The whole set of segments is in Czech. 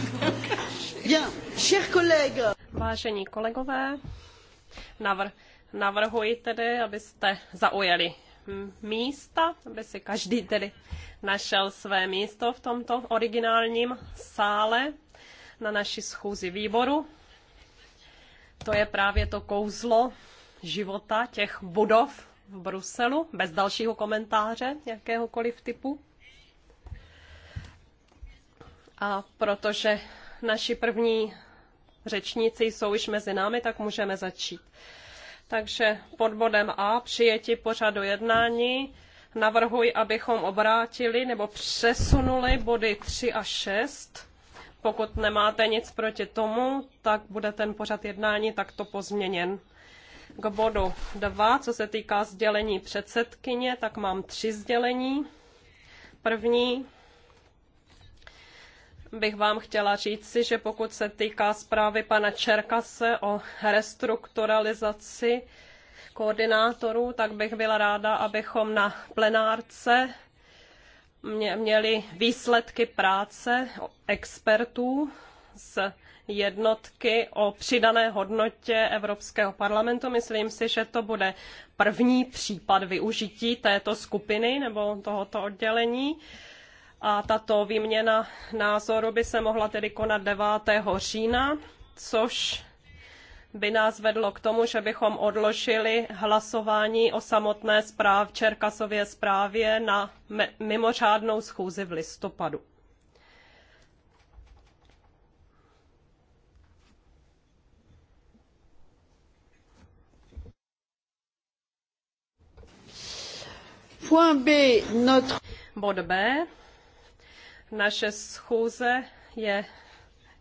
Vážení kolegové, navr- navrhuji tedy, abyste zaujali místa, aby si každý tedy našel své místo v tomto originálním sále na naší schůzi výboru. To je právě to kouzlo života těch budov v Bruselu, bez dalšího komentáře jakéhokoliv typu. A protože naši první řečníci jsou již mezi námi, tak můžeme začít. Takže pod bodem A přijetí pořadu jednání navrhuji, abychom obrátili nebo přesunuli body 3 a 6. Pokud nemáte nic proti tomu, tak bude ten pořad jednání takto pozměněn. K bodu 2, co se týká sdělení předsedkyně, tak mám tři sdělení. První, bych vám chtěla říci, že pokud se týká zprávy pana Čerkase o restrukturalizaci koordinátorů, tak bych byla ráda, abychom na plenárce měli výsledky práce expertů z jednotky o přidané hodnotě Evropského parlamentu. Myslím si, že to bude první případ využití této skupiny nebo tohoto oddělení. A tato výměna názoru by se mohla tedy konat 9. října, což by nás vedlo k tomu, že bychom odložili hlasování o samotné zpráv, Čerkasově zprávě na mimořádnou schůzi v listopadu. Point B, notre... Bod B, naše schůze je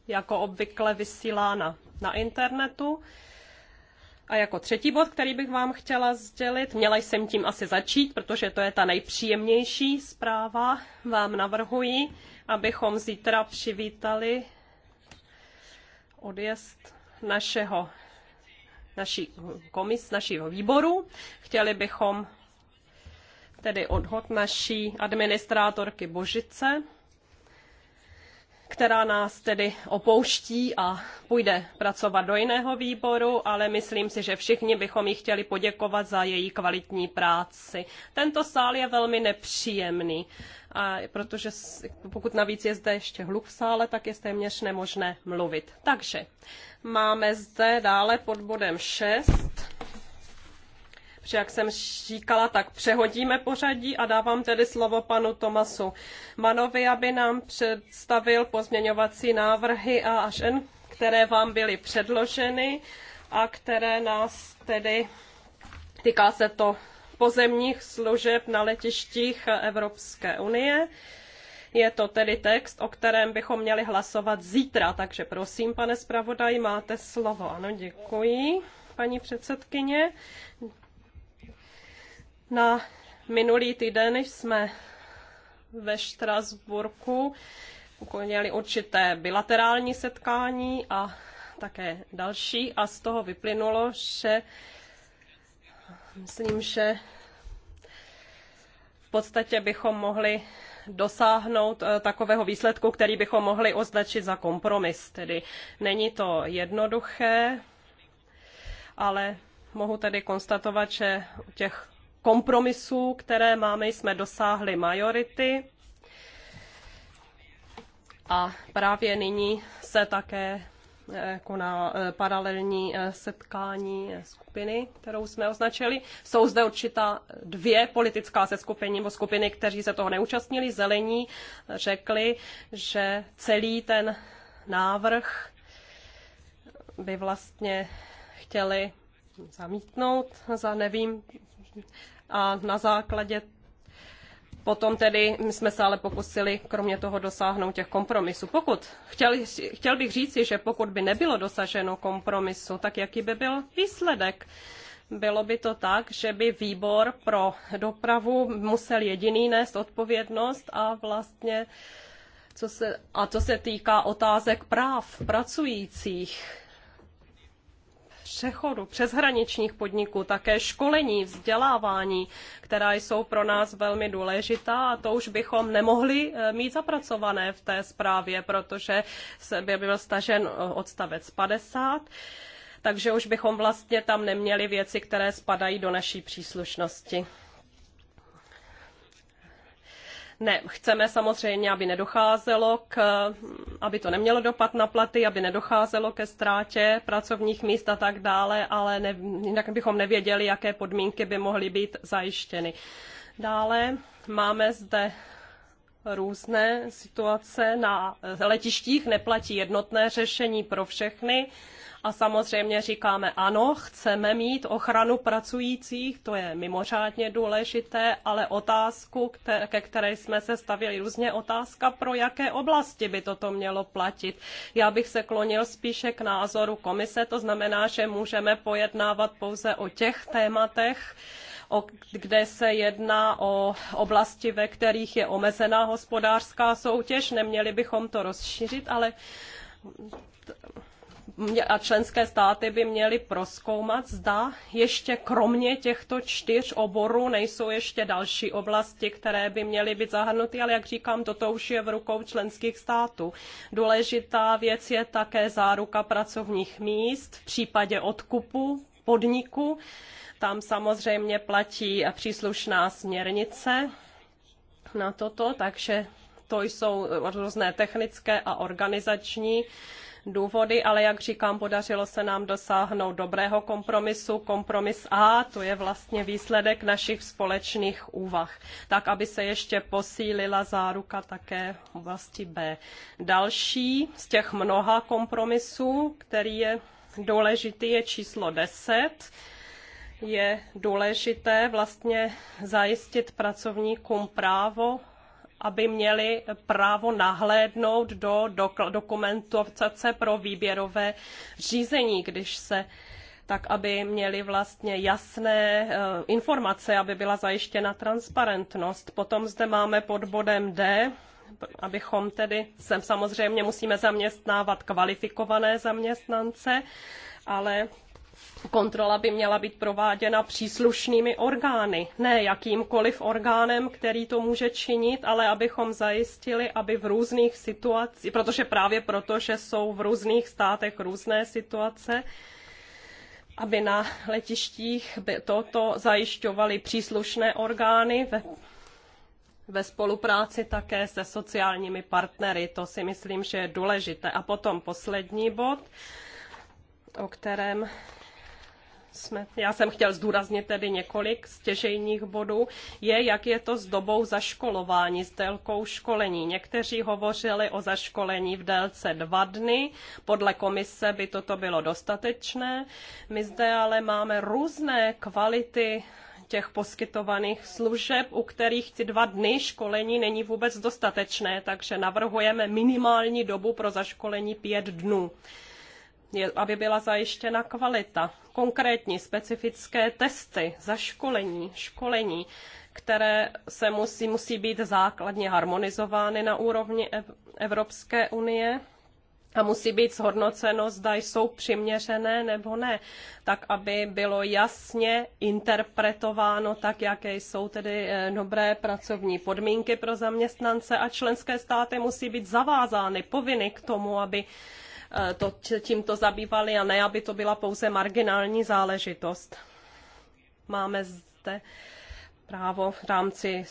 jako obvykle vysílána na internetu. A jako třetí bod, který bych vám chtěla sdělit, měla jsem tím asi začít, protože to je ta nejpříjemnější zpráva, vám navrhuji, abychom zítra přivítali odjezd našeho naší komis, našího výboru. Chtěli bychom tedy odhod naší administrátorky Božice, která nás tedy opouští a půjde pracovat do jiného výboru, ale myslím si, že všichni bychom jí chtěli poděkovat za její kvalitní práci. Tento sál je velmi nepříjemný, a protože pokud navíc je zde ještě hluk v sále, tak je téměř nemožné mluvit. Takže máme zde dále pod bodem 6 Protože jak jsem říkala, tak přehodíme pořadí a dávám tedy slovo panu Tomasu Manovi, aby nám představil pozměňovací návrhy a až N, které vám byly předloženy a které nás tedy týká se to pozemních služeb na letištích Evropské unie. Je to tedy text, o kterém bychom měli hlasovat zítra, takže prosím, pane zpravodaj, máte slovo. Ano, děkuji, paní předsedkyně. Na minulý týden jsme ve Štrasburku ukončili určité bilaterální setkání a také další a z toho vyplynulo, že myslím, že v podstatě bychom mohli dosáhnout eh, takového výsledku, který bychom mohli označit za kompromis. Tedy není to jednoduché, ale mohu tedy konstatovat, že u těch kompromisů, které máme, jsme dosáhli majority. A právě nyní se také eh, koná eh, paralelní eh, setkání skupiny, kterou jsme označili. Jsou zde určitá dvě politická seskupení nebo skupiny, kteří se toho neúčastnili. Zelení řekli, že celý ten návrh by vlastně chtěli zamítnout za nevím, a na základě Potom tedy jsme se ale pokusili kromě toho dosáhnout těch kompromisů. Pokud, chtěl, chtěl bych říci, že pokud by nebylo dosaženo kompromisu, tak jaký by byl výsledek? Bylo by to tak, že by výbor pro dopravu musel jediný nést odpovědnost a vlastně co se, a co se týká otázek práv pracujících, přechodu přeshraničních podniků, také školení, vzdělávání, která jsou pro nás velmi důležitá a to už bychom nemohli eh, mít zapracované v té zprávě, protože by byl stažen eh, odstavec 50 takže už bychom vlastně tam neměli věci, které spadají do naší příslušnosti. Ne, chceme samozřejmě, aby nedocházelo k, aby to nemělo dopad na platy, aby nedocházelo ke ztrátě pracovních míst a tak dále, ale ne, jinak bychom nevěděli, jaké podmínky by mohly být zajištěny. Dále máme zde různé situace na letištích, neplatí jednotné řešení pro všechny. A samozřejmě říkáme ano, chceme mít ochranu pracujících, to je mimořádně důležité, ale otázku, ke které jsme se stavili různě, otázka pro jaké oblasti by toto mělo platit. Já bych se klonil spíše k názoru komise, to znamená, že můžeme pojednávat pouze o těch tématech, O, kde se jedná o oblasti, ve kterých je omezená hospodářská soutěž. Neměli bychom to rozšířit, ale a členské státy by měly proskoumat, zda ještě kromě těchto čtyř oborů nejsou ještě další oblasti, které by měly být zahrnuty, ale jak říkám, toto už je v rukou členských států. Důležitá věc je také záruka pracovních míst v případě odkupu podniku. Tam samozřejmě platí příslušná směrnice na toto, takže to jsou různé technické a organizační důvody, ale jak říkám, podařilo se nám dosáhnout dobrého kompromisu. Kompromis A, to je vlastně výsledek našich společných úvah, tak aby se ještě posílila záruka také v oblasti B. Další z těch mnoha kompromisů, který je důležitý, je číslo 10 je důležité vlastně zajistit pracovníkům právo aby měli právo nahlédnout do, dokumentace pro výběrové řízení, když se tak aby měli vlastně jasné eh, informace, aby byla zajištěna transparentnost. Potom zde máme pod bodem D, abychom tedy, sem samozřejmě musíme zaměstnávat kvalifikované zaměstnance, ale kontrola by měla být prováděna příslušnými orgány, ne jakýmkoliv orgánem, který to může činit, ale abychom zajistili, aby v různých situacích, protože právě proto, že jsou v různých státech různé situace, aby na letištích by toto zajišťovaly příslušné orgány ve, ve spolupráci také se sociálními partnery. To si myslím, že je důležité. A potom poslední bod, o kterém jsme, já jsem chtěl zdůraznit tedy několik stěžejních bodů, je, jak je to s dobou zaškolování, s délkou školení. Někteří hovořili o zaškolení v délce dva dny, podle komise by toto bylo dostatečné. My zde ale máme různé kvality těch poskytovaných služeb, u kterých ty dva dny školení není vůbec dostatečné, takže navrhujeme minimální dobu pro zaškolení pět dnů aby byla zajištěna kvalita, konkrétní specifické testy, zaškolení, školení, které se musí, musí být základně harmonizovány na úrovni Evropské unie a musí být zhodnoceno, zda jsou přiměřené nebo ne, tak aby bylo jasně interpretováno tak, jaké jsou tedy eh, dobré pracovní podmínky pro zaměstnance a členské státy musí být zavázány, povinny k tomu, aby Eh, to, tímto zabývali a ne, aby to byla pouze marginální záležitost. Máme zde právo v rámci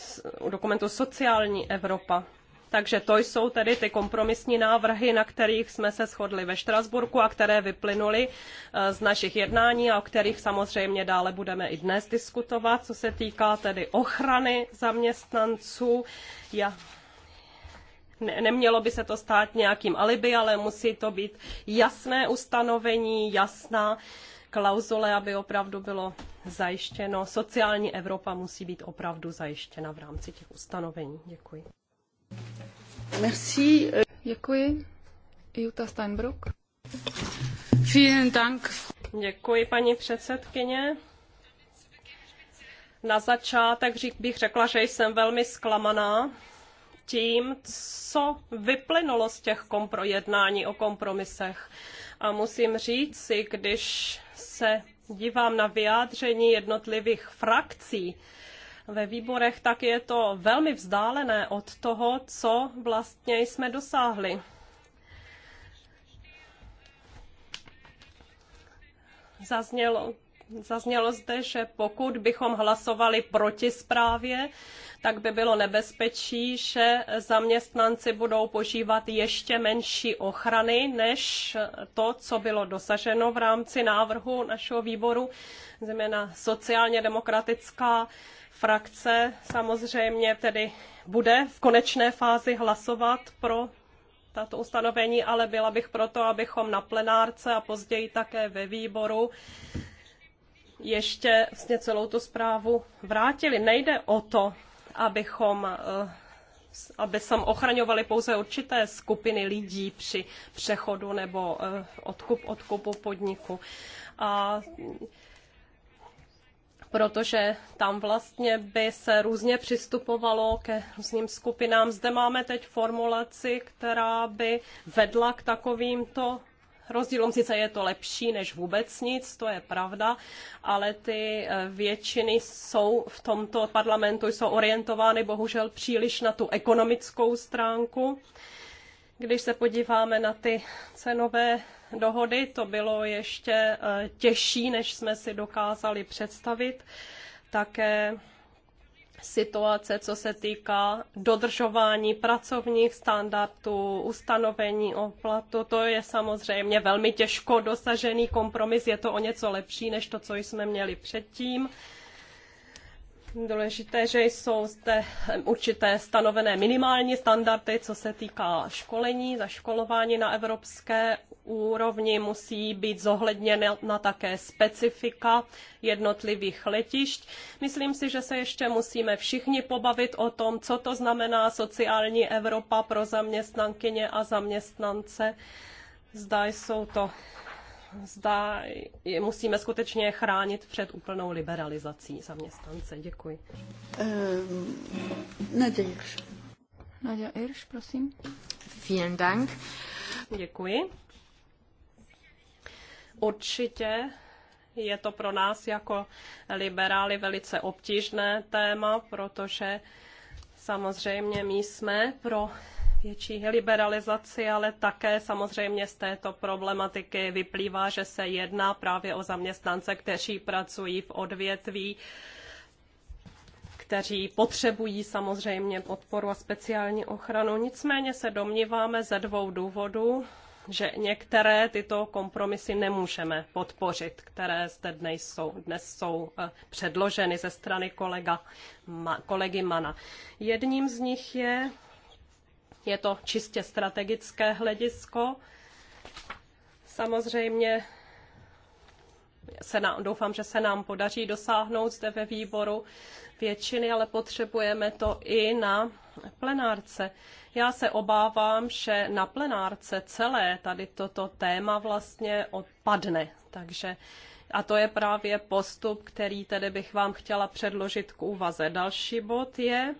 dokumentu Sociální Evropa. Takže to jsou tedy ty kompromisní návrhy, na kterých jsme se shodli ve Štrasburku a které vyplynuly eh, z našich jednání a o kterých samozřejmě dále budeme i dnes diskutovat, co se týká tedy ochrany zaměstnanců. Já ne, nemělo by se to stát nějakým alibi, ale musí to být jasné ustanovení, jasná klauzule, aby opravdu bylo zajištěno. Sociální Evropa musí být opravdu zajištěna v rámci těch ustanovení. Děkuji. Merci. Děkuji. Jutta Steinbruck. Vielen Dank. Děkuji, paní předsedkyně. Na začátek bych řekla, že jsem velmi zklamaná tím, co vyplynulo z těch kompro- jednání o kompromisech. A musím říct si, když se dívám na vyjádření jednotlivých frakcí ve výborech, tak je to velmi vzdálené od toho, co vlastně jsme dosáhli. Zaznělo Zaznělo zde, že pokud bychom hlasovali proti zprávě, tak by bylo nebezpečí, že zaměstnanci budou požívat ještě menší ochrany než to, co bylo dosaženo v rámci návrhu našeho výboru, zejména sociálně demokratická frakce samozřejmě tedy bude v konečné fázi hlasovat pro tato ustanovení, ale byla bych proto, abychom na plenárce a později také ve výboru ještě vlastně celou tu zprávu vrátili. Nejde o to, abychom eh, aby sam ochraňovali pouze určité skupiny lidí při přechodu nebo eh, odkup, odkupu podniku. A protože tam vlastně by se různě přistupovalo ke různým skupinám. Zde máme teď formulaci, která by vedla k takovýmto Rozdílom, sice je to lepší než vůbec nic, to je pravda, ale ty eh, většiny jsou v tomto parlamentu jsou orientovány bohužel příliš na tu ekonomickou stránku. Když se podíváme na ty cenové dohody, to bylo ještě eh, těžší, než jsme si dokázali představit. Také situace, co se týká dodržování pracovních standardů, ustanovení o platu. To je samozřejmě velmi těžko dosažený kompromis, je to o něco lepší než to, co jsme měli předtím důležité, že jsou zde určité stanovené minimální standardy, co se týká školení, zaškolování na evropské úrovni musí být zohledněna na také specifika jednotlivých letišť. Myslím si, že se ještě musíme všichni pobavit o tom, co to znamená sociální Evropa pro zaměstnankyně a zaměstnance. Zda jsou to zda je musíme skutečně chránit před úplnou liberalizací zaměstnance. Děkuji. Um, Nadia Irš. Nadia Irš, prosím. Vielen Dank. Děkuji. Určitě je to pro nás jako liberály velice obtížné téma, protože samozřejmě my jsme pro větší liberalizaci, ale také samozřejmě z této problematiky vyplývá, že se jedná právě o zaměstnance, kteří pracují v odvětví, kteří potřebují samozřejmě podporu a speciální ochranu. Nicméně se domníváme ze dvou důvodů, že některé tyto kompromisy nemůžeme podpořit, které zde dnes jsou, dnes jsou eh, předloženy ze strany kolega, kolegy Mana. Jedním z nich je je to čistě strategické hledisko. Samozřejmě se nám, doufám, že se nám podaří dosáhnout zde ve výboru většiny, ale potřebujeme to i na plenárce. Já se obávám, že na plenárce celé tady toto téma vlastně odpadne. Takže a to je právě postup, který tedy bych vám chtěla předložit k úvaze. Další bod je,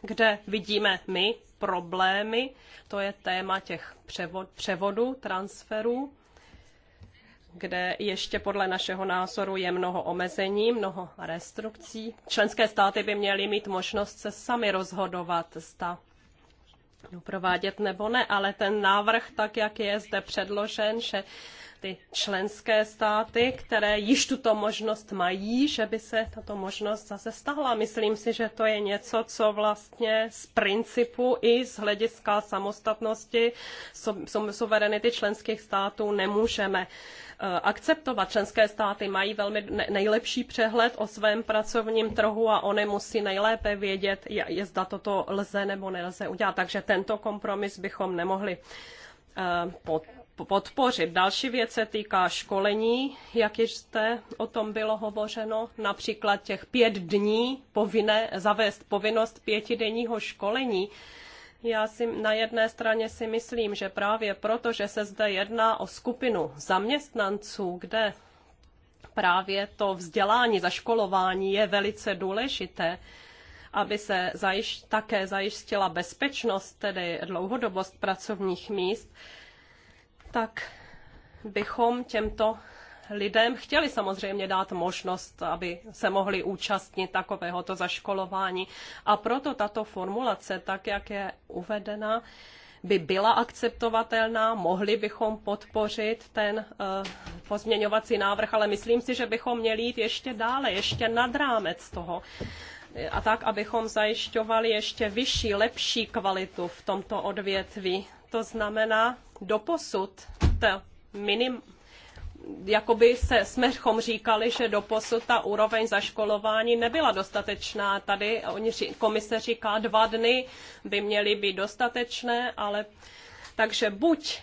kde vidíme my problémy, to je téma těch převod, převodů, transferů, kde ještě podle našeho názoru je mnoho omezení, mnoho restrukcí. Členské státy by měly mít možnost se sami rozhodovat, zda provádět nebo ne, ale ten návrh, tak jak je zde předložen, že ty členské státy, které již tuto možnost mají, že by se tato možnost zase stahla. Myslím si, že to je něco, co vlastně z principu i z hlediska samostatnosti suverenity členských států nemůžeme eh, akceptovat. Členské státy mají velmi nejlepší přehled o svém pracovním trhu a oni musí nejlépe vědět, je, zda toto lze nebo nelze udělat. Takže tento kompromis bychom nemohli eh, pod podpořit. Další věc se týká školení, jak jste o tom bylo hovořeno, například těch pět dní povinné, zavést povinnost pětidenního školení. Já si na jedné straně si myslím, že právě proto, že se zde jedná o skupinu zaměstnanců, kde právě to vzdělání, zaškolování je velice důležité, aby se zajiš, také zajistila bezpečnost, tedy dlouhodobost pracovních míst, tak bychom těmto lidem chtěli samozřejmě dát možnost, aby se mohli účastnit takovéhoto zaškolování. A proto tato formulace, tak jak je uvedena, by byla akceptovatelná, mohli bychom podpořit ten eh, pozměňovací návrh, ale myslím si, že bychom měli jít ještě dále, ještě nad rámec toho eh, a tak, abychom zajišťovali ještě vyšší, lepší kvalitu v tomto odvětví. To znamená, doposud ta minim, jakoby se smechom říkali, že doposud ta úroveň zaškolování nebyla dostatečná. Tady oni, komise říká, dva dny by měly být dostatečné, ale takže buď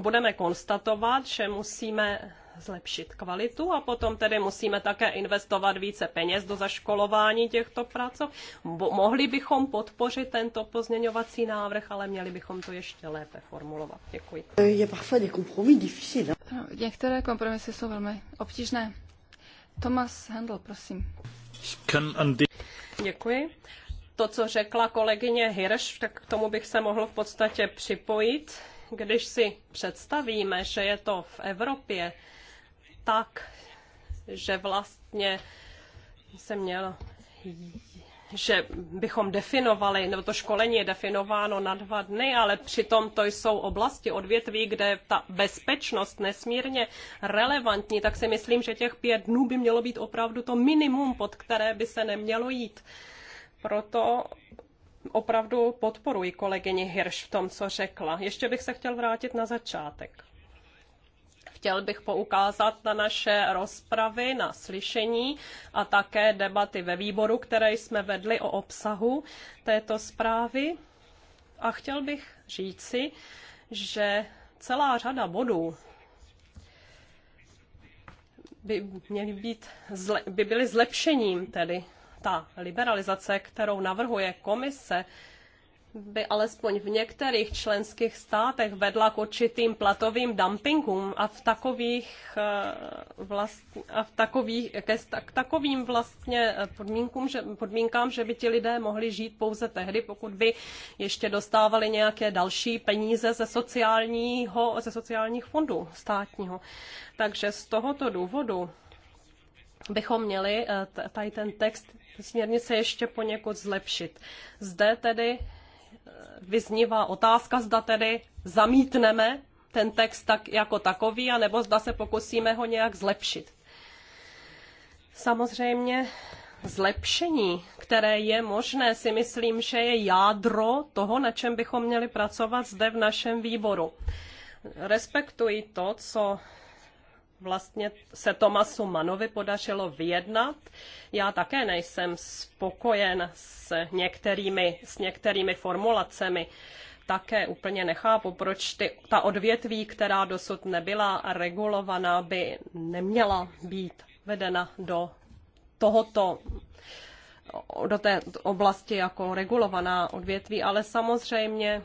budeme konstatovat, že musíme zlepšit kvalitu a potom tedy musíme také investovat více peněz do zaškolování těchto pracov. Bo mohli bychom podpořit tento pozměňovací návrh, ale měli bychom to ještě lépe formulovat. Děkuji. Je euh, parfois des compromis difficiles. No, některé kompromisy jsou velmi obtížné. Thomas Handel, prosím. Děkuji to, co řekla kolegyně Hirš, tak k tomu bych se mohl v podstatě připojit. Když si představíme, že je to v Evropě, tak, že vlastně se měl že bychom definovali, nebo to školení je definováno na dva dny, ale přitom to jsou oblasti odvětví, kde ta bezpečnost nesmírně relevantní, tak si myslím, že těch pět dnů by mělo být opravdu to minimum, pod které by se nemělo jít. Proto opravdu podporuji kolegyni Hirš v tom, co řekla. Ještě bych se chtěl vrátit na začátek. Chtěl bych poukázat na naše rozpravy, na slyšení a také debaty ve výboru, které jsme vedli o obsahu této zprávy. A chtěl bych říci, že celá řada bodů by, měly být, by byly zlepšením tedy ta liberalizace, kterou navrhuje komise, by alespoň v některých členských státech vedla k určitým platovým dumpingům a v takových vlastně, a v takových, ke, k takovým vlastně eh, podmínkům, že, podmínkám, že by ti lidé mohli žít pouze tehdy, pokud by ještě dostávali nějaké další peníze ze sociálního, ze sociálních fondů státního. Takže z tohoto důvodu bychom měli eh, tady ten text směrnice ještě poněkud zlepšit. Zde tedy vyznívá otázka, zda tedy zamítneme ten text tak jako takový, anebo zda se pokusíme ho nějak zlepšit. Samozřejmě zlepšení, které je možné, si myslím, že je jádro toho, na čem bychom měli pracovat zde v našem výboru. Respektuji to, co vlastně se Tomasu Manovi podařilo vyjednat. Já také nejsem spokojen s některými, s některými formulacemi. Také úplně nechápu, proč ty, ta odvětví, která dosud nebyla regulovaná, by neměla být vedena do tohoto do té oblasti jako regulovaná odvětví, ale samozřejmě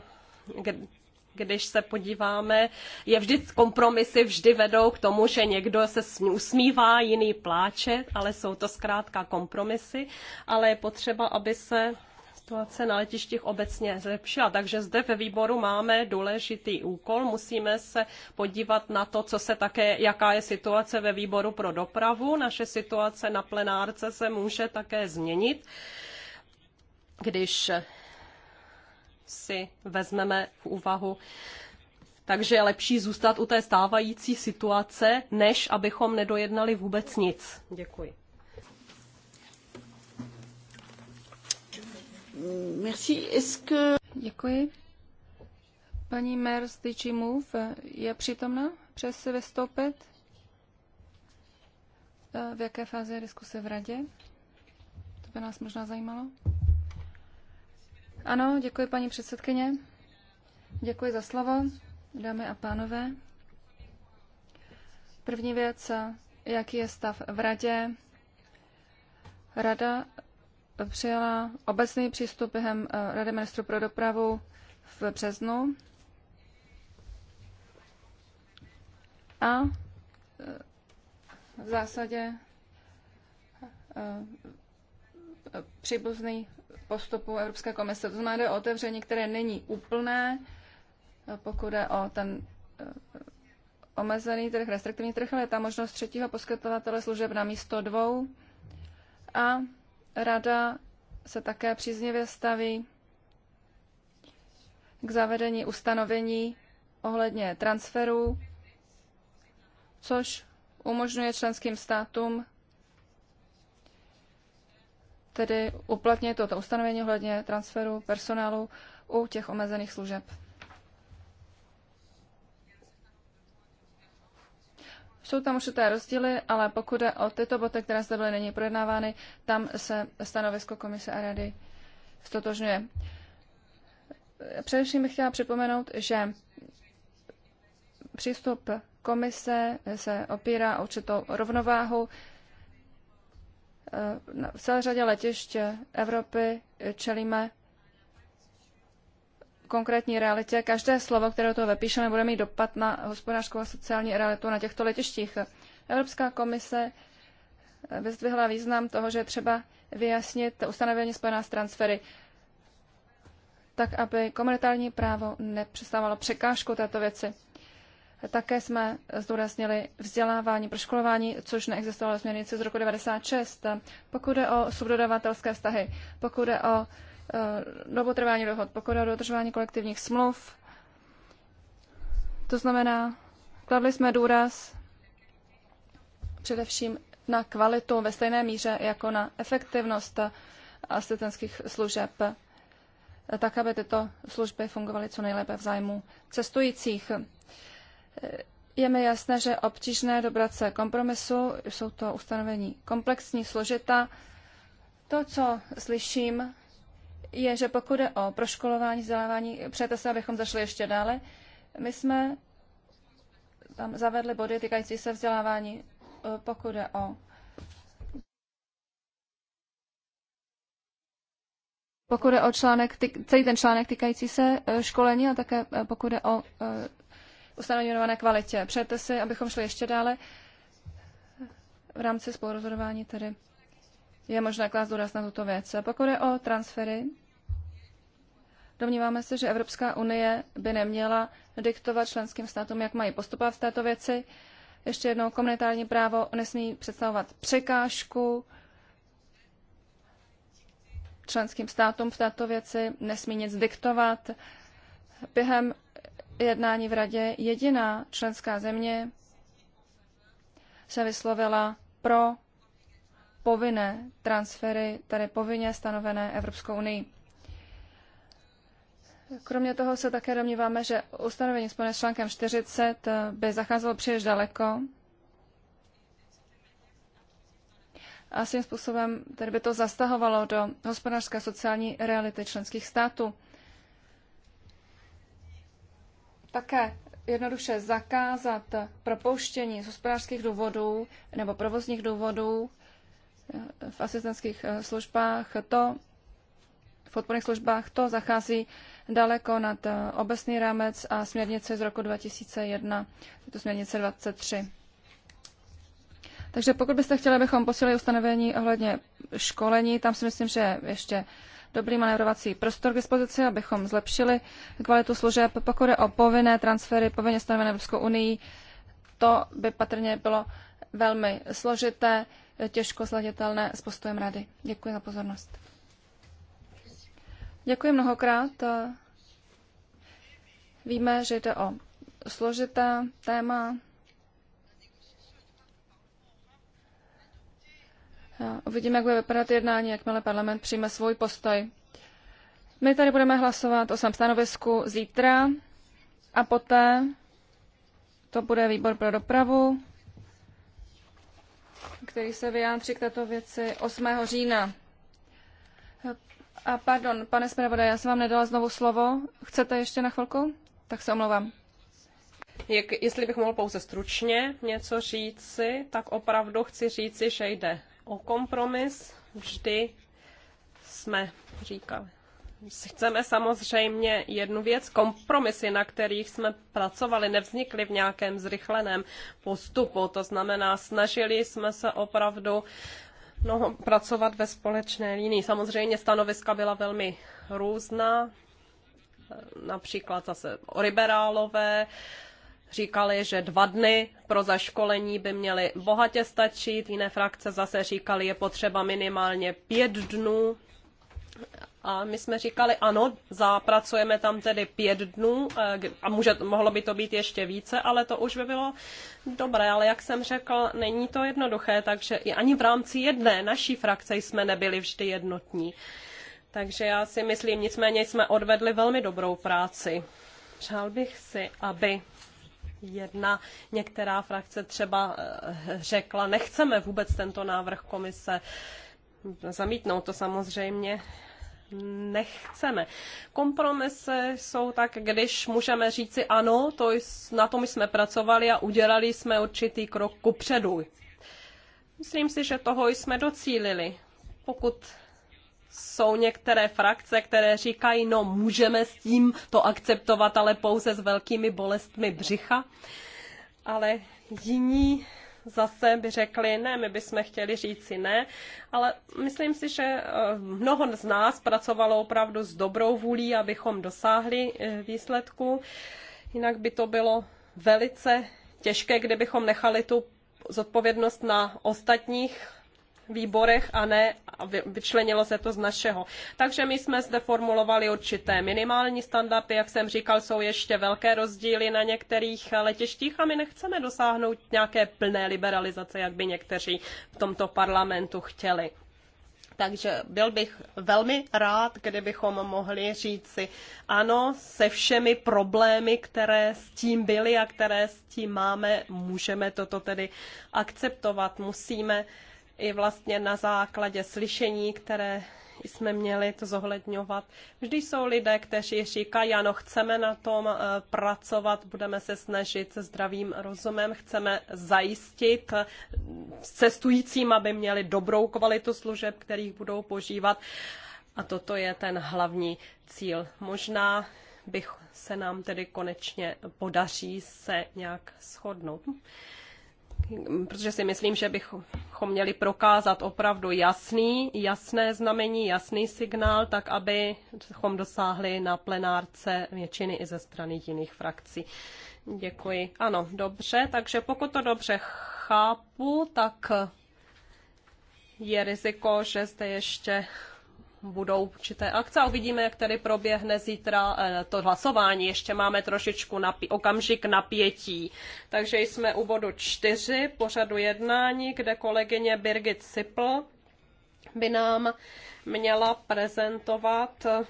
když se podíváme, je vždy kompromisy vždy vedou k tomu, že někdo se usmívá, jiný pláče, ale jsou to zkrátka kompromisy, ale je potřeba, aby se situace na letištích obecně zlepšila. Takže zde ve výboru máme důležitý úkol. Musíme se podívat na to, co se také, jaká je situace ve výboru pro dopravu. Naše situace na plenárce se může také změnit, když si vezmeme v úvahu. Takže je lepší zůstat u té stávající situace, než abychom nedojednali vůbec nic. Děkuji. Merci. Que... Děkuji. Paní Mer z Move je přítomna? Přes se vystoupit? Eh, v jaké fázi je diskuse v radě? To by nás možná zajímalo. Ano, děkuji paní předsedkyně. Děkuji za slovo, dámy a pánové. První věc, jaký je stav v radě. Rada přijala obecný přístup během eh, Rady ministrů pro dopravu v březnu a eh, v zásadě eh, příbuzný postupu Evropské komise. To znamená, o otevření, které není úplné, pokud je o ten eh, omezený trh, restriktivní trh, ale je ta možnost třetího poskytovatele služeb na místo dvou. A rada se také příznivě staví k zavedení ustanovení ohledně transferů, což umožňuje členským státům tedy uplatnit toto ustanovení ohledně transferu personálu u těch omezených služeb. Jsou tam určité rozdíly, ale pokud je o tyto boty, které zde byly není projednávány, tam se stanovisko komise a rady stotožňuje. Především bych chtěla připomenout, že přístup komise se opírá o určitou rovnováhu Eh, v celé řadě letišť Evropy eh, čelíme konkrétní realitě. Každé slovo, které to vypíšeme, vepíšeme, bude mít dopad na hospodářskou a sociální realitu na těchto letištích. Evropská komise eh, vyzdvihla význam toho, že třeba vyjasnit ustanovení spojená s transfery, tak aby komunitární právo nepřestávalo překážku této věci. Také jsme zdůraznili vzdělávání, proškolování, což neexistovalo směrnici z roku 96. Pokud je o subdodavatelské vztahy, pokud je o e, dobu trvání dohod, pokud je o dodržování kolektivních smluv, to znamená, kladli jsme důraz především na kvalitu ve stejné míře jako na efektivnost asistentských služeb, tak aby tyto služby fungovaly co nejlépe v zájmu cestujících. Je mi jasné, že obtížné dobrat se kompromisu, jsou to ustanovení komplexní, složitá. To, co slyším, je, že pokud je o proškolování, vzdělávání, přejete se, abychom zašli ještě dále. My jsme tam zavedli body týkající se vzdělávání, eh, pokud je o pokud je o článek, celý ten článek týkající se eh, školení a také eh, pokud je o ustanovení věnované kvalitě. Přejete si, abychom šli ještě dále v rámci spolurozhodování tedy je možné klást důraz na tuto věc. Pokud je o transfery, domníváme se, že Evropská unie by neměla diktovat členským státům, jak mají postupovat v této věci. Ještě jednou, komunitární právo nesmí představovat překážku členským státům v této věci, nesmí nic diktovat. Během jednání v radě jediná členská země se vyslovila pro povinné transfery, tedy povinně stanovené Evropskou unii. Kromě toho se také domníváme, že ustanovení spojené s článkem 40 by zacházelo příliš daleko a svým způsobem tedy by to zastahovalo do hospodářské a sociální reality členských států. také jednoduše zakázat propouštění z hospodářských důvodů nebo provozních důvodů eh, v asistentských eh, službách, to v podporných službách, to zachází daleko nad eh, obecný rámec a směrnice z roku 2001, to směrnice 23. Takže pokud byste chtěli, abychom posílili ustanovení ohledně školení, tam si myslím, že ještě dobrý manévrovací prostor k dispozici, abychom zlepšili kvalitu služeb. Pokud je o povinné transfery, povinně stanovené Evropskou unii, to by patrně bylo velmi složité, těžko sladitelné s postojem rady. Děkuji za pozornost. Děkuji mnohokrát. Víme, že jde o složité téma, Uvidíme, jak bude vypadat jednání, jakmile parlament přijme svůj postoj. My tady budeme hlasovat o svém stanovisku zítra a poté to bude výbor pro dopravu, který se vyjádří k této věci 8. října. A pardon, pane zpravodaj, já jsem vám nedala znovu slovo. Chcete ještě na chvilku? Tak se omlouvám. Jak, jestli bych mohl pouze stručně něco říci, tak opravdu chci říci, že jde o kompromis vždy jsme říkali. Chceme samozřejmě jednu věc, kompromisy, na kterých jsme pracovali, nevznikly v nějakém zrychleném postupu. To znamená, snažili jsme se opravdu no, pracovat ve společné linii. Samozřejmě stanoviska byla velmi různá, například zase liberálové, říkali, že dva dny pro zaškolení by měly bohatě stačit, jiné frakce zase říkali, je potřeba minimálně pět dnů. A my jsme říkali, ano, zapracujeme tam tedy pět dnů eh, a může, mohlo by to být ještě více, ale to už by bylo dobré. Ale jak jsem řekl, není to jednoduché, takže i ani v rámci jedné naší frakce jsme nebyli vždy jednotní. Takže já si myslím, nicméně jsme odvedli velmi dobrou práci. Přál bych si, aby jedna některá frakce třeba eh, řekla, nechceme vůbec tento návrh komise zamítnout, to samozřejmě nechceme. Kompromisy jsou tak, když můžeme říci ano, to na tom jsme pracovali a udělali jsme určitý krok kupředu. Myslím si, že toho jsme docílili. Pokud jsou některé frakce, které říkají, no můžeme s tím to akceptovat, ale pouze s velkými bolestmi břicha. Ale jiní zase by řekli, ne, my bychom chtěli říct si ne, ale myslím si, že eh, mnoho z nás pracovalo opravdu s dobrou vůlí, abychom dosáhli eh, výsledku. Jinak by to bylo velice těžké, kdybychom nechali tu zodpovědnost na ostatních výborech a ne vyčlenilo se to z našeho. Takže my jsme zde formulovali určité minimální standardy, jak jsem říkal, jsou ještě velké rozdíly na některých letištích a my nechceme dosáhnout nějaké plné liberalizace, jak by někteří v tomto parlamentu chtěli. Takže byl bych velmi rád, kdybychom mohli říci ano, se všemi problémy, které s tím byly a které s tím máme, můžeme toto tedy akceptovat. Musíme uh, i vlastně na základě slyšení, které jsme měli to zohledňovat. Vždy jsou lidé, kteří říkají, ano, chceme na tom eh, pracovat, budeme se snažit se zdravým rozumem, chceme zajistit eh, cestujícím, aby měli dobrou kvalitu služeb, kterých budou požívat. A toto je ten hlavní cíl. Možná bych se nám tedy konečně podaří se nějak shodnout protože si myslím, že bychom měli prokázat opravdu jasný, jasné znamení, jasný signál, tak abychom dosáhli na plenárce většiny i ze strany jiných frakcí. Děkuji. Ano, dobře, takže pokud to dobře chápu, tak je riziko, že zde ještě budou určité akce a uvidíme, jak tady proběhne zítra eh, to hlasování. Ještě máme trošičku napi- okamžik napětí. Takže jsme u bodu čtyři pořadu jednání, kde kolegyně Birgit Sipl by nám měla prezentovat eh,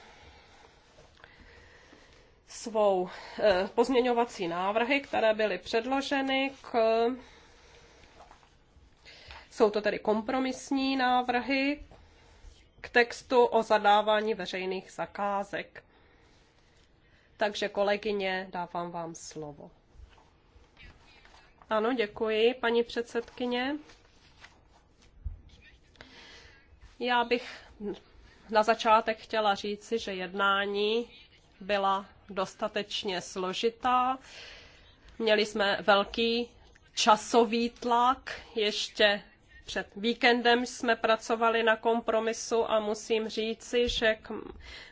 svou eh, pozměňovací návrhy, které byly předloženy k jsou to tedy kompromisní návrhy k textu o zadávání veřejných zakázek. Takže kolegyně, dávám vám slovo. Ano, děkuji, paní předsedkyně. Já bych na začátek chtěla říci, že jednání byla dostatečně složitá. Měli jsme velký časový tlak, ještě před víkendem jsme pracovali na kompromisu a musím říci, že k,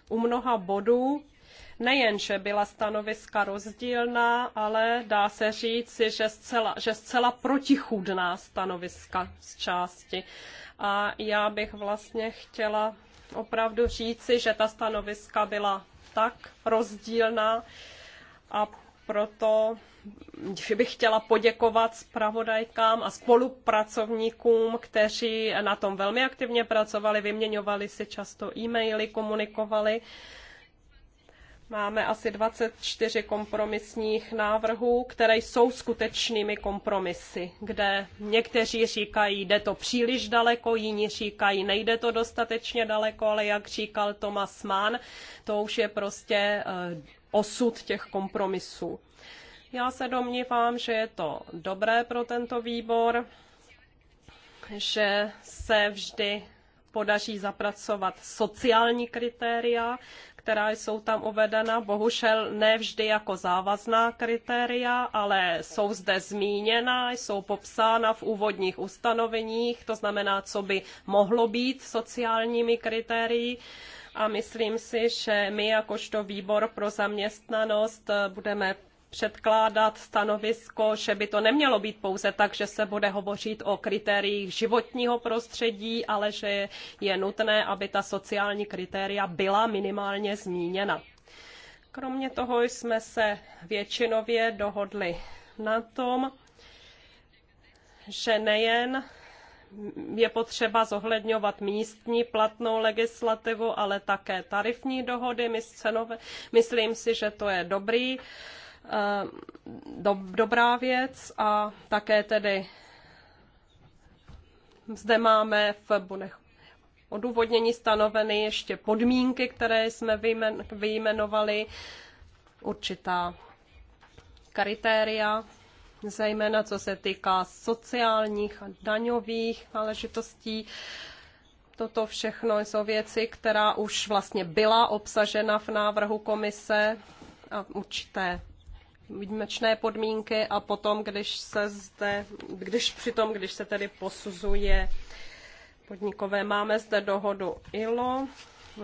u mnoha bodů nejenže byla stanoviska rozdílná, ale dá se říci, že zcela, že zcela protichůdná stanoviska z části. A já bych vlastně chtěla opravdu říci, že ta stanoviska byla tak rozdílná a proto že bych chtěla poděkovat zpravodajkám a spolupracovníkům, kteří na tom velmi aktivně pracovali, vyměňovali si často e-maily, komunikovali. Máme asi 24 kompromisních návrhů, které jsou skutečnými kompromisy, kde někteří říkají, jde to příliš daleko, jiní říkají, nejde to dostatečně daleko, ale jak říkal Thomas Mann, to už je prostě eh, osud těch kompromisů. Já se domnívám, že je to dobré pro tento výbor, že se vždy podaří zapracovat sociální kritéria, která jsou tam uvedena, bohužel ne vždy jako závazná kritéria, ale jsou zde zmíněna, jsou popsána v úvodních ustanoveních, to znamená, co by mohlo být sociálními kritérii. A myslím si, že my jakožto výbor pro zaměstnanost budeme předkládat stanovisko, že by to nemělo být pouze tak, že se bude hovořit o kritériích životního prostředí, ale že je nutné, aby ta sociální kritéria byla minimálně zmíněna. Kromě toho jsme se většinově dohodli na tom, že nejen je potřeba zohledňovat místní platnou legislativu, ale také tarifní dohody. Myslím si, že to je dobrý Eh, do, dobrá věc a také tedy zde máme v bodech odůvodnění stanoveny ještě podmínky, které jsme vyjmen, vyjmenovali, určitá kritéria, zejména co se týká sociálních a daňových náležitostí. Toto všechno jsou věci, která už vlastně byla obsažena v návrhu komise a určité výjimečné podmínky a potom, když se zde, když přitom, když se tedy posuzuje podnikové, máme zde dohodu ILO,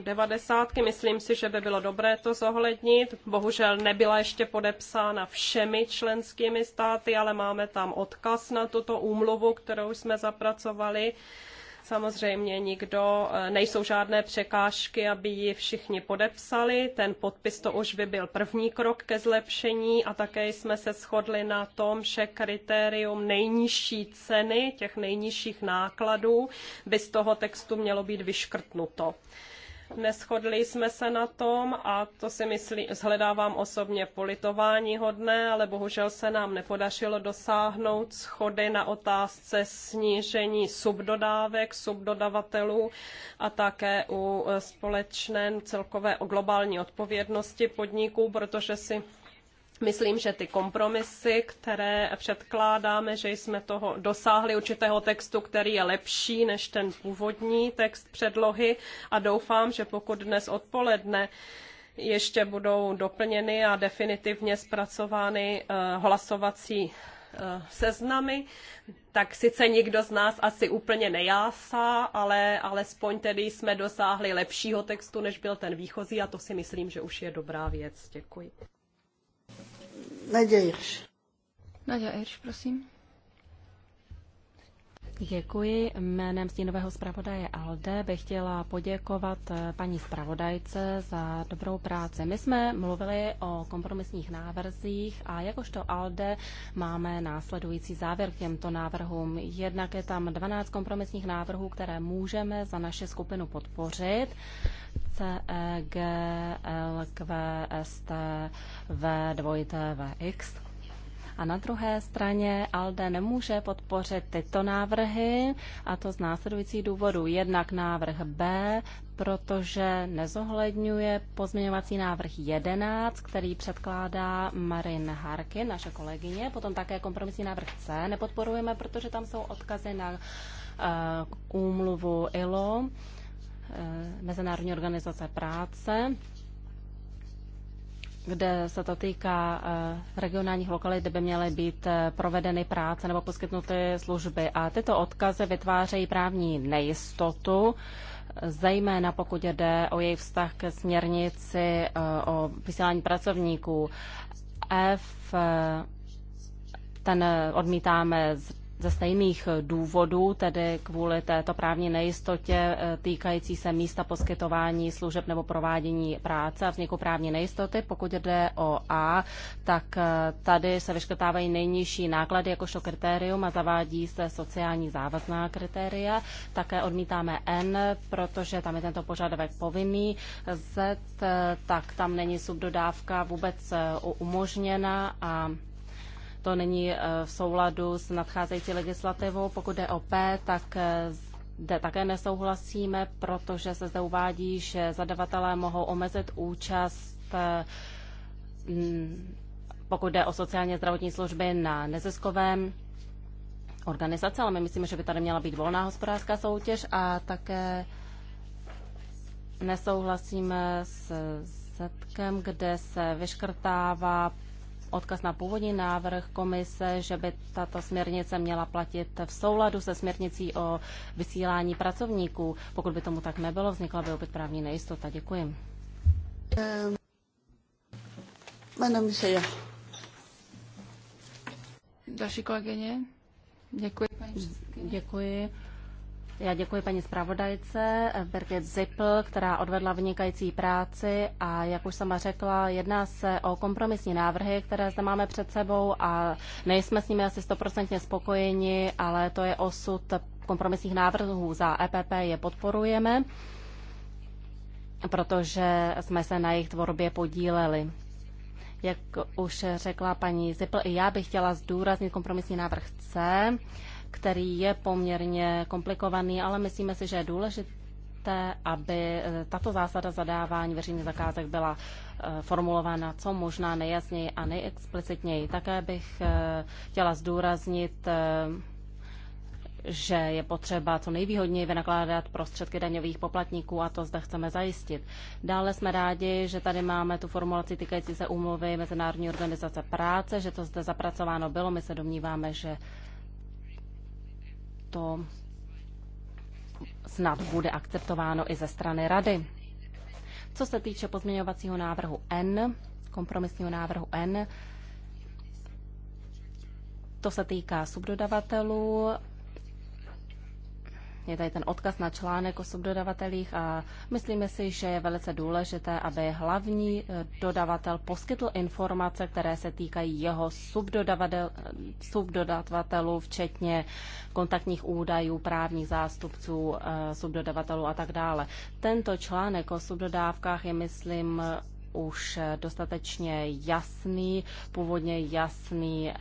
devadesátky. Myslím si, že by bylo dobré to zohlednit. Bohužel nebyla ještě podepsána všemi členskými státy, ale máme tam odkaz na tuto úmluvu, kterou jsme zapracovali. Samozřejmě nikdo, eh, nejsou žádné překážky, aby ji všichni podepsali. Ten podpis to už by byl první krok ke zlepšení a také jsme se shodli na tom, že kritérium nejnižší ceny, těch nejnižších nákladů by z toho textu mělo být vyškrtnuto. Neschodli jsme se na tom a to si myslí, zhledávám osobně politování hodné, ale bohužel se nám nepodařilo dosáhnout schody na otázce snížení subdodávek, subdodavatelů a také u e, společné celkové globální odpovědnosti podniků, protože si Myslím, že ty kompromisy, které předkládáme, že jsme toho dosáhli určitého textu, který je lepší než ten původní text předlohy a doufám, že pokud dnes odpoledne ještě budou doplněny a definitivně zpracovány eh, hlasovací eh, seznamy, tak sice nikdo z nás asi úplně nejásá, ale alespoň tedy jsme dosáhli lepšího textu, než byl ten výchozí a to si myslím, že už je dobrá věc. Děkuji. Naděja Irš. Naděja Irš, prosím. Děkuji. Jménem stínového zpravodaje Alde bych chtěla poděkovat eh, paní zpravodajce za dobrou práci. My jsme mluvili o kompromisních návrzích a jakožto Alde máme následující závěr k těmto návrhům. Jednak je tam 12 kompromisních návrhů, které můžeme za naše skupinu podpořit. C, e, V, 2, T, a na druhé straně ALDE nemůže podpořit tyto návrhy, a to z následujících důvodů. Jednak návrh B, protože nezohledňuje pozměňovací návrh 11, který předkládá Marin Harkin, naše kolegyně. Potom také kompromisní návrh C nepodporujeme, protože tam jsou odkazy na uh, úmluvu ILO, uh, eh, Mezinárodní organizace práce kde se to týká eh, regionálních lokalit, kde by měly být eh, provedeny práce nebo poskytnuty služby. A tyto odkazy vytvářejí právní nejistotu, zejména pokud jde o její vztah ke směrnici eh, o vysílání pracovníků. F ten odmítáme z ze stejných eh, důvodů, tedy kvůli této právní nejistotě eh, týkající se místa poskytování služeb nebo provádění práce a vzniku právní nejistoty. Pokud jde o A, tak eh, tady se vyškrtávají nejnižší náklady jakožto kritérium a zavádí se sociální závazná kritéria. Také odmítáme N, protože tam je tento požadavek povinný. Z, tak tam není subdodávka vůbec umožněna a to není eh, v souladu s nadcházející legislativou. Pokud jde o P, tak eh, zde také nesouhlasíme, protože se zde uvádí, že zadavatelé mohou omezit účast eh, pokud jde o sociálně zdravotní služby na neziskovém organizace, ale my myslíme, že by tady měla být volná hospodářská soutěž a také nesouhlasíme s zetkem, kde se vyškrtává odkaz na původní návrh komise, že by tato směrnice měla platit v souladu se směrnicí o vysílání pracovníků. Pokud by tomu tak nebylo, vznikla by opět právní nejistota. Děkuji. se já. Další kolegyně. Děkuji, paní Děkuji. Já děkuji paní zpravodajce eh, Birgit Zippel, která odvedla vynikající práci a jak už sama řekla, jedná se o kompromisní návrhy, které zde máme před sebou a nejsme s nimi asi stoprocentně spokojeni, ale to je osud kompromisních návrhů za EPP je podporujeme, protože jsme se na jejich tvorbě podíleli. Jak už řekla paní Zipl, i já bych chtěla zdůraznit kompromisní návrh C, který je poměrně komplikovaný, ale myslíme si, že je důležité, aby eh, tato zásada zadávání veřejných zakázek byla eh, formulována co možná nejjasněji a nejexplicitněji. Také bych eh, chtěla zdůraznit že je potřeba co nejvýhodněji vynakládat prostředky daňových poplatníků a to zde chceme zajistit. Dále jsme rádi, že tady máme tu formulaci týkající se úmluvy Mezinárodní organizace práce, že to zde zapracováno bylo. My se domníváme, že to snad bude akceptováno i ze strany rady. Co se týče pozměňovacího návrhu N, kompromisního návrhu N, to se týká subdodavatelů je tady ten odkaz na článek o subdodavatelích a myslíme si, že je velice důležité, aby hlavní eh, dodavatel poskytl informace, které se týkají jeho subdodavatelů, včetně kontaktních údajů, právních zástupců, eh, subdodavatelů a tak dále. Tento článek o subdodávkách je, myslím, už dostatečně jasný, původně jasný eh,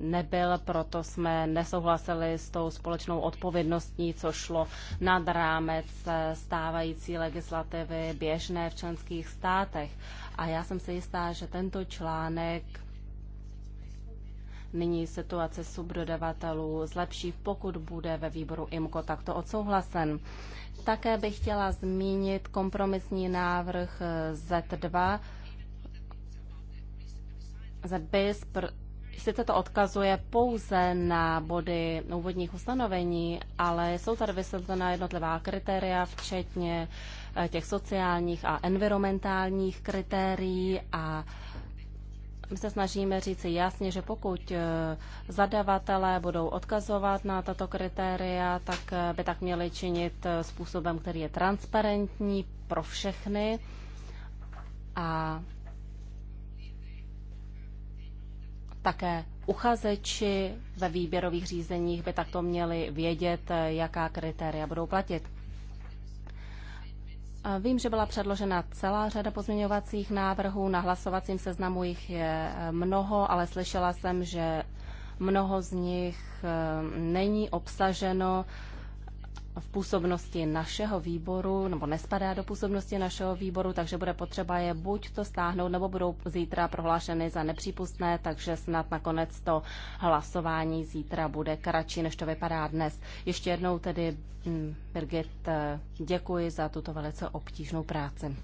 nebyl, proto jsme nesouhlasili s tou společnou odpovědností, co šlo nad rámec eh, stávající legislativy běžné v členských státech. A já jsem si jistá, že tento článek nyní situace subdodavatelů zlepší, pokud bude ve výboru IMCO takto odsouhlasen. Také bych chtěla zmínit kompromisní návrh Z2, eh, ZBIS, sice to odkazuje pouze na body úvodních ustanovení, ale jsou tady vysvětlena jednotlivá kritéria, včetně eh, těch sociálních a environmentálních kritérií a my se snažíme říci jasně, že pokud eh, zadavatelé budou odkazovat na tato kritéria, tak eh, by tak měli činit eh, způsobem, který je transparentní pro všechny a také uchazeči ve výběrových řízeních by takto měli vědět, jaká kritéria budou platit. Vím, že byla předložena celá řada pozměňovacích návrhů, na hlasovacím seznamu jich je eh, mnoho, ale slyšela jsem, že mnoho z nich eh, není obsaženo v působnosti našeho výboru, nebo nespadá do působnosti našeho výboru, takže bude potřeba je buď to stáhnout, nebo budou zítra prohlášeny za nepřípustné, takže snad nakonec to hlasování zítra bude kratší, než to vypadá dnes. Ještě jednou tedy, mm, Birgit, eh, děkuji za tuto velice obtížnou práci.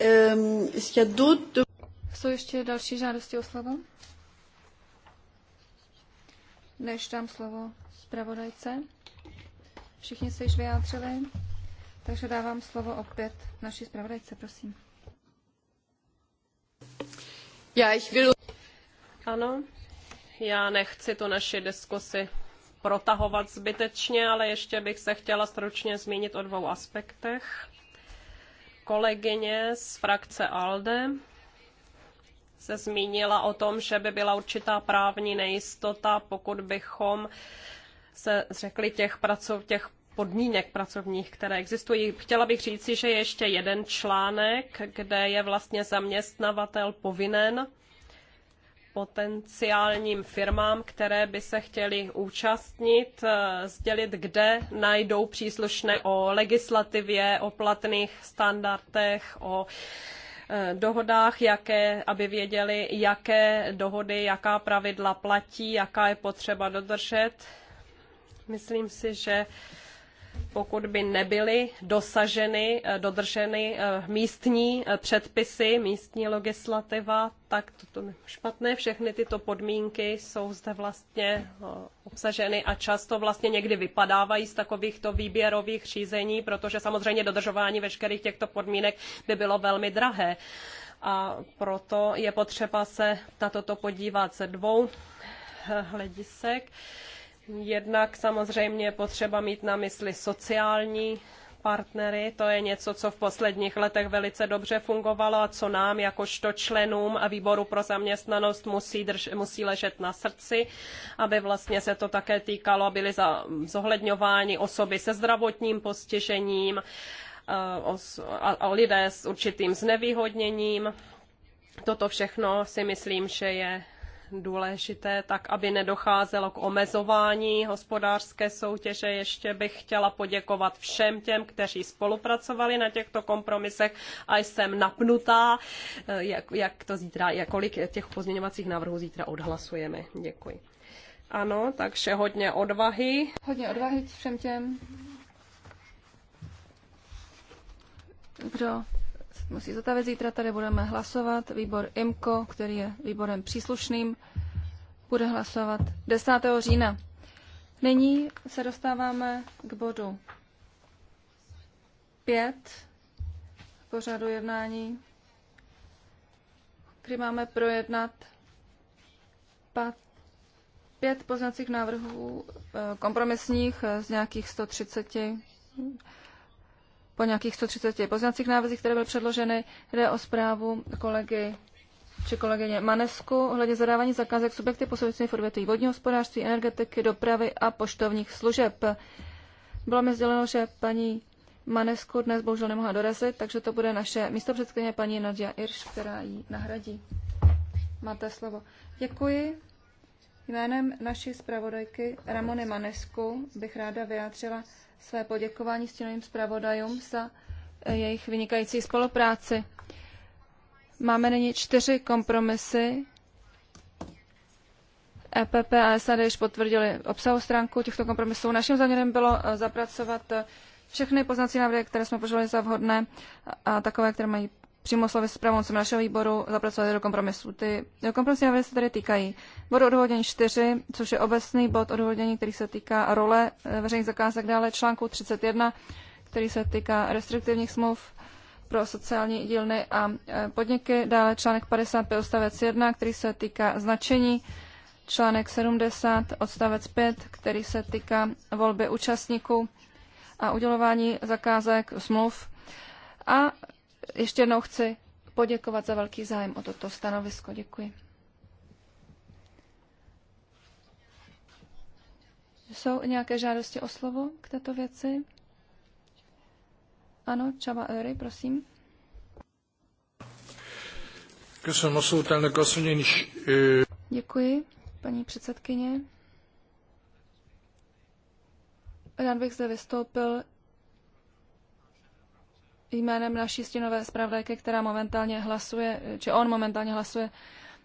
Ehm, Jsou ještě další žádosti o slovo? než dám slovo zpravodajce. Všichni se již vyjádřili, takže dávám slovo opět naší zpravodajce, prosím. Já ich will... Ano, já nechci tu naši diskusi protahovat zbytečně, ale ještě bych se chtěla stručně zmínit o dvou aspektech. Kolegyně z frakce ALDE se zmínila o tom, že by byla určitá právní nejistota, pokud bychom se řekli těch, pracov, těch podmínek pracovních, které existují. Chtěla bych říci, že je ještě jeden článek, kde je vlastně zaměstnavatel povinen potenciálním firmám, které by se chtěly účastnit, eh, sdělit, kde najdou příslušné o legislativě, o platných standardech, o Eh, dohodách, jaké, aby věděli, jaké dohody, jaká pravidla platí, jaká je potřeba dodržet. Myslím si, že pokud by nebyly dosaženy, eh, dodrženy eh, místní eh, předpisy, místní legislativa, tak to je špatné. Všechny tyto podmínky jsou zde vlastně obsaženy a často vlastně někdy vypadávají z takovýchto výběrových řízení, protože samozřejmě dodržování veškerých těchto podmínek by bylo velmi drahé. A proto je potřeba se na toto podívat ze dvou hledisek. Jednak samozřejmě je potřeba mít na mysli sociální partnery. To je něco, co v posledních letech velice dobře fungovalo a co nám jakožto členům a výboru pro zaměstnanost musí, drž, musí ležet na srdci, aby vlastně se to také týkalo, byly za, zohledňovány osoby se zdravotním postižením, eh, a, a lidé s určitým znevýhodněním. Toto všechno si myslím, že je důležité, tak aby nedocházelo k omezování hospodářské soutěže. Ještě bych chtěla poděkovat všem těm, kteří spolupracovali na těchto kompromisech a jsem napnutá, eh, jak, jak to zítra, jak kolik těch pozměňovacích návrhů zítra odhlasujeme. Děkuji. Ano, takže hodně odvahy. Hodně odvahy všem těm, kdo musí zotavit. Zítra tady budeme hlasovat. Výbor IMKO, který je výborem příslušným, bude hlasovat 10. října. Nyní se dostáváme k bodu 5 pořadu jednání, kdy máme projednat pět poznacích návrhů eh, kompromisních eh, z nějakých 130 po nějakých 130 poznacích návrzích, které byly předloženy, jde o zprávu kolegy či kolegyně Manesku ohledně zadávání zakázek subjekty posouvající v odvětví vodního hospodářství, energetiky, dopravy a poštovních služeb. Bylo mi sděleno, že paní Manesku dnes bohužel nemohla dorazit, takže to bude naše místo paní Nadia Irš, která ji nahradí. Máte slovo. Děkuji. Jménem naší zpravodajky Ramony Manesku bych ráda vyjádřila své poděkování stěnovým zpravodajům za eh, jejich vynikající spolupráci. Máme nyní čtyři kompromisy. EPP a SAD již potvrdili obsahu stránku těchto kompromisů. Naším záměrem bylo eh, zapracovat eh, všechny poznací návrhy, které jsme požili za vhodné a takové, které mají přímo slovy s pravomocem našeho výboru zapracovali do kompromisu. Ty kompromisní návrhy se tady týkají bodu odůvodnění 4, což je obecný bod odůvodnění, který se týká role eh, veřejných zakázek, dále článku 31, který se týká restriktivních smluv pro sociální dílny a eh, podniky, dále článek 55 odstavec 1, který se týká značení, článek 70 odstavec 5, který se týká volby účastníků a udělování zakázek smluv a ještě jednou chci poděkovat za velký zájem o toto stanovisko. Děkuji. Jsou nějaké žádosti o slovo k této věci? Ano, Čaba Öry, prosím. Děkuji, paní předsedkyně. Rád bych zde vystoupil jménem naší stěnové zpravodajky, která momentálně hlasuje, či on momentálně hlasuje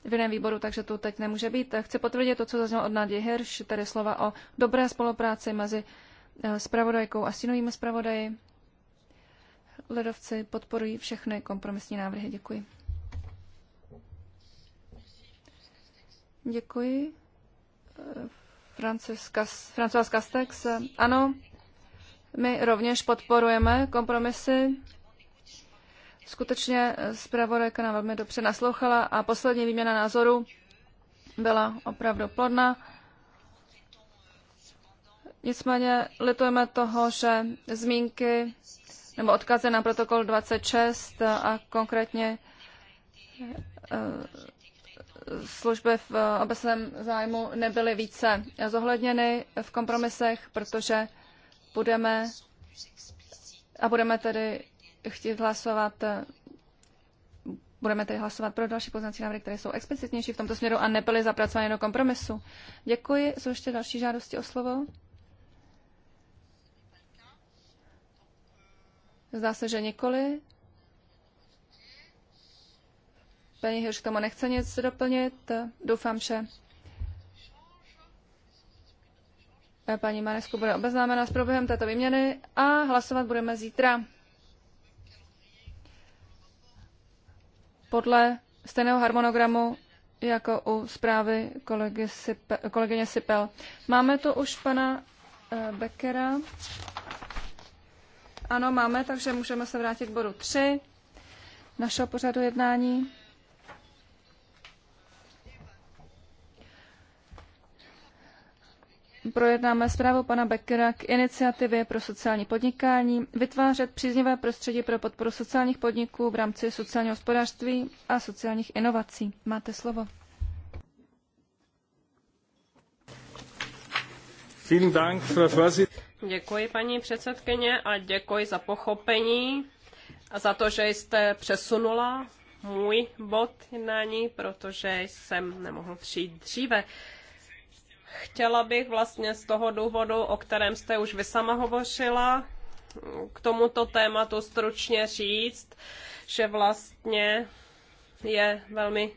v jiném výboru, takže tu teď nemůže být. Chci potvrdit to, co zaznělo od Nadě Hirš, tedy slova o dobré spolupráci mezi spravodajkou eh, a stínovými spravodaji. Ledovci podporují všechny kompromisní návrhy. Děkuji. Děkuji. Eh, Francis Castex. Eh, ano, my rovněž podporujeme kompromisy Skutečně eh, zpravodajka nám velmi dobře naslouchala a poslední výměna názorů byla opravdu plodná. Nicméně litujeme toho, že zmínky nebo odkazy na protokol 26 a konkrétně eh, služby v eh, obecném zájmu nebyly více zohledněny v kompromisech, protože budeme a budeme tedy chtít hlasovat, eh, budeme tedy hlasovat pro další poznací návrhy, které jsou explicitnější v tomto směru a nebyly zapracovány do kompromisu. Děkuji. Jsou ještě další žádosti o slovo? Zdá se, že nikoli. Paní Hirš tomu nechce nic doplnit. Doufám, že paní Manesku bude obeznámena s proběhem této výměny a hlasovat budeme zítra. podle stejného harmonogramu jako u zprávy kolegy Sipe, kolegyně Sipel. Máme tu už pana eh, Beckera. Ano, máme, takže můžeme se vrátit k bodu 3 našeho pořadu jednání. projednáme zprávu pana Beckera k iniciativě pro sociální podnikání, vytvářet příznivé prostředí pro podporu sociálních podniků v rámci sociálního hospodářství a sociálních inovací. Máte slovo. Děkuji, paní předsedkyně, a děkuji za pochopení a za to, že jste přesunula můj bod jednání, protože jsem nemohl přijít dříve. Uh, Chtěla bych vlastně z toho důvodu, o kterém jste už vy sama hovořila, k tomuto tématu stručně říct, že vlastně je velmi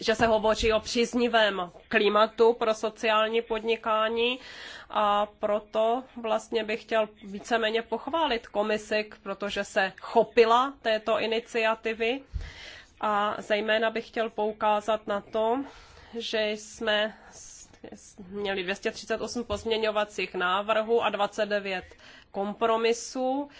že se hovoří o příznivém klimatu pro sociální podnikání a proto vlastně bych chtěl víceméně pochválit komisi, protože se chopila této iniciativy a zejména bych chtěl poukázat na to, že jsme měli 238 pozměňovacích návrhů a 29 kompromisů.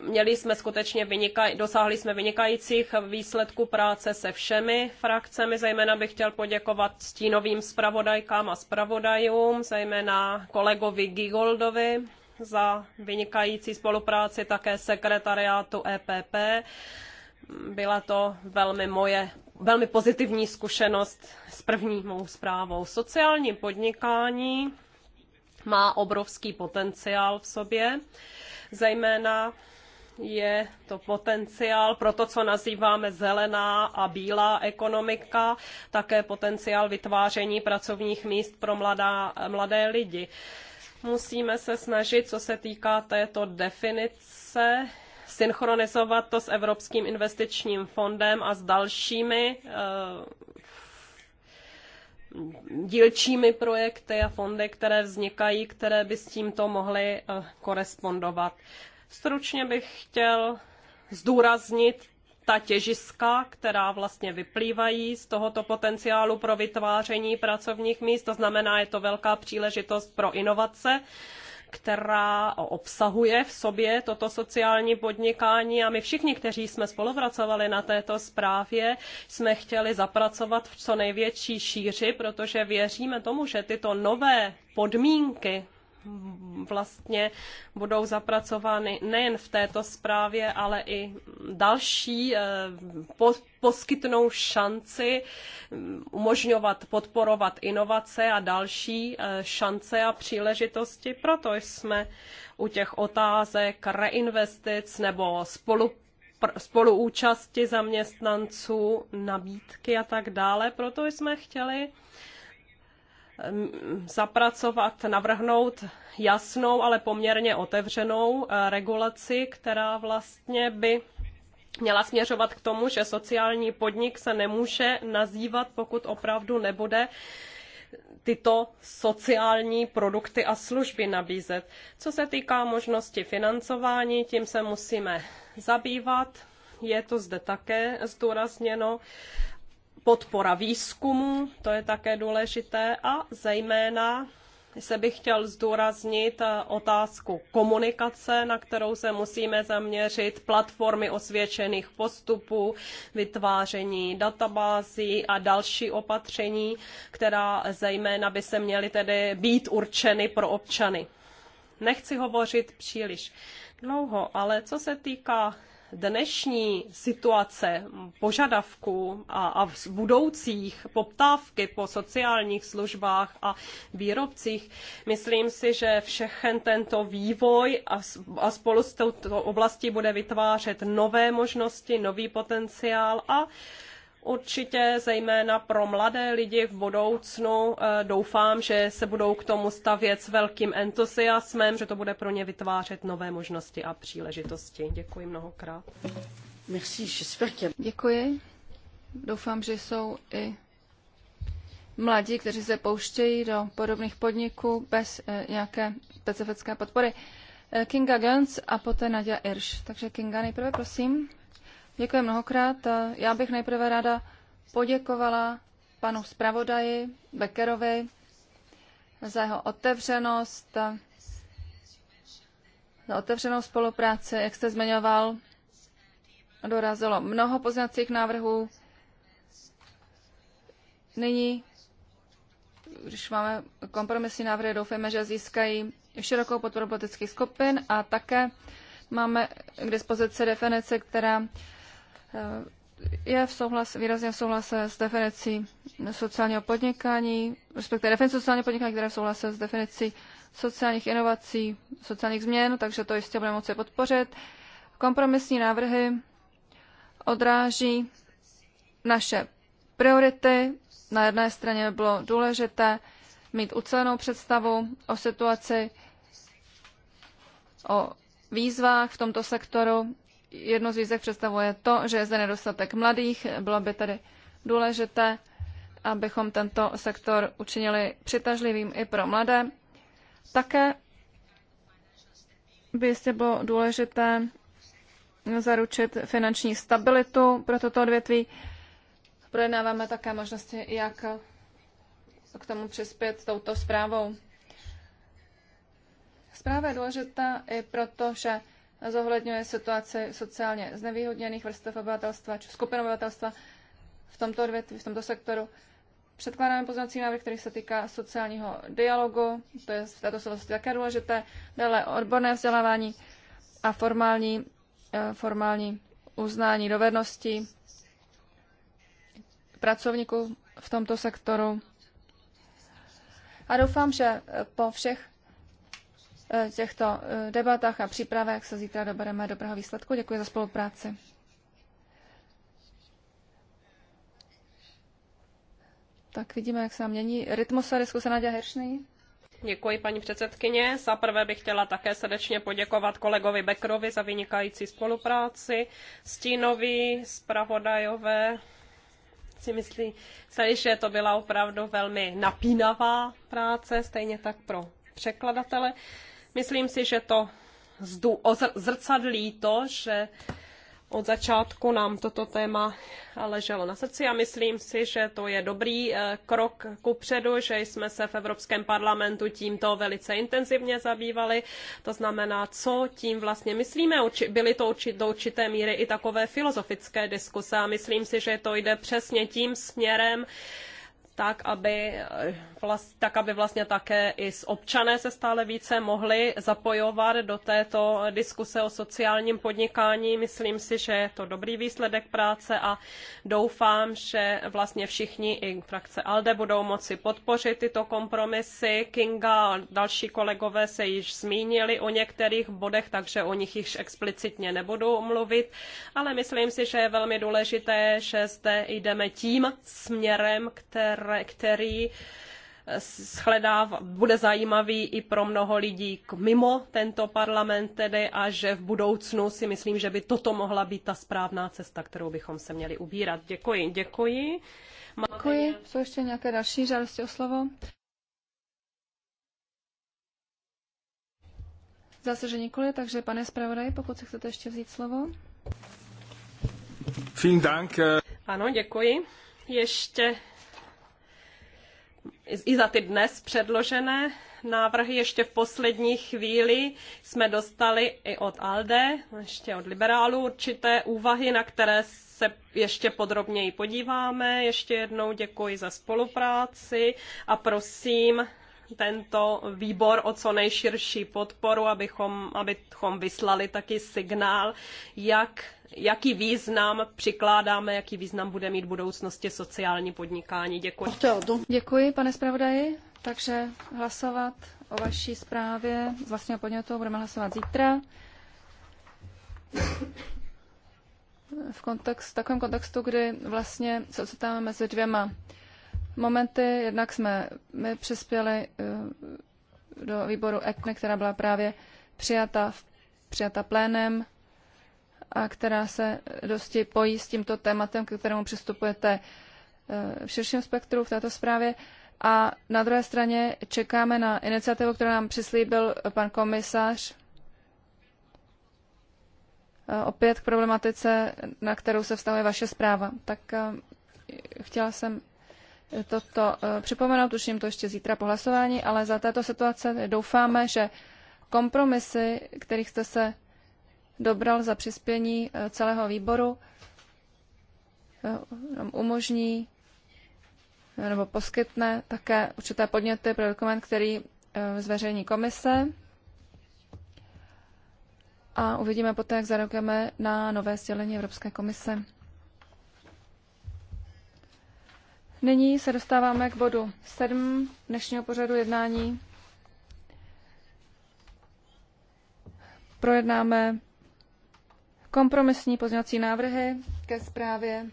Měli jsme skutečně vynikaj, dosáhli jsme vynikajících výsledků práce se všemi frakcemi. Zejména bych chtěl poděkovat stínovým zpravodajkám a zpravodajům, zejména kolegovi Gigoldovi, za vynikající spolupráci také sekretariátu EPP. Byla to velmi moje velmi pozitivní zkušenost s první mou zprávou. Sociální podnikání má obrovský potenciál v sobě, zejména je to potenciál pro to, co nazýváme zelená a bílá ekonomika, také potenciál vytváření pracovních míst pro mladá, mladé lidi. Musíme se snažit, co se týká této definice, synchronizovat to s Evropským investičním fondem a s dalšími eh, dílčími projekty a fondy, které vznikají, které by s tímto mohly eh, korespondovat. Stručně bych chtěl zdůraznit ta těžiska, která vlastně vyplývají z tohoto potenciálu pro vytváření pracovních míst, to znamená, je to velká příležitost pro inovace, která obsahuje v sobě toto sociální podnikání a my všichni, kteří jsme spolupracovali na této zprávě, jsme chtěli zapracovat v co největší šíři, protože věříme tomu, že tyto nové podmínky vlastně budou zapracovány nejen v této zprávě, ale i další eh, po, poskytnou šanci mm, umožňovat, podporovat inovace a další eh, šance a příležitosti. Proto jsme u těch otázek reinvestic nebo spolu spoluúčasti zaměstnanců, nabídky a tak dále. Proto jsme chtěli zapracovat, navrhnout jasnou, ale poměrně otevřenou eh, regulaci, která vlastně by měla směřovat k tomu, že sociální podnik se nemůže nazývat, pokud opravdu nebude tyto sociální produkty a služby nabízet. Co se týká možnosti financování, tím se musíme zabývat. Je to zde také zdůrazněno podpora výzkumu, to je také důležité, a zejména se bych chtěl zdůraznit eh, otázku komunikace, na kterou se musíme zaměřit, platformy osvědčených postupů, vytváření databází a další opatření, která zejména by se měly tedy být určeny pro občany. Nechci hovořit příliš dlouho, ale co se týká dnešní situace požadavků a, a v budoucích poptávky po sociálních službách a výrobcích, myslím si, že všechen tento vývoj a, a spolu s touto oblastí bude vytvářet nové možnosti, nový potenciál a Určitě zejména pro mladé lidi v budoucnu eh, doufám, že se budou k tomu stavět s velkým entuziasmem, že to bude pro ně vytvářet nové možnosti a příležitosti. Děkuji mnohokrát. Merci, Děkuji. Doufám, že jsou i mladí, kteří se pouštějí do podobných podniků bez eh, nějaké specifické podpory. Eh, Kinga Gönz a poté Nadia Irš. Takže Kinga nejprve, prosím. Děkuji mnohokrát. Já bych nejprve ráda poděkovala panu zpravodaji Beckerovi za jeho otevřenost, za otevřenou spolupráci, jak jste zmiňoval, dorazilo mnoho poznacích návrhů. Nyní, když máme kompromisní návrhy, doufáme, že získají širokou podporu politických skupin a také máme k dispozici definici, která je v souhlas, výrazně v souhlase s definicí sociálního podnikání, respektive definice sociálního podnikání, které v souhlase s definicí sociálních inovací, sociálních změn, takže to jistě budeme moci podpořit. Kompromisní návrhy odráží naše priority. Na jedné straně bylo důležité mít ucelenou představu o situaci, o výzvách v tomto sektoru jedno z výzev představuje to, že je zde nedostatek mladých. Bylo by tedy důležité, abychom tento sektor učinili přitažlivým i pro mladé. Také by jistě bylo důležité zaručit finanční stabilitu pro toto odvětví. Projednáváme také možnosti, jak k tomu přispět touto zprávou. Zpráva je důležitá i proto, že zohledňuje situaci sociálně znevýhodněných vrstev obyvatelstva či skupin obyvatelstva v tomto odvětví, v tomto sektoru. Předkládáme poznací návrh, který se týká sociálního dialogu, to je v této souvislosti také důležité, dále odborné vzdělávání a formální, eh, formální uznání dovedností pracovníků v tomto sektoru. A doufám, že po všech Eh, těchto eh, debatách a přípravách se zítra dobereme dobrého výsledku. Děkuji za spolupráci. Tak vidíme, jak se nám mění rytmus a diskuse Nadia Heršný. Děkuji, paní předsedkyně. Za prvé bych chtěla také srdečně poděkovat kolegovi Bekrovi za vynikající spolupráci. Stínovi, zpravodajové, si myslí, že to byla opravdu velmi napínavá práce, stejně tak pro překladatele. Myslím si, že to zrcadlí to, že od začátku nám toto téma leželo na srdci a myslím si, že to je dobrý eh, krok kupředu, že jsme se v Evropském parlamentu tímto velice intenzivně zabývali. To znamená, co tím vlastně myslíme. Byly to do určité míry i takové filozofické diskuse a myslím si, že to jde přesně tím směrem, tak aby, vlast, tak, aby vlastně také i s občané se stále více mohli zapojovat do této diskuse o sociálním podnikání. Myslím si, že je to dobrý výsledek práce a doufám, že vlastně všichni i frakce ALDE budou moci podpořit tyto kompromisy. Kinga a další kolegové se již zmínili o některých bodech, takže o nich již explicitně nebudu mluvit, ale myslím si, že je velmi důležité, že zde jdeme tím směrem, který který eh, shledává, bude zajímavý i pro mnoho lidí mimo tento parlament tedy a že v budoucnu si myslím, že by toto mohla být ta správná cesta, kterou bychom se měli ubírat. Děkuji, děkuji. Má... Děkuji. Jsou ještě nějaké další žádosti o slovo? Zase, že nikoli, takže pane zpravodaji, pokud si chcete ještě vzít slovo. Vielen Dank. Eh. Ano, děkuji. Ještě i za ty dnes předložené návrhy. Ještě v poslední chvíli jsme dostali i od ALDE, ještě od liberálů, určité úvahy, na které se ještě podrobněji podíváme. Ještě jednou děkuji za spolupráci a prosím, tento výbor o co nejširší podporu, abychom, abychom vyslali taky signál, jak, jaký význam přikládáme, jaký význam bude mít v budoucnosti sociální podnikání. Děkuji. Děkuji, pane zpravodaji. Takže hlasovat o vaší zprávě z vlastního podnětu budeme hlasovat zítra. V, kontext, v takovém kontextu, kdy vlastně se ocitáme mezi dvěma momenty. Jednak jsme my přispěli eh, do výboru ECNE, která byla právě přijata, přijata plénem a která se dosti pojí s tímto tématem, k kterému přistupujete eh, v širším spektru v této zprávě. A na druhé straně čekáme na iniciativu, kterou nám přislíbil pan komisař eh, opět k problematice, na kterou se vztahuje vaše zpráva. Tak chtěla jsem toto eh, připomenout, už jim to ještě zítra po hlasování, ale za této situace doufáme, že kompromisy, kterých jste se dobral za přispění eh, celého výboru, eh, nám umožní nebo poskytne také určité podněty pro dokument, který zveřejní komise. A uvidíme poté, jak zarokujeme na nové sdělení Evropské komise. Nyní se dostáváme k bodu 7 dnešního pořadu jednání. Projednáme kompromisní pozměňovací návrhy ke zprávě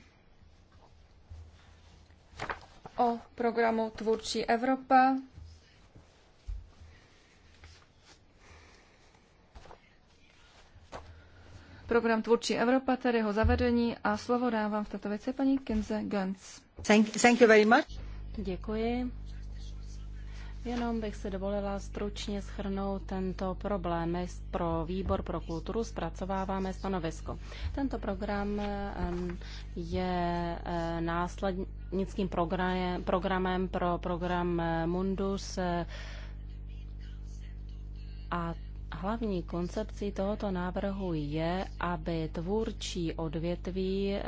o programu Tvůrčí Evropa. Program Tvůrčí Evropa, tedy jeho zavedení a slovo dávám v této věci paní Kinze Gönz. Děkuji. Jenom bych si dovolila stručně schrnout tento problém. pro výbor pro kulturu zpracováváme stanovisko. Tento program je eh, následnickým programem pro program eh, Mundus eh, a Hlavní koncepcí tohoto návrhu je, aby tvůrčí odvětví eh,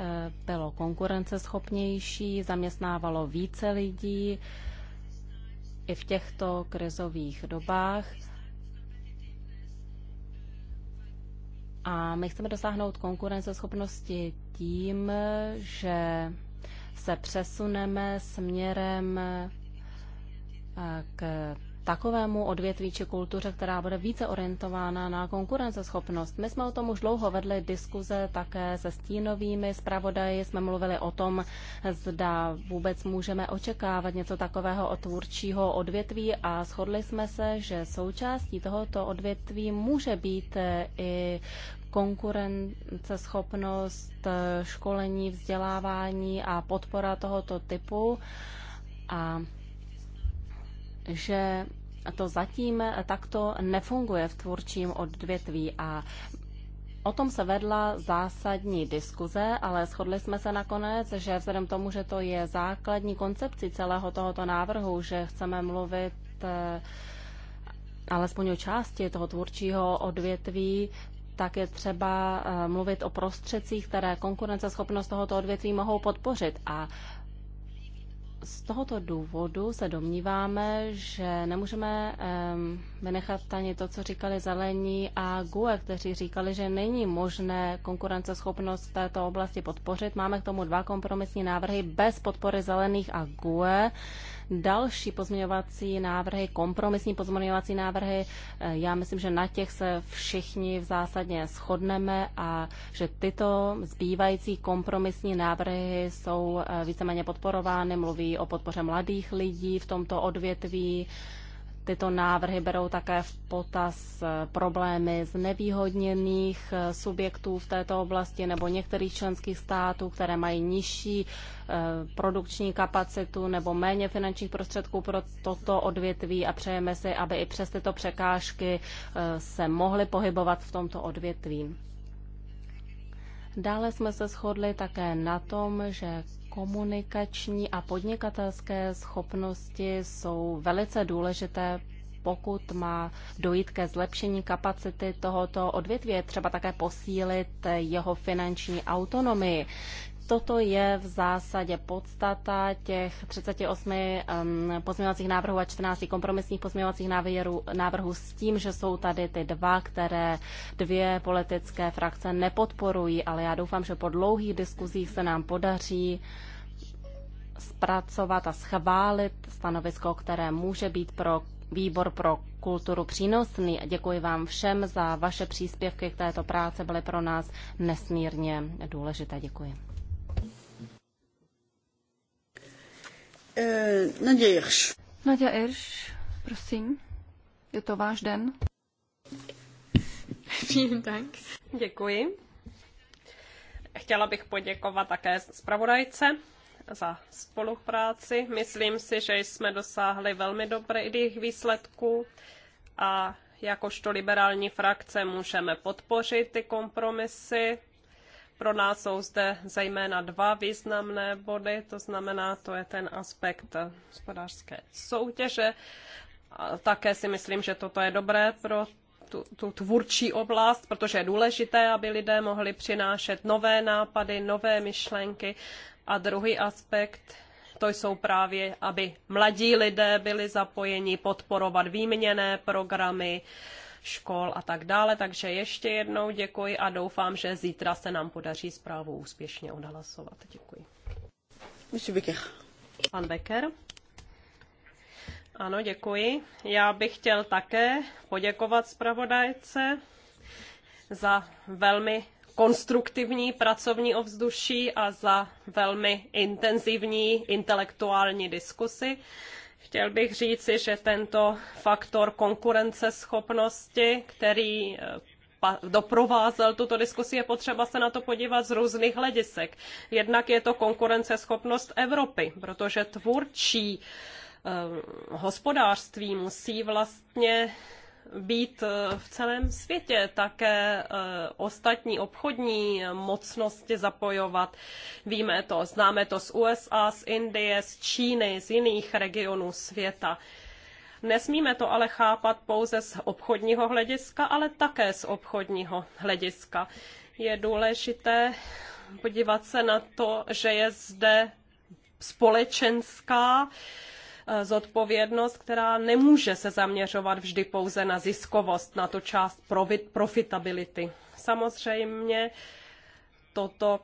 bylo konkurenceschopnější, zaměstnávalo více lidí i v těchto krizových dobách. A my chceme dosáhnout konkurenceschopnosti tím, že se přesuneme směrem eh, k takovému odvětví či kultuře, která bude více orientována na konkurenceschopnost. My jsme o tom už dlouho vedli diskuze také se stínovými zpravodaji. Jsme mluvili o tom, zda vůbec můžeme očekávat něco takového od tvůrčího odvětví a shodli jsme se, že součástí tohoto odvětví může být eh, i konkurenceschopnost, eh, školení, vzdělávání a podpora tohoto typu. A že to zatím takto nefunguje v tvůrčím odvětví a O tom se vedla zásadní diskuze, ale shodli jsme se nakonec, že vzhledem tomu, že to je základní koncepci celého tohoto návrhu, že chceme mluvit eh, alespoň o části toho tvůrčího odvětví, tak je třeba eh, mluvit o prostředcích, které konkurenceschopnost tohoto odvětví mohou podpořit. A z tohoto důvodu se domníváme, že nemůžeme vynechat ani to, co říkali Zelení a GUE, kteří říkali, že není možné konkurenceschopnost této oblasti podpořit. Máme k tomu dva kompromisní návrhy bez podpory Zelených a GUE další pozměňovací návrhy, kompromisní pozměňovací návrhy. Eh, Já myslím, že na těch se všichni v zásadě shodneme a že tyto zbývající kompromisní návrhy jsou eh, víceméně podporovány. Mluví o podpoře mladých lidí v tomto odvětví, Tyto návrhy berou také v potaz eh, problémy znevýhodněných eh, subjektů v této oblasti nebo některých členských států, které mají nižší eh, produkční kapacitu nebo méně finančních prostředků pro toto odvětví a přejeme si, aby i přes tyto překážky se mohly pohybovat v tomto odvětví. Dále jsme se shodli také na tom, že komunikační a podnikatelské schopnosti jsou velice důležité pokud má dojít ke zlepšení kapacity tohoto odvětví, je třeba také posílit jeho finanční autonomii. Toto je v zásadě podstata těch 38 pozměňovacích návrhů a 14 kompromisních pozměňovacích návrhů, návrhů s tím, že jsou tady ty dva, které dvě politické frakce nepodporují, ale já doufám, že po dlouhých diskuzích se nám podaří zpracovat a schválit stanovisko, které může být pro výbor pro kulturu přínosný. Děkuji vám všem za vaše příspěvky k této práce byly pro nás nesmírně důležité. Děkuji. Eh, Naděja Irš. Naděja Irš, prosím. Je to váš den. Vielen Děkuji. Chtěla bych poděkovat také zpravodajce za spolupráci. Myslím si, že jsme dosáhli velmi dobrých výsledků a jakožto liberální frakce můžeme podpořit ty kompromisy, pro nás jsou zde zejména dva významné body, to znamená, to je ten aspekt hospodářské soutěže. A také si myslím, že toto je dobré pro tu, tu tvůrčí oblast, protože je důležité, aby lidé mohli přinášet nové nápady, nové myšlenky. A druhý aspekt to jsou právě, aby mladí lidé byli zapojeni, podporovat výměněné programy, škol a tak dále. Takže ještě jednou děkuji a doufám, že zítra se nám podaří zprávu úspěšně odhlasovat. Děkuji. Pan Becker. Ano, děkuji. Já bych chtěl také poděkovat zpravodajce za velmi konstruktivní pracovní ovzduší a za velmi intenzivní intelektuální diskusy. Chtěl bych říci, že tento faktor konkurenceschopnosti, který eh, doprovázel tuto diskusi, je potřeba se na to podívat z různých hledisek. Jednak je to konkurenceschopnost Evropy, protože tvůrčí eh, hospodářství musí vlastně být eh, v celém světě, také eh, ostatní obchodní mocnosti zapojovat. Víme to, známe to z USA, z Indie, z Číny, z jiných regionů světa. Nesmíme to ale chápat pouze z obchodního hlediska, ale také z obchodního hlediska. Je důležité podívat se na to, že je zde společenská uh, Eh, zodpovědnost, která nemůže se zaměřovat vždy pouze na ziskovost, na tu část profitability. Samozřejmě toto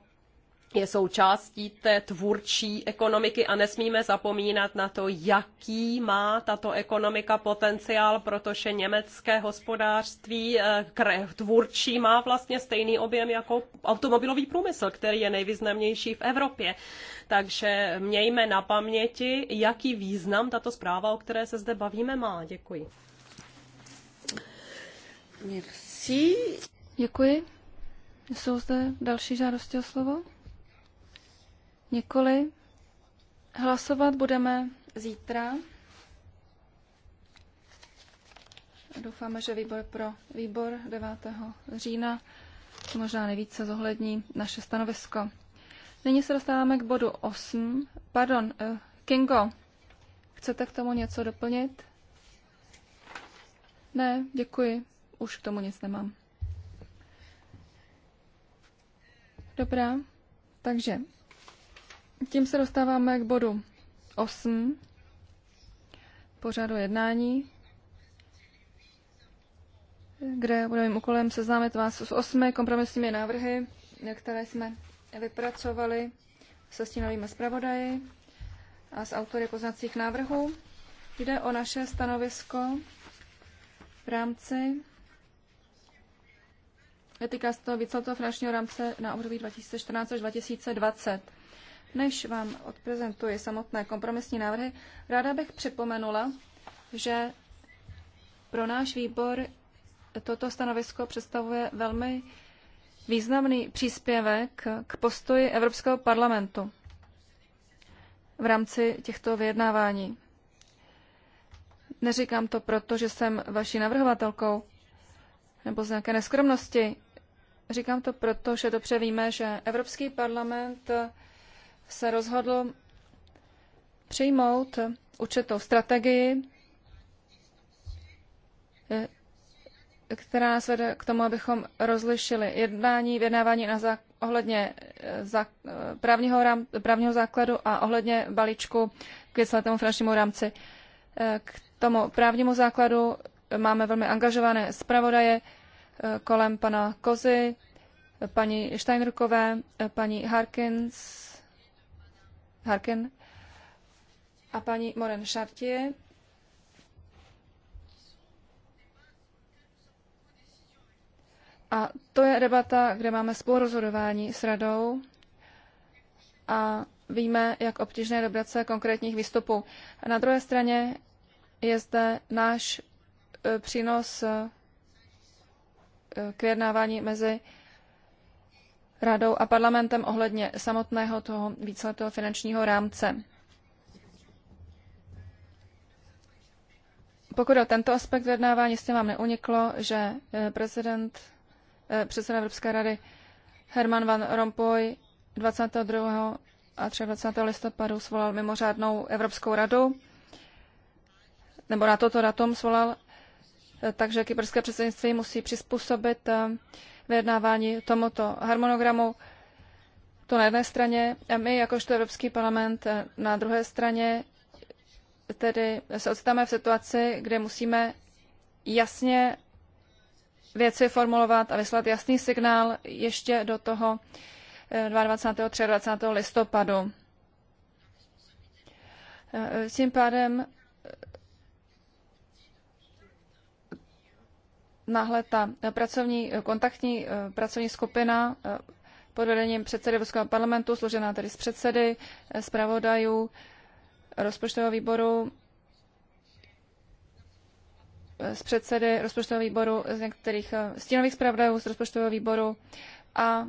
je součástí té tvůrčí ekonomiky a nesmíme zapomínat na to, jaký má tato ekonomika potenciál, protože německé hospodářství eh, tvůrčí má vlastně stejný objem jako automobilový průmysl, který je nejvýznamnější v Evropě. Takže mějme na paměti, jaký význam tato zpráva, o které se zde bavíme, má. Děkuji. Merci. Děkuji. Jsou zde další žádosti o slovo? Nikoli. Hlasovat budeme zítra. Doufáme, že výbor pro výbor 9. října možná nejvíce zohlední naše stanovisko. Nyní se dostáváme k bodu 8. Pardon, eh, Kingo, chcete k tomu něco doplnit? Ne, děkuji. Už k tomu nic nemám. Dobrá, takže tím se dostáváme k bodu 8 pořadu jednání, kde bude mým úkolem seznámit vás s osmi kompromisními návrhy, které jsme vypracovali se stínovými zpravodaji a s autory poznacích návrhů. Jde o naše stanovisko v rámci etika z toho víceletého finančního rámce na období 2014 až 2020. Než vám odprezentuji samotné kompromisní návrhy, ráda bych připomenula, že pro náš výbor toto stanovisko představuje velmi významný příspěvek k postoji Evropského parlamentu v rámci těchto vyjednávání. Neříkám to proto, že jsem vaší navrhovatelkou nebo z nějaké neskromnosti. Říkám to proto, že dobře víme, že Evropský parlament se rozhodl přijmout určitou strategii, eh, která nás vede k tomu, abychom rozlišili jednání, vyjednávání na zá, ohledně eh, zá, eh, právního, rám, právního základu a ohledně balíčku k víceletému finančnímu rámci. K tomu právnímu základu máme velmi angažované zpravodaje kolem pana Kozy, paní Steinrukové, paní Harkins, Harkin a paní Moren Chartier. A to je debata, kde máme spolurozhodování s radou a víme, jak obtížné dobrat se konkrétních výstupů. A na druhé straně je zde náš e, přínos e, k vyjednávání mezi radou a parlamentem ohledně samotného toho víceletého finančního rámce. Pokud o tento aspekt vyjednávání, jistě vám neuniklo, že eh, prezident, eh, předseda Evropské rady Herman Van Rompuy 22. a 23. listopadu svolal mimořádnou Evropskou radu, nebo na toto datum svolal, eh, takže kyperské předsednictví musí přizpůsobit vyjednávání tomuto harmonogramu. To na jedné straně a my, jakožto Evropský parlament, na druhé straně tedy se ocitáme v situaci, kde musíme jasně věci formulovat a vyslat jasný signál ještě do toho 22. Eh, 23. listopadu. Eh, eh, tím pádem náhle ta pracovní, kontaktní eh, pracovní skupina eh, pod vedením předsedy Evropského parlamentu, složená tedy z předsedy, eh, zpravodajů, rozpočtového výboru, z předsedy rozpočtového výboru, z některých stínových zpravodajů z rozpočtového výboru a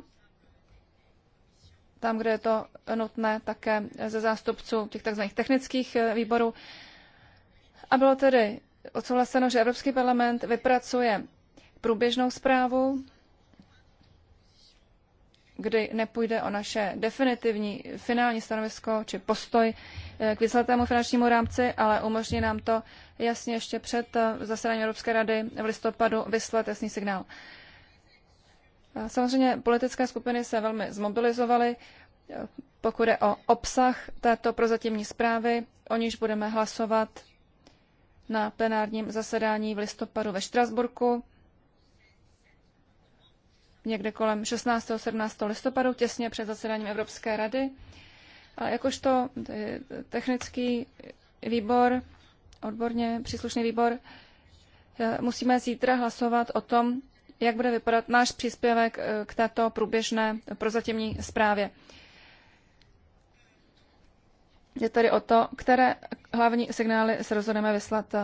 tam, kde je to nutné, také ze zástupců těch tzv. technických výborů. A bylo tedy odsouhlaseno, že Evropský parlament vypracuje průběžnou zprávu, kdy nepůjde o naše definitivní finální stanovisko či postoj eh, k výslednému finančnímu rámci, ale umožní nám to jasně ještě před eh, zasedáním Evropské rady v listopadu vyslat jasný signál. Eh, samozřejmě politické skupiny se velmi zmobilizovaly, pokud je o obsah této prozatímní zprávy, o níž budeme hlasovat na plenárním zasedání v listopadu ve Štrasburku, někde kolem 16. 17. listopadu, těsně před zasedáním Evropské rady. A jakožto eh, technický výbor, odborně příslušný výbor, eh, musíme zítra hlasovat o tom, jak bude vypadat náš příspěvek eh, k této průběžné prozatímní zprávě. Je tedy o to, které hlavní signály se rozhodneme vyslat. Eh,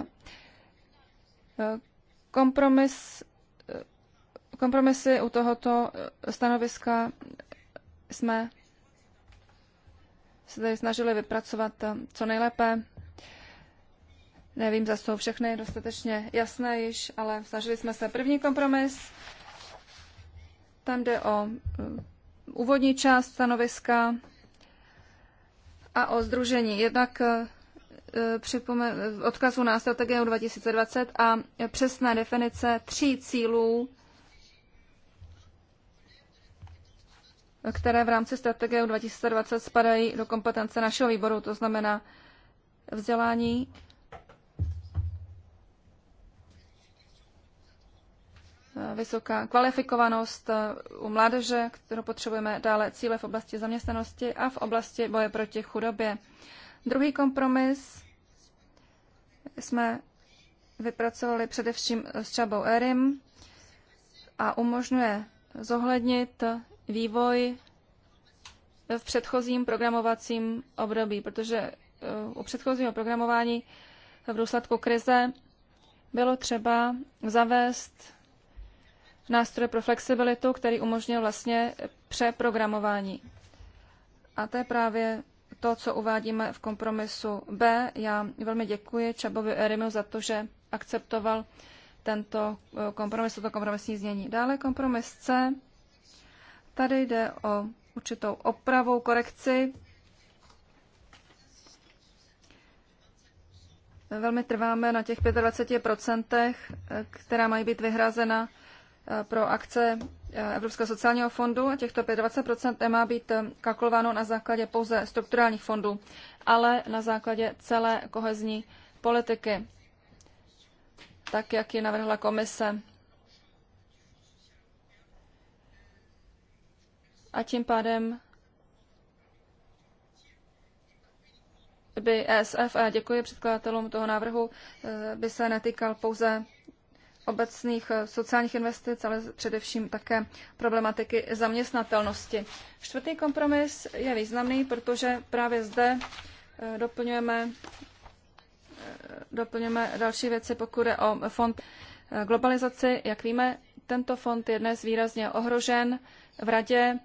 kompromis, eh, kompromisy u tohoto eh, stanoviska jsme se tady snažili vypracovat co nejlépe. Nevím, zda jsou všechny dostatečně jasné již, ale snažili jsme se první kompromis. Tam jde o úvodní část stanoviska, a o združení. Jednak eh, odkazu na strategii 2020 a přesné definice tří cílů, které v rámci strategie 2020 spadají do kompetence našeho výboru, to znamená vzdělání, vysoká kvalifikovanost eh, u mládeže, kterou potřebujeme dále cíle v oblasti zaměstnanosti a v oblasti boje proti chudobě. Druhý kompromis jsme vypracovali především s Čabou Erim a umožňuje zohlednit vývoj v předchozím programovacím období, protože eh, u předchozího programování v důsledku krize bylo třeba zavést nástroj pro flexibilitu, který umožnil vlastně přeprogramování. A to je právě to, co uvádíme v kompromisu B. Já velmi děkuji Čabovi Erimu za to, že akceptoval tento eh, kompromis, toto kompromisní znění. Dále kompromis C. Tady jde o určitou opravu, korekci. Velmi trváme na těch 25%, eh, která mají být vyhrazena Eh, pro akce eh, Evropského sociálního fondu. Těchto 25 nemá být eh, kalkulováno na základě pouze strukturálních fondů, ale na základě celé kohezní politiky, tak jak ji navrhla komise. A tím pádem by ESF, a děkuji předkladatelům toho návrhu, by se netýkal pouze obecných eh, sociálních investic, ale především také problematiky zaměstnatelnosti. Čtvrtý kompromis je významný, protože právě zde eh, doplňujeme, eh, doplňujeme další věci, pokud je o fond globalizaci. Jak víme, tento fond je dnes výrazně ohrožen v radě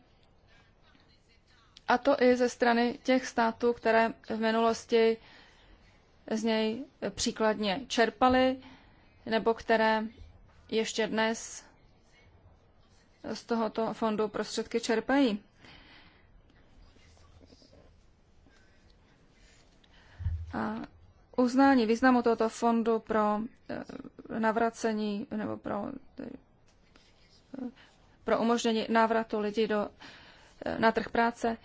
a to i ze strany těch států, které v minulosti z něj příkladně čerpaly nebo které ještě dnes z tohoto fondu prostředky čerpají. A uznání významu tohoto fondu pro eh, navracení nebo pro, eh, pro umožnění návratu lidí do, eh, na trh práce,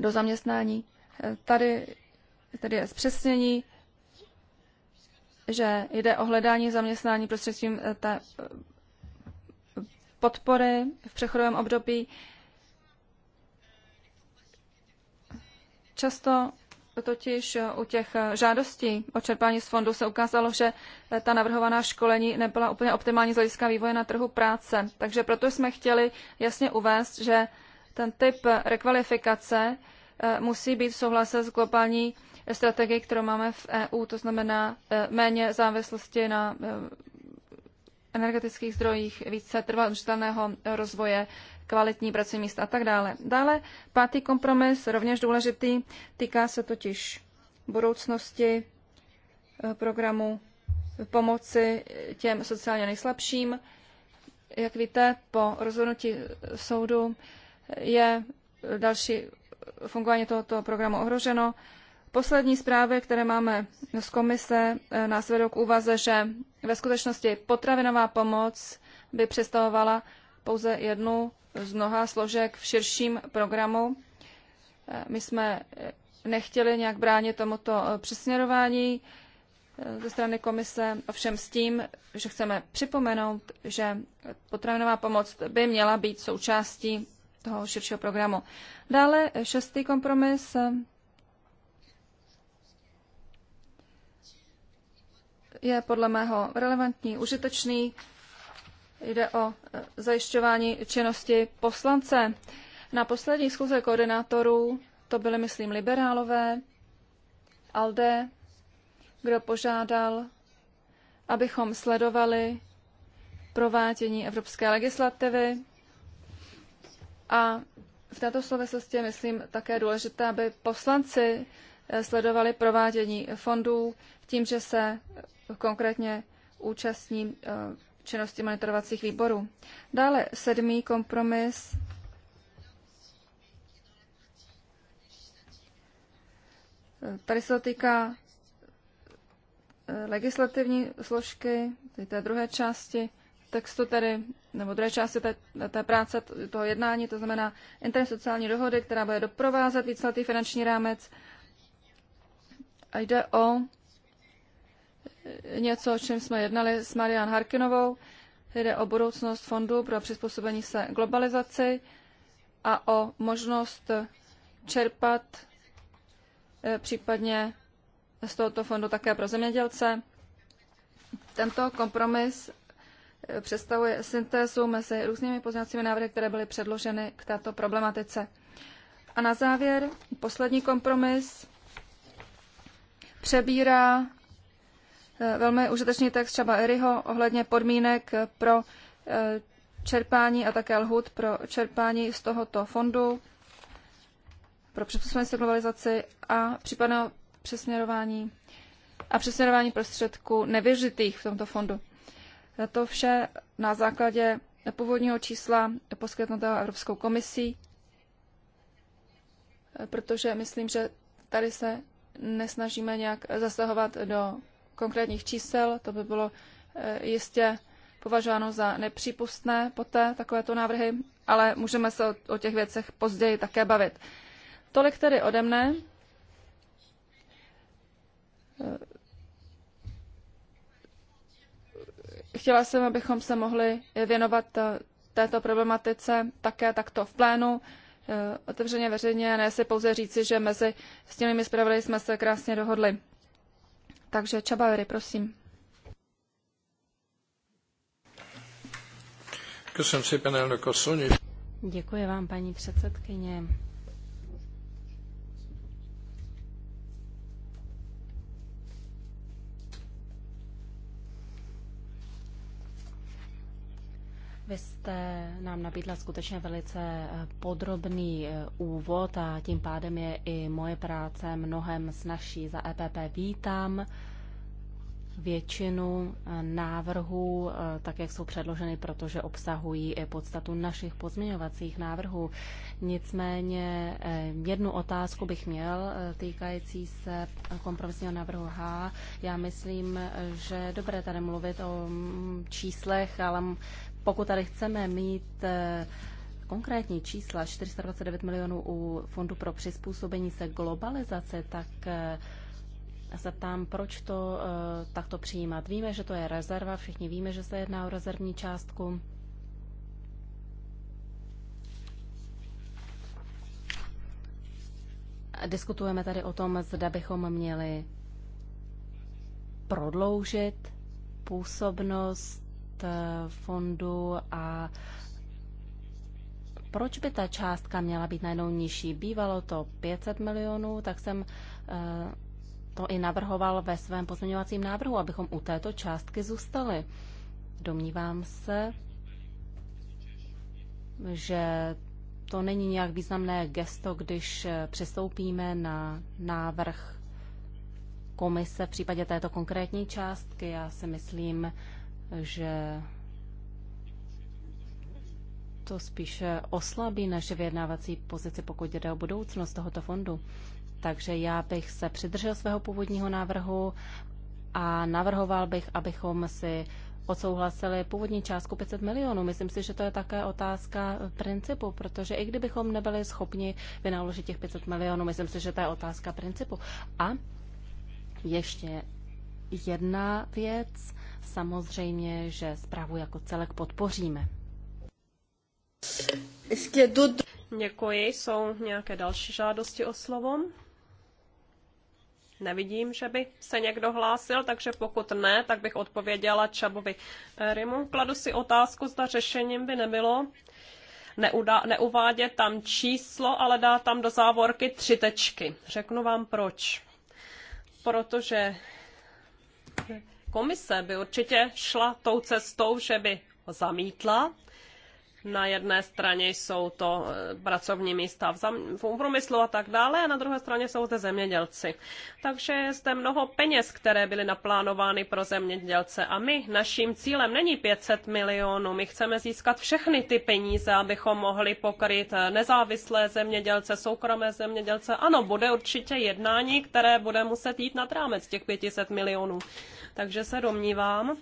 do zaměstnání. Tady, tady je zpřesnění že jde o hledání zaměstnání prostřednictvím eh, té eh, podpory v přechodovém období. Často totiž eh, u těch žádostí o čerpání z fondu se ukázalo, že ta navrhovaná školení nebyla úplně optimální z hlediska vývoje na trhu práce. Takže proto jsme chtěli jasně uvést, že ten typ rekvalifikace musí být v souhlase s globální strategii, kterou máme v EU, to znamená eh, méně závislosti na eh, energetických zdrojích, více trvalého rozvoje, kvalitní pracovní místa a tak dále. Dále pátý kompromis, rovněž důležitý, týká se totiž budoucnosti eh, programu pomoci těm sociálně nejslabším. Jak víte, po rozhodnutí soudu je další fungování tohoto programu ohroženo. Poslední zprávy, které máme z komise, eh, nás vedou k úvaze, že ve skutečnosti potravinová pomoc by představovala pouze jednu z mnoha složek v širším programu. Eh, my jsme eh, nechtěli nějak bránit tomuto přesměrování ze strany komise, ovšem s tím, že chceme připomenout, že potravinová pomoc by měla být součástí toho širšího programu. Dále šestý kompromis je podle mého relevantní, užitečný. Jde o e, zajišťování činnosti poslance. Na poslední schůze koordinátorů to byly, myslím, liberálové, Alde, kdo požádal, abychom sledovali provádění evropské legislativy. A v této souvislosti myslím také důležité, aby poslanci e, sledovali provádění fondů tím, že se konkrétně účastní eh, činnosti monitorovacích výborů. Dále sedmý kompromis Tady se týká eh, legislativní složky, tedy té druhé části textu tedy, nebo druhé části té, té práce, toho jednání, to znamená intersociální dohody, která bude doprovázet víceletý finanční rámec. A jde o něco, o čem jsme jednali s Marian Harkinovou. Jde o budoucnost fondu pro přizpůsobení se globalizaci a o možnost čerpat eh, případně z tohoto fondu také pro zemědělce. Tento kompromis eh, představuje syntézu mezi různými pozměňovacími návrhy, které byly předloženy k této problematice. A na závěr poslední kompromis přebírá Eh, velmi užitečný text třeba Eriho ohledně podmínek pro eh, čerpání a také lhut pro čerpání z tohoto fondu pro přesměrování se globalizaci a případné přesměrování a přesměrování prostředků nevyžitých v tomto fondu. Eh, to vše na základě původního čísla poskytnutého Evropskou komisí, protože myslím, že tady se nesnažíme nějak zasahovat do konkrétních čísel, to by bylo eh, jistě považováno za nepřípustné poté takovéto návrhy, ale můžeme se o těch věcech později také bavit. Tolik tedy ode mne. Eh, chtěla jsem, abychom se mohli věnovat eh, této problematice také takto v plénu, otevřeně veřejně, ne si pouze říci, že mezi s těmi zpravodaji jsme se krásně dohodli. Takže Čabajory, prosím. Děkuji vám, paní předsedkyně. Vy jste nám nabídla skutečně velice eh, podrobný eh, úvod a tím pádem je i moje práce mnohem snažší. Za EPP vítám většinu eh, návrhů, tak jak jsou předloženy, protože obsahují i podstatu našich pozměňovacích návrhů. Nicméně jednu otázku bych měl týkající se kompromisního návrhu H. Já myslím, že dobré tady mluvit o mm, číslech, ale pokud tady chceme mít eh, konkrétní čísla 429 milionů u Fondu pro přizpůsobení se globalizace, tak eh, se ptám, proč to eh, takto přijímat. Víme, že to je rezerva, všichni víme, že se jedná o rezervní částku. Diskutujeme tady o tom, zda bychom měli prodloužit působnost Eh, fondu a proč by ta částka měla být najednou nižší? Bývalo to 500 milionů, tak jsem eh, to i navrhoval ve svém pozměňovacím návrhu, abychom u této částky zůstali. Domnívám se, že to není nějak významné gesto, když eh, přistoupíme na návrh komise v případě této konkrétní částky. Já si myslím, že to spíše oslabí naše vyjednávací pozici, pokud jde o budoucnost tohoto fondu. Takže já bych se přidržel svého původního návrhu a navrhoval bych, abychom si odsouhlasili původní částku 500 milionů. Myslím si, že to je také otázka principu, protože i kdybychom nebyli schopni vynaložit těch 500 milionů, myslím si, že to je otázka principu. A ještě jedna věc samozřejmě, že zprávu jako celek podpoříme. Děkuji. Jsou nějaké další žádosti o slovo? Nevidím, že by se někdo hlásil, takže pokud ne, tak bych odpověděla Čabovi Rimu. Kladu si otázku, zda řešením by nebylo neuda, neuvádět tam číslo, ale dá tam do závorky tři tečky. Řeknu vám proč. Protože Komise by určitě šla tou cestou, že by ho zamítla. Na jedné straně jsou to eh, pracovní místa v, průmyslu a tak dále, a na druhé straně jsou zde zemědělci. Takže je zde mnoho peněz, které byly naplánovány pro zemědělce. A my, naším cílem není 500 milionů, my chceme získat všechny ty peníze, abychom mohli pokryt eh, nezávislé zemědělce, soukromé zemědělce. Ano, bude určitě jednání, které bude muset jít nad rámec těch 500 milionů. Takže se domnívám,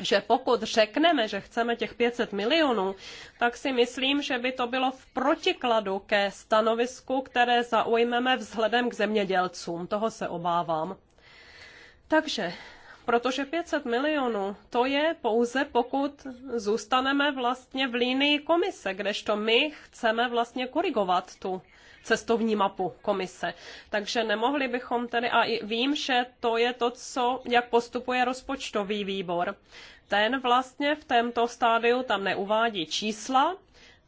že pokud řekneme, že chceme těch 500 milionů, tak si myslím, že by to bylo v protikladu ke stanovisku, které zaujmeme vzhledem k zemědělcům. Toho se obávám. Takže, protože 500 milionů, to je pouze pokud zůstaneme vlastně v línii komise, kdežto my chceme vlastně korigovat tu cestovní mapu komise. Takže nemohli bychom tedy, a vím, že to je to, co, jak postupuje rozpočtový výbor. Ten vlastně v tomto stádiu tam neuvádí čísla,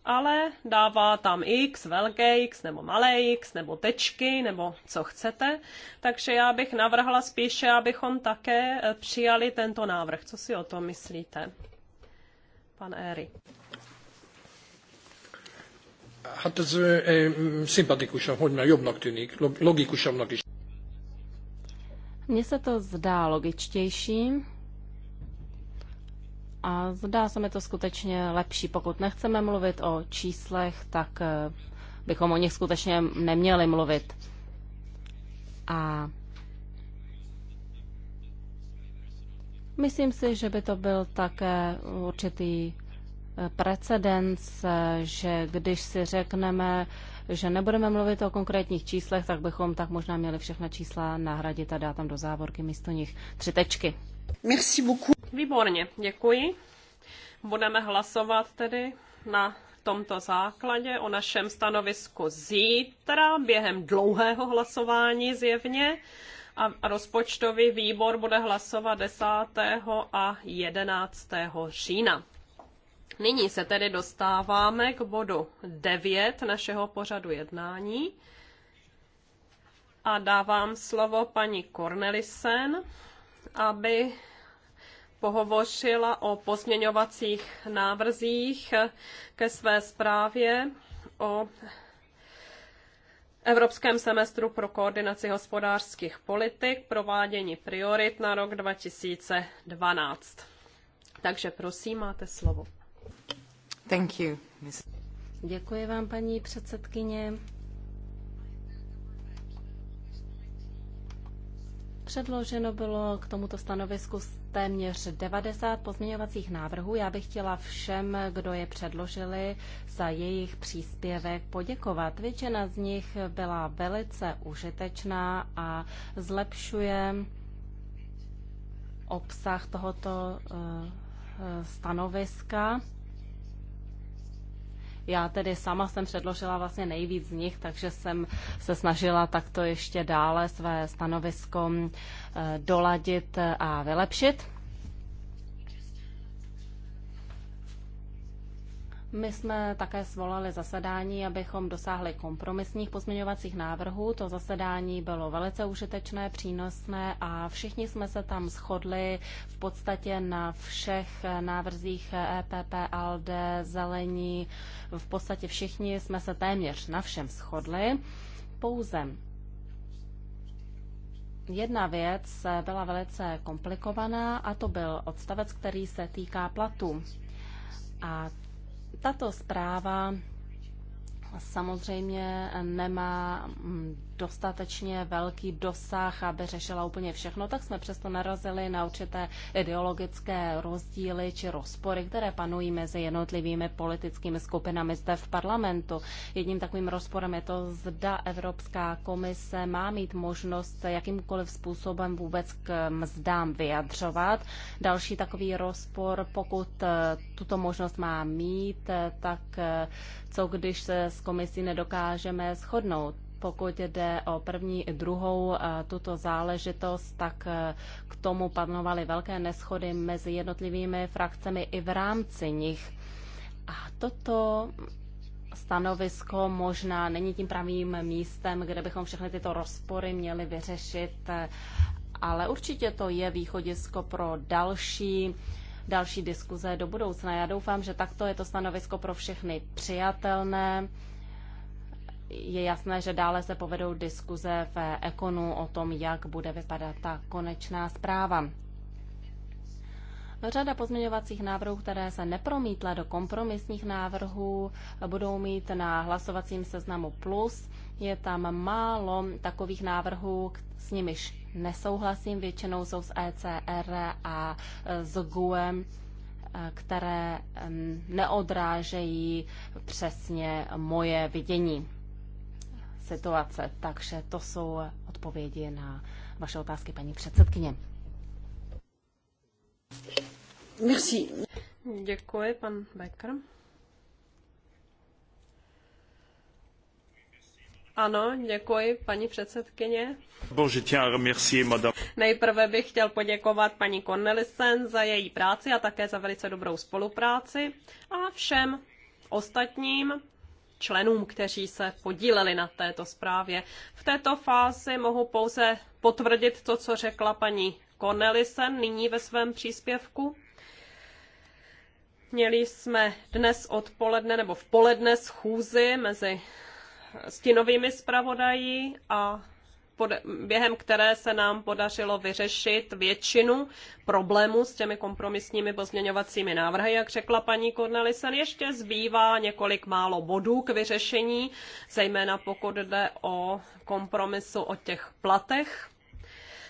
ale dává tam x, velké x, nebo malé x, nebo tečky, nebo co chcete. Takže já bych navrhla spíše, abychom také eh, přijali tento návrh. Co si o tom myslíte, pan Éry? Hát ez ö, ö, szimpatikusan, hogy már jobbnak tűnik, logikusabbnak is. Mně se to zdá logičtější a zdá se mi to skutečně lepší. Pokud nechceme mluvit o číslech, tak bychom o nich skutečně neměli mluvit. A myslím si, že by to byl také určitý precedens, že když si řekneme, že nebudeme mluvit o konkrétních číslech, tak bychom tak možná měli všechna čísla nahradit a dát tam do závorky místo nich tři tečky. Merci beaucoup. Výborně, děkuji. Budeme hlasovat tedy na tomto základě o našem stanovisku zítra během dlouhého hlasování zjevně a rozpočtový výbor bude hlasovat 10. a 11. října. Nyní se tedy dostáváme k bodu 9 našeho pořadu jednání a dávám slovo paní Cornelisen, aby pohovořila o pozměňovacích návrzích ke své zprávě o Evropském semestru pro koordinaci hospodářských politik, provádění priorit na rok 2012. Takže prosím, máte slovo. Děkuji vám, paní předsedkyně. Předloženo bylo k tomuto stanovisku téměř 90 pozměňovacích návrhů. Já bych chtěla všem, kdo je předložili, za jejich příspěvek poděkovat. Většina z nich byla velice užitečná a zlepšuje obsah tohoto eh, stanoviska. Já tedy sama jsem předložila vlastně nejvíc z nich, takže jsem se snažila takto ještě dále své stanovisko eh, doladit a vylepšit. My jsme také svolali zasedání, abychom dosáhli kompromisních pozměňovacích návrhů. To zasedání bylo velice užitečné, přínosné a všichni jsme se tam shodli v podstatě na všech návrzích EPP, ALDE, Zelení. V podstatě všichni jsme se téměř na všem shodli. Pouze jedna věc byla velice komplikovaná a to byl odstavec, který se týká platů. A tato zpráva samozřejmě nemá dostatečně velký dosah, aby řešila úplně všechno, tak jsme přesto narazili na určité ideologické rozdíly či rozpory, které panují mezi jednotlivými politickými skupinami zde v parlamentu. Jedním takovým rozporem je to, zda Evropská komise má mít možnost jakýmkoliv způsobem vůbec k mzdám vyjadřovat. Další takový rozpor, pokud eh, tuto možnost má mít, eh, tak eh, co když se s komisí nedokážeme shodnout? Pokud jde o první i druhou eh, tuto záležitost, tak eh, k tomu panovaly velké neschody mezi jednotlivými frakcemi i v rámci nich. A toto stanovisko možná není tím pravým místem, kde bychom všechny tyto rozpory měli vyřešit, eh, ale určitě to je východisko pro další další diskuze do budoucna. Já doufám, že takto je to stanovisko pro všechny přijatelné je jasné, že dále se povedou diskuze v Ekonu o tom, jak bude vypadat ta konečná zpráva. Řada pozměňovacích návrhů, které se nepromítla do kompromisních návrhů, budou mít na hlasovacím seznamu plus. Je tam málo takových návrhů, s nimiž nesouhlasím, většinou jsou z ECR a e, z GUEM e, které neodrážejí přesně moje vidění situace. Takže to jsou odpovědi na vaše otázky, paní předsedkyně. Merci. Děkuji, pan Becker. Ano, děkuji, paní předsedkyně. Nejprve bych chtěl poděkovat paní Cornelisen za její práci a také za velice dobrou spolupráci a všem ostatním členům, kteří se podíleli na této zprávě. V této fázi mohu pouze potvrdit to, co řekla paní Cornelisen nyní ve svém příspěvku. Měli jsme dnes odpoledne nebo v poledne schůzi mezi stinovými zpravodaji a během které se nám podařilo vyřešit většinu problémů s těmi kompromisními pozměňovacími návrhy, jak řekla paní Cornelisen. Ještě zbývá několik málo bodů k vyřešení, zejména pokud jde o kompromisu o těch platech.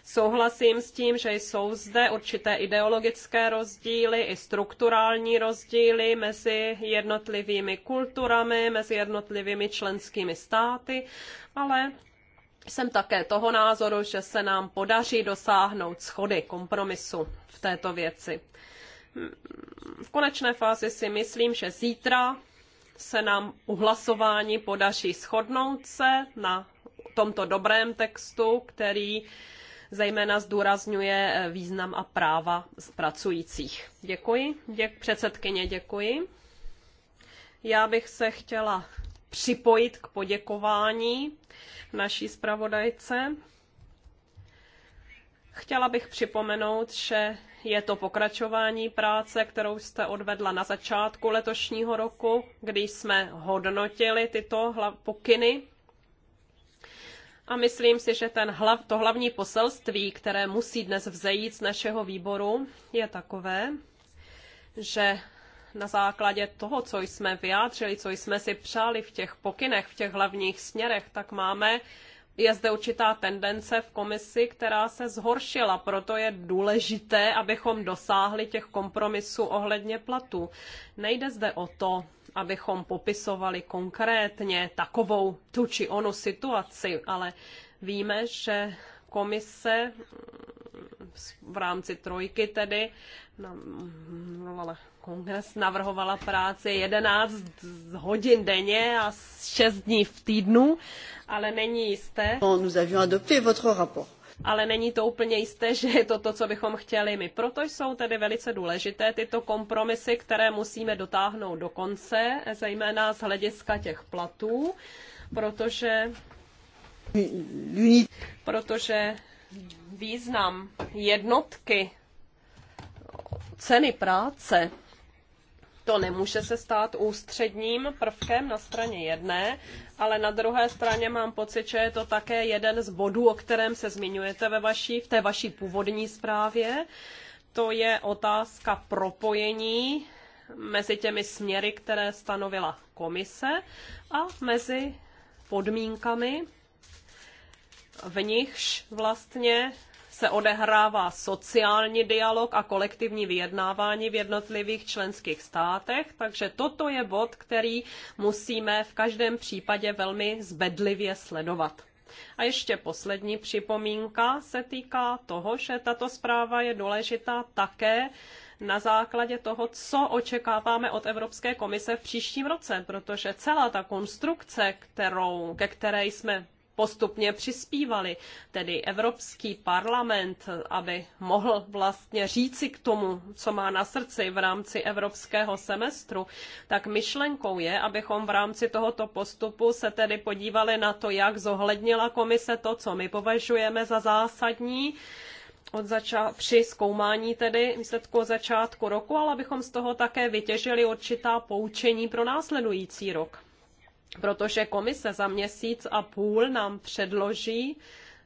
Souhlasím s tím, že jsou zde určité ideologické rozdíly i strukturální rozdíly mezi jednotlivými kulturami, mezi jednotlivými členskými státy, ale jsem také toho názoru, že se nám podaří dosáhnout schody, kompromisu v této věci. V konečné fázi si myslím, že zítra se nám u hlasování podaří shodnout se na tomto dobrém textu, který zejména zdůrazňuje eh, význam a práva pracujících. Děkuji. Děk, předsedkyně, děkuji. Já bych se chtěla připojit k poděkování naší zpravodajce. Chtěla bych připomenout, že je to pokračování práce, kterou jste odvedla na začátku letošního roku, kdy jsme hodnotili tyto pokyny. A myslím si, že ten hlav, to hlavní poselství, které musí dnes vzejít z našeho výboru, je takové, že na základě toho, co jsme vyjádřili, co jsme si přáli v těch pokynech, v těch hlavních směrech, tak máme je zde určitá tendence v komisi, která se zhoršila, proto je důležité, abychom dosáhli těch kompromisů ohledně platů. Nejde zde o to, abychom popisovali konkrétně takovou tu či onu situaci, ale víme, že komise mm, v rámci trojky tedy, no, no ale kongres navrhovala práci 11 hodin denně a 6 dní v týdnu, ale není jisté. No, Nous avions adopté votre rapport. Ale není to úplně jisté, že je to to, co bychom chtěli my. Proto jsou tedy velice důležité tyto kompromisy, které musíme dotáhnout do konce, zejména z hlediska těch platů, protože, protože význam jednotky ceny práce to nemůže se stát ústředním prvkem na straně jedné, ale na druhé straně mám pocit, že je to také jeden z bodů, o kterém se zmiňujete ve vaší, v té vaší původní zprávě. To je otázka propojení mezi těmi směry, které stanovila komise a mezi podmínkami, v nichž vlastně se odehrává sociální dialog a kolektivní vyjednávání v jednotlivých členských státech, takže toto je bod, který musíme v každém případě velmi zbedlivě sledovat. A ještě poslední připomínka se týká toho, že tato zpráva je důležitá také na základě toho, co očekáváme od Evropské komise v příštím roce, protože celá ta konstrukce, kterou, ke které jsme postupně přispívali, tedy Evropský parlament, aby mohl vlastně říci k tomu, co má na srdci v rámci evropského semestru, tak myšlenkou je, abychom v rámci tohoto postupu se tedy podívali na to, jak zohlednila komise to, co my považujeme za zásadní, od zača- při zkoumání tedy výsledku od začátku roku, ale abychom z toho také vytěžili určitá poučení pro následující rok protože komise za měsíc a půl nám předloží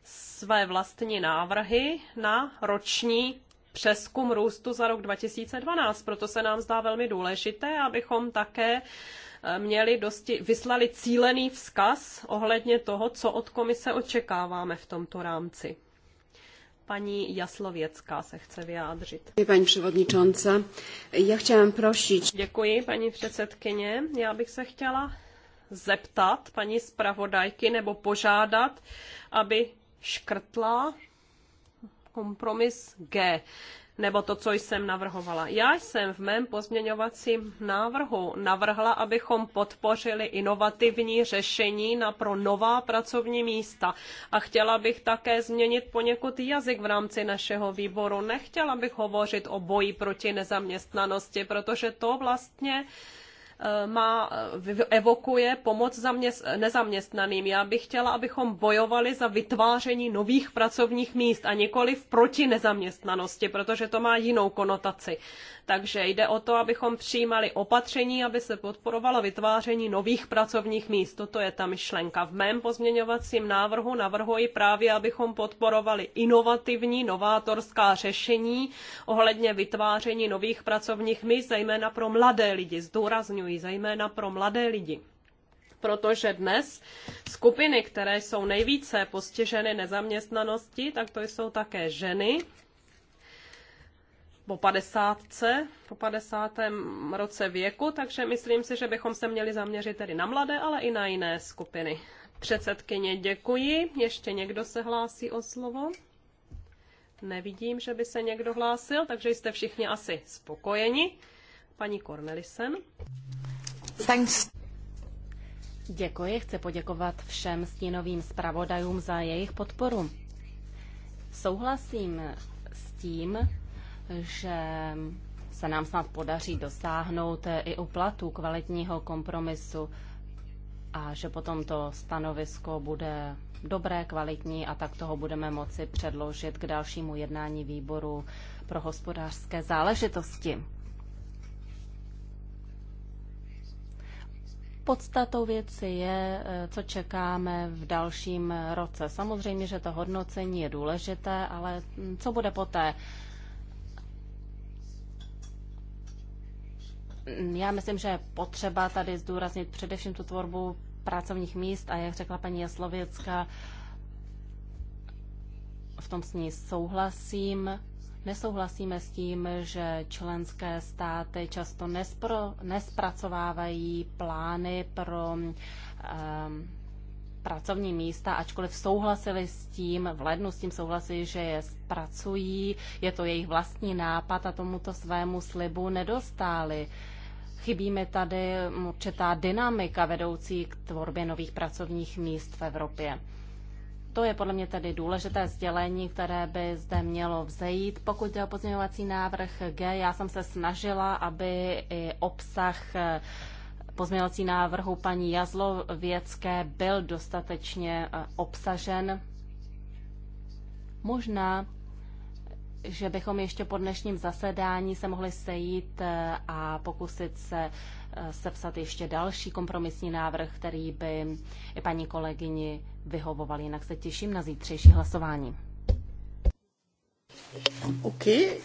své vlastní návrhy na roční přeskum růstu za rok 2012. Proto se nám zdá velmi důležité, abychom také eh, měli dosti, vyslali cílený vzkaz ohledně toho, co od komise očekáváme v tomto rámci. Paní Jaslověcká se chce vyjádřit. Děkuji, paní předsedkyně. Já chtěla prosit. Děkuji, paní předsedkyně. Já bych se chtěla zeptat paní zpravodajky nebo požádat, aby škrtla kompromis G, nebo to, co jsem navrhovala. Já jsem v mém pozměňovacím návrhu navrhla, abychom podpořili inovativní řešení na pro nová pracovní místa. A chtěla bych také změnit poněkud jazyk v rámci našeho výboru. Nechtěla bych hovořit o boji proti nezaměstnanosti, protože to vlastně Eh, má, eh, evokuje pomoc nezaměstnaným. Já bych chtěla, abychom bojovali za vytváření nových pracovních míst a nikoli proti nezaměstnanosti, protože to má jinou konotaci. Takže jde o to, abychom přijímali opatření, aby se podporovalo vytváření nových pracovních míst. Toto je ta myšlenka. V mém pozměňovacím návrhu navrhuji právě, abychom podporovali inovativní, novátorská řešení ohledně vytváření nových pracovních míst, zejména pro mladé lidi. Zdůrazňuji, zejména pro mladé lidi protože dnes skupiny, které jsou nejvíce postiženy nezaměstnaností, tak to jsou také ženy, po padesátce, po padesátém roce věku, takže myslím si, že bychom se měli zaměřit tedy na mladé, ale i na jiné skupiny. Předsedkyně, děkuji. Ještě někdo se hlásí o slovo? Nevidím, že by se někdo hlásil, takže jste všichni asi spokojeni. Paní Cornelisen. Thanks. Děkuji, chci poděkovat všem stínovým zpravodajům za jejich podporu. Souhlasím s tím, že se nám snad podaří dosáhnout eh, i u kvalitního kompromisu a že potom to stanovisko bude dobré, kvalitní a tak toho budeme moci předložit k dalšímu jednání výboru pro hospodářské záležitosti. Podstatou věci je, eh, co čekáme v dalším roce. Samozřejmě, že to hodnocení je důležité, ale mm, co bude poté? Mm, já myslím, že je potřeba tady zdůraznit především tu tvorbu pracovních míst a jak řekla paní Jaslověcka, v tom s ní souhlasím. Nesouhlasíme s tím, že členské státy často nespro, nespracovávají plány pro um, pracovní místa, ačkoliv souhlasili s tím, v lednu s tím souhlasili, že je zpracují, je to jejich vlastní nápad a tomuto svému slibu nedostáli. Uh, Chybí mi tady určitá dynamika vedoucí k tvorbě nových pracovních míst v Evropě. To je podle mě tedy důležité sdělení, které by zde mělo vzejít. Pokud jde o pozměňovací návrh G, já jsem se snažila, aby i obsah eh, pozměňovací návrhu paní Jazlověcké byl dostatečně eh, obsažen. Možná že bychom ještě po dnešním zasedání se mohli sejít eh, a pokusit se eh, sepsat ještě další kompromisní návrh, který by i paní kolegyni vyhovoval. Jinak se těším na zítřejší hlasování. Okay.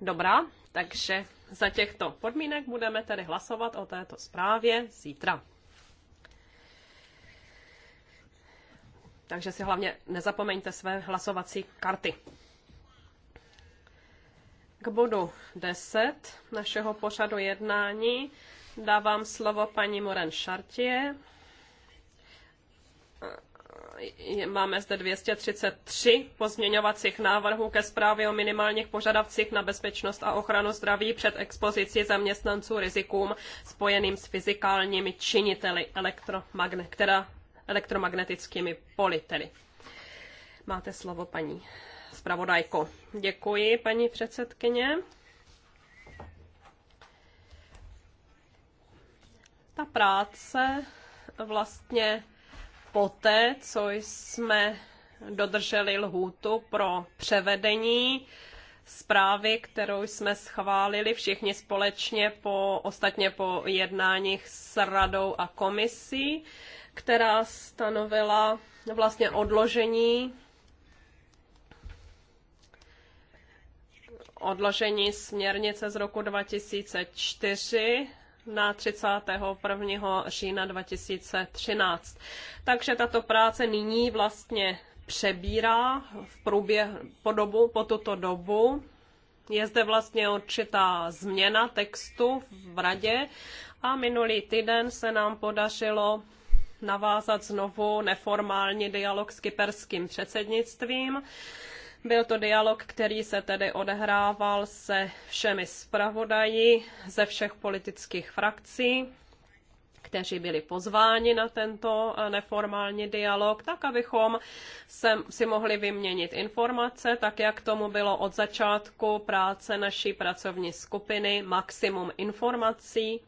Dobrá, takže za těchto podmínek budeme tedy hlasovat o této zprávě zítra. Takže si hlavně nezapomeňte své hlasovací karty. K bodu 10 našeho pořadu jednání dávám slovo paní Moren Šartě. Máme zde 233 pozměňovacích návrhů ke zprávě o minimálních požadavcích na bezpečnost a ochranu zdraví před expozicí zaměstnanců rizikům spojeným s fyzikálními činiteli elektromagne- elektromagnetickými poli. Máte slovo, paní zpravodajko. Děkuji, paní předsedkyně. Ta práce vlastně poté, co jsme dodrželi lhůtu pro převedení zprávy, kterou jsme schválili všichni společně po, ostatně po jednáních s radou a komisí, která stanovila vlastně odložení odložení směrnice z roku 2004 na 31. října 2013. Takže tato práce nyní vlastně přebírá v průběh, po, dobu, po tuto dobu. Je zde vlastně určitá změna textu v radě a minulý týden se nám podařilo navázat znovu neformální dialog s kyperským předsednictvím byl to dialog, který se tedy odehrával se všemi zpravodaji ze všech politických frakcí, kteří byli pozváni na tento eh, neformální dialog, tak abychom se, si mohli vyměnit informace, tak jak tomu bylo od začátku práce naší pracovní skupiny, maximum informací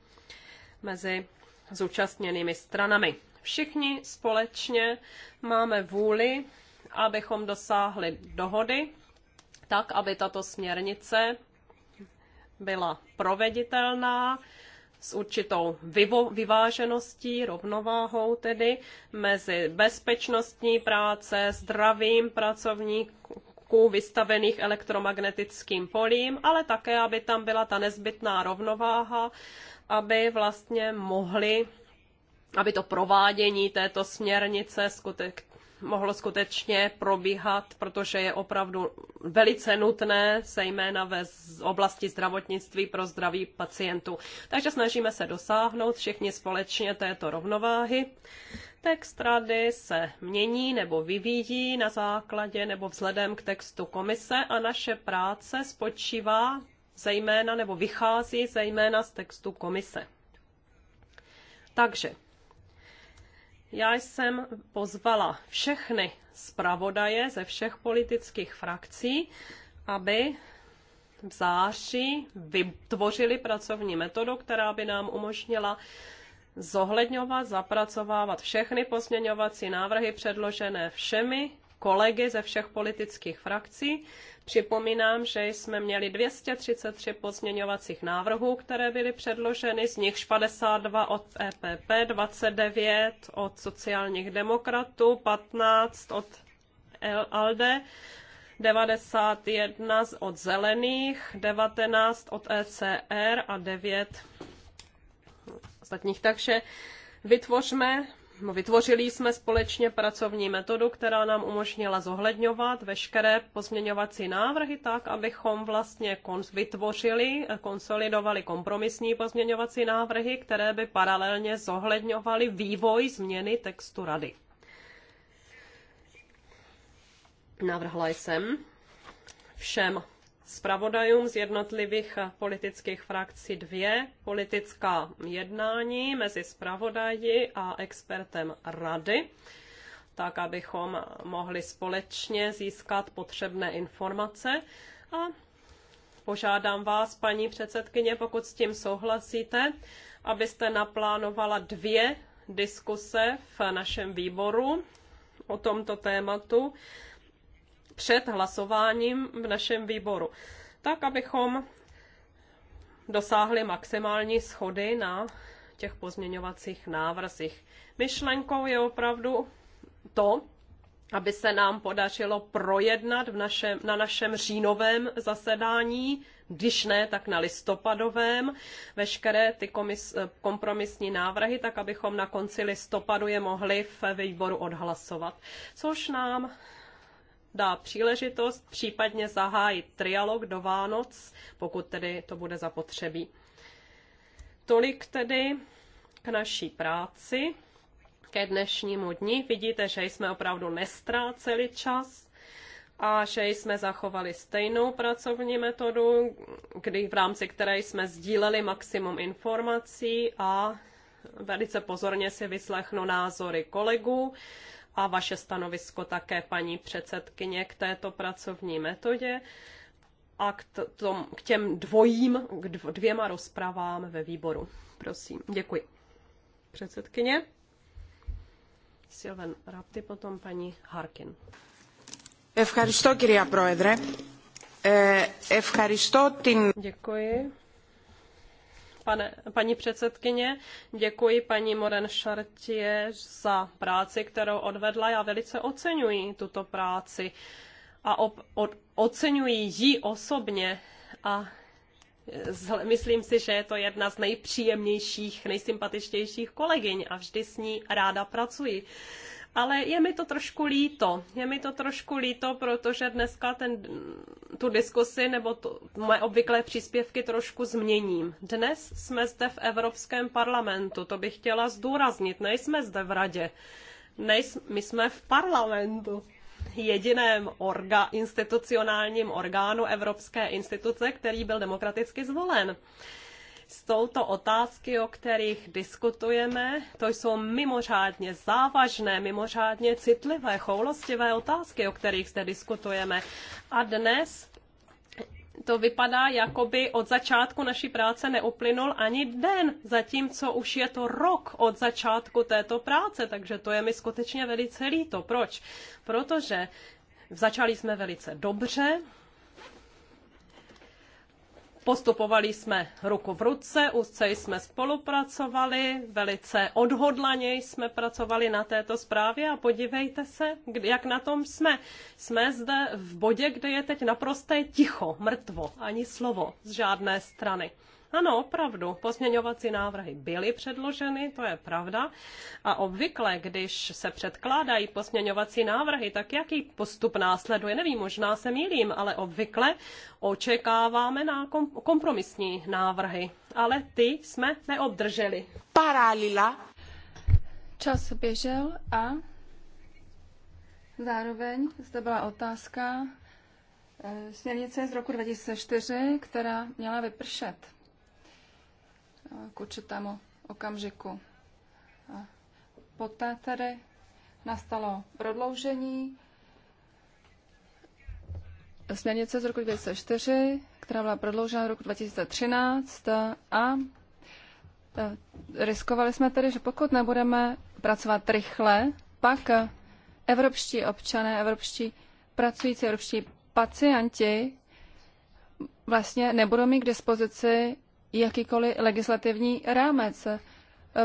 mezi zúčastněnými stranami. Všichni společně máme vůli abychom dosáhli dohody, tak aby tato směrnice byla proveditelná s určitou vivo, vyvážeností, rovnováhou tedy mezi bezpečnostní práce, zdravým pracovníků vystavených elektromagnetickým polím, ale také, aby tam byla ta nezbytná rovnováha, aby vlastně mohli aby to provádění této směrnice, skutek, mohlo skutečně probíhat, protože je opravdu velice nutné, zejména ve oblasti zdravotnictví pro zdraví pacientů. Takže snažíme se dosáhnout všichni společně této rovnováhy. Text rady se mění nebo vyvíjí na základě nebo vzhledem k textu komise a naše práce spočívá zejména nebo vychází zejména z textu komise. Takže já jsem pozvala všechny zpravodaje ze všech politických frakcí, aby v září vytvořili pracovní metodu, která by nám umožnila zohledňovat, zapracovávat všechny pozměňovací návrhy předložené všemi kolegy ze všech politických frakcí, Připomínám, že jsme měli 233 pozměňovacích návrhů, které byly předloženy, z nichž 52 od EPP, 29 od sociálních demokratů, 15 od ALDE, 91 od zelených, 19 od ECR a 9 ostatních. Takže vytvořme Vytvořili jsme společně pracovní metodu, která nám umožnila zohledňovat veškeré pozměňovací návrhy tak, abychom vlastně vytvořili, konsolidovali kompromisní pozměňovací návrhy, které by paralelně zohledňovaly vývoj změny textu rady. Navrhla jsem všem zpravodajům z jednotlivých politických frakcí dvě politická jednání mezi zpravodaji a expertem rady, tak abychom mohli společně získat potřebné informace. A požádám vás, paní předsedkyně, pokud s tím souhlasíte, abyste naplánovala dvě diskuse v našem výboru o tomto tématu před hlasováním v našem výboru, tak abychom dosáhli maximální schody na těch pozměňovacích návrzích. Myšlenkou je opravdu to, aby se nám podařilo projednat v našem, na našem říjnovém zasedání, když ne, tak na listopadovém, veškeré ty komis, kompromisní návrhy, tak abychom na konci listopadu je mohli v výboru odhlasovat, což nám dá příležitost případně zahájit trialog do Vánoc, pokud tedy to bude zapotřebí. Tolik tedy k naší práci, ke dnešnímu dni. Vidíte, že jsme opravdu nestráceli čas a že jsme zachovali stejnou pracovní metodu, kdy v rámci které jsme sdíleli maximum informací a velice pozorně si vyslechnu názory kolegů a vaše stanovisko také, paní předsedkyně, k této pracovní metodě a k, tom, k těm dvojím, k dvěma rozpravám ve výboru. Prosím, děkuji. Předsedkyně. Silven Rapti, potom paní Harkin. Ευχαριστώ, κυρία Πρόεδρε. Ευχαριστώ την... Děkuji, pane, paní předsedkyně. Děkuji paní Moren Šartě za práci, kterou odvedla. Já velice oceňuji tuto práci a ob, od, oceňuji ji osobně a myslím si, že je to jedna z nejpříjemnějších, nejsympatičtějších kolegyň a vždy s ní ráda pracuji ale je mi to trošku líto. Je mi to trošku líto, protože dneska ten, tu diskusi nebo to, moje obvyklé příspěvky trošku změním. Dnes jsme zde v Evropském parlamentu, to bych chtěla zdůraznit. Nejsme zde v radě, Nejsme, my jsme v parlamentu jediném orga, institucionálním orgánu Evropské instituce, který byl demokraticky zvolen. Jsou to otázky, o kterých diskutujeme. To jsou mimořádně závažné, mimořádně citlivé, choulostivé otázky, o kterých zde diskutujeme. A dnes to vypadá, jako by od začátku naší práce neuplynul ani den, zatímco už je to rok od začátku této práce, takže to je mi skutečně velice líto. Proč? Protože začali jsme velice dobře, Postupovali jsme ruku v ruce, úzce jsme spolupracovali, velice odhodlaně jsme pracovali na této zprávě a podívejte se, jak na tom jsme. Jsme zde v bodě, kde je teď naprosté ticho, mrtvo, ani slovo z žádné strany. Ano, opravdu, pozměňovací návrhy byly předloženy, to je pravda. A obvykle, když se předkládají pozměňovací návrhy, tak jaký postup následuje, nevím, možná se mýlím, ale obvykle očekáváme na kompromisní návrhy. Ale ty jsme neobdrželi. Paralila. Čas běžel a zároveň zde byla otázka, eh, Směrnice z roku 2004, která měla vypršet k určitému okamžiku. Poté tedy nastalo prodloužení směrnice z roku 2004, která byla prodloužena v roku 2013 a e, riskovali jsme tedy, že pokud nebudeme pracovat rychle, pak evropští občané, evropští pracující, evropští pacienti vlastně nebudou mít k dispozici jakýkoliv legislativní rámec. E,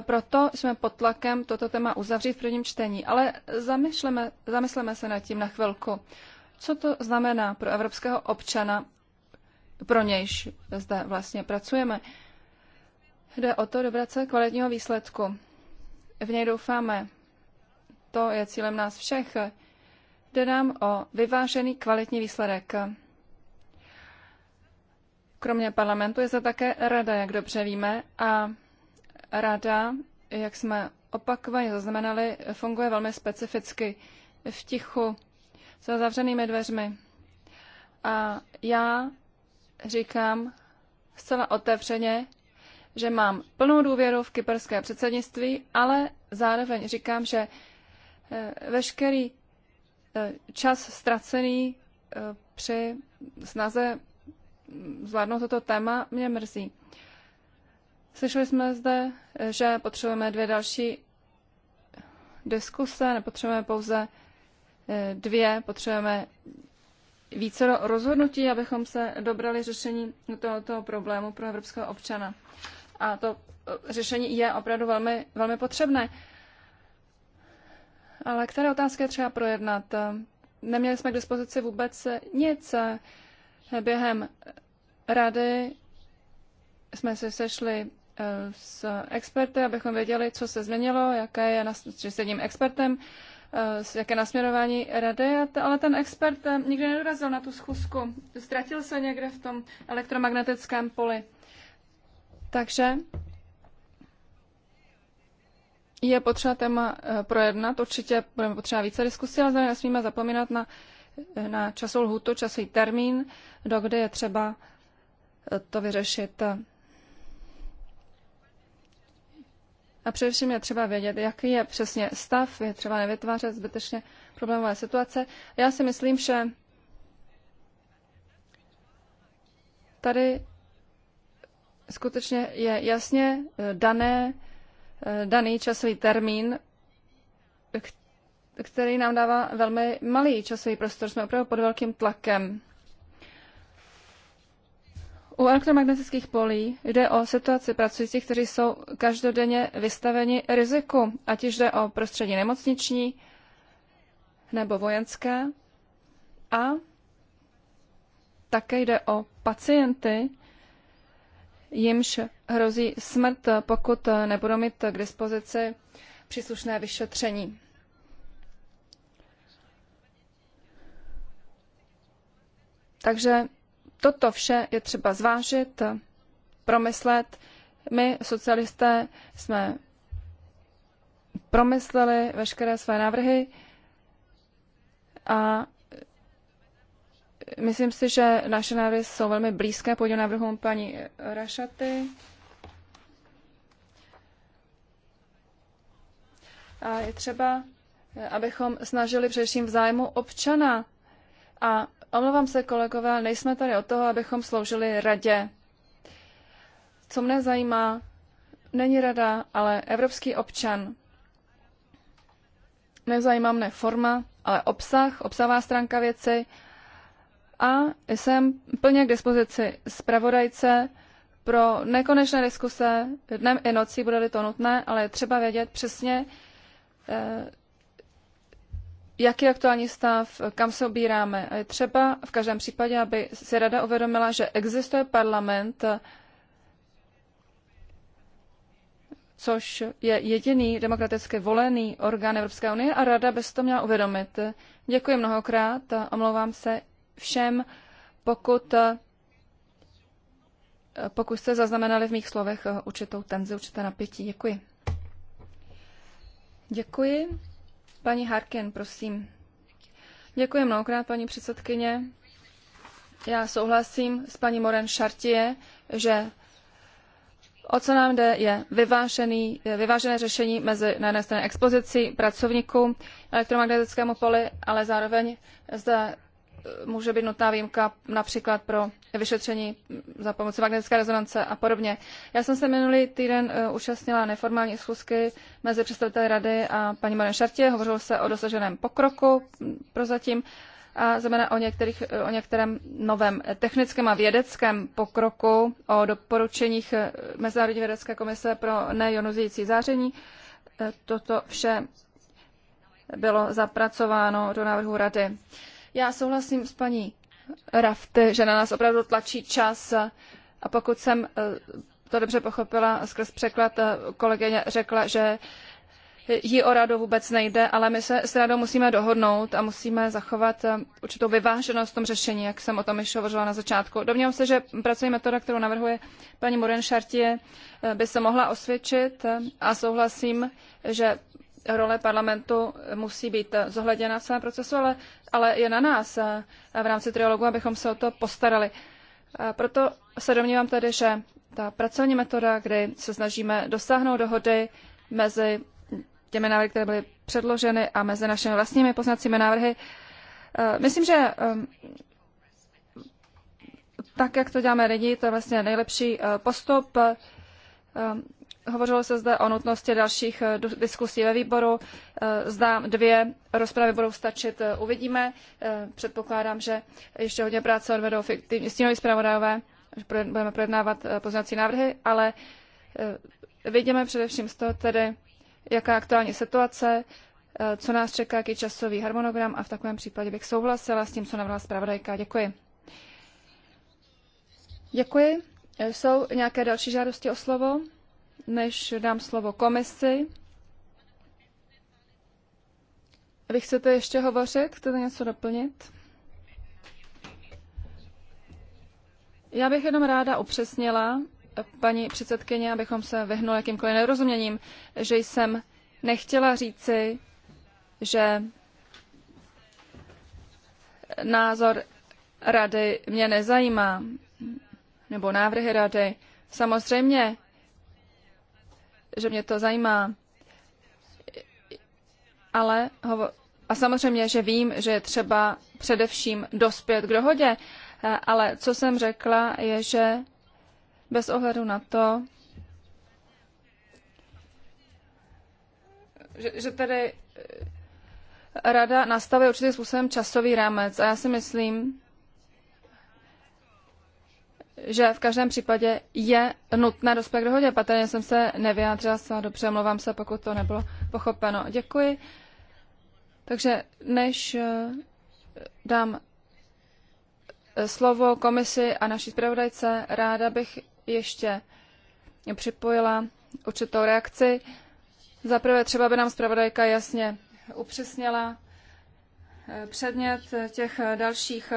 proto jsme pod tlakem toto téma uzavřít v prvním čtení. Ale zamysleme, zamysleme se nad tím na chvilku. Co to znamená pro evropského občana, pro nějž zde vlastně pracujeme? Jde o to dobrat se kvalitního výsledku. V něj doufáme. To je cílem nás všech. Jde nám o vyvážený kvalitní výsledek. Kromě parlamentu je zde také rada, jak dobře víme, a rada, jak jsme opakovaně zaznamenali, funguje velmi specificky v tichu, za zavřenými dveřmi. A já říkám zcela otevřeně, že mám plnou důvěru v kyperské předsednictví, ale zároveň říkám, že eh, veškerý eh, čas ztracený eh, při snaze zvládnout toto téma, mě mrzí. Slyšeli jsme zde, že potřebujeme dvě další diskuse, nepotřebujeme pouze eh, dvě, potřebujeme více rozhodnutí, abychom se dobrali řešení tohoto problému pro evropského občana. A to eh, řešení je opravdu velmi, velmi potřebné. Ale které otázky je třeba projednat? Neměli jsme k dispozici vůbec eh, nic. Během rady jsme se sešli eh, s experty, abychom věděli, co se změnilo, jaké je, že s jedním expertem, eh, jaké nasměrování rady, ale ten expert eh, nikdy nedorazil na tu schůzku. Ztratil se někde v tom elektromagnetickém poli. Takže je potřeba téma projednat, určitě budeme potřeba více diskusí, ale nesmíme zapomínat na na časovou lhutu, časový termín, do kdy je třeba to vyřešit. A především je třeba vědět, jaký je přesně stav, je třeba nevytvářet zbytečně problémové situace. Já si myslím, že tady skutečně je jasně dané, daný časový termín, který nám dává velmi malý časový prostor. Jsme opravdu pod velkým tlakem. U elektromagnetických polí jde o situaci pracujících, kteří jsou každodenně vystaveni riziku, ať již jde o prostředí nemocniční nebo vojenské. A také jde o pacienty, jimž hrozí smrt, pokud nebudou mít k dispozici příslušné vyšetření. Takže toto vše je třeba zvážit, promyslet. My, socialisté, jsme promysleli veškeré své návrhy a myslím si, že naše návrhy jsou velmi blízké podíl návrhům paní Rašaty. A je třeba, abychom snažili především v zájmu občana a Omlouvám se, kolegové, ale nejsme tady o toho, abychom sloužili radě. Co mne zajímá, není rada, ale evropský občan. Nezajímá mne forma, ale obsah, obsahová stránka věci. A jsem plně k dispozici zpravodajce pro nekonečné diskuse dnem i nocí, bude-li to nutné, ale je třeba vědět přesně, eh, jaký je aktuální stav, kam se obíráme. A je třeba v každém případě, aby si rada uvědomila, že existuje parlament, což je jediný demokraticky volený orgán Evropské unie a rada by to měla uvědomit. Děkuji mnohokrát a omlouvám se všem, pokud, pokud jste zaznamenali v mých slovech určitou tenzi, určité napětí. Děkuji. Děkuji. Paní Harkin, prosím. Děkuji mnohokrát, paní předsedkyně. Já souhlasím s paní Moren Chartier, že o co nám jde, je vyvážený, vyvážené řešení mezi na jedné straně expozicí pracovníků elektromagnetickému poli, ale zároveň zde může být nutná výjimka například pro vyšetření za pomoci magnetické rezonance a podobně. Já jsem se minulý týden eh, účastnila neformální schůzky mezi představiteli rady a paní Maren Šartě. Hovořilo se o dosaženém pokroku prozatím a znamená o, některých, eh, o některém novém technickém a vědeckém pokroku, o doporučeních eh, Mezinárodní vědecké komise pro nejonuzující záření. Toto vše bylo zapracováno do návrhu rady. Já souhlasím s paní rafty, že na nás opravdu tlačí čas. A pokud jsem eh, to dobře pochopila, skrz překlad eh, kolegyně řekla, že jí o radu vůbec nejde, ale my se s radou musíme dohodnout a musíme zachovat eh, určitou vyváženost v tom řešení, jak jsem o tom již hovořila na začátku. Domnívám se, že pracovní metoda, kterou navrhuje paní Moren Šartie, by se mohla osvědčit a souhlasím, že role parlamentu musí být zohledněna v celém procesu, ale, ale je na nás eh, v rámci triologu, abychom se o to postarali. A eh, proto se domnívám tedy, že ta pracovní metoda, kdy se snažíme dosáhnout dohody mezi těmi návrhy, které byly předloženy a mezi našimi vlastními poznacími návrhy, eh, myslím, že ehm, tak, jak to děláme nyní, to je vlastně nejlepší postup. Ehm, Hovořilo se zde o nutnosti dalších eh, diskusí ve výboru. Eh, zda dvě rozpravy budou stačit, eh, uvidíme. Předpokládám, že ještě hodně práce odvedou fiktivní stínoví zpravodajové, že budeme projednávat poznací návrhy, ale vidíme především z toho tedy, jaká aktuální situace, co nás čeká, jaký časový harmonogram a v takovém případě bych souhlasila s tím, co navrhla zpravodajka. Děkuji. Děkuji. Jsou nějaké další žádosti o slovo? než dám slovo komisi. Vy chcete ještě hovořit? Chcete něco doplnit? Já bych jenom ráda upřesnila, paní předsedkyně, abychom se vyhnuli jakýmkoliv nerozuměním, že jsem nechtěla říci, že názor rady mě nezajímá, nebo návrhy rady. Samozřejmě že mě to zajímá. Ale hovo- a samozřejmě, že vím, že je třeba především dospět k dohodě, eh, ale co jsem řekla, je, že bez ohledu na to, že, že tedy eh, rada nastavuje určitým způsobem časový rámec a já si myslím, že v každém případě je nutné dospět k dohodě. Patrně jsem se nevyjádřila se dobře, mluvám se, pokud to nebylo pochopeno. Děkuji. Takže než eh, dám eh, slovo komisi a naší zpravodajce, ráda bych ještě připojila určitou reakci. Zaprvé, třeba by nám zpravodajka jasně upřesnila eh, předmět těch dalších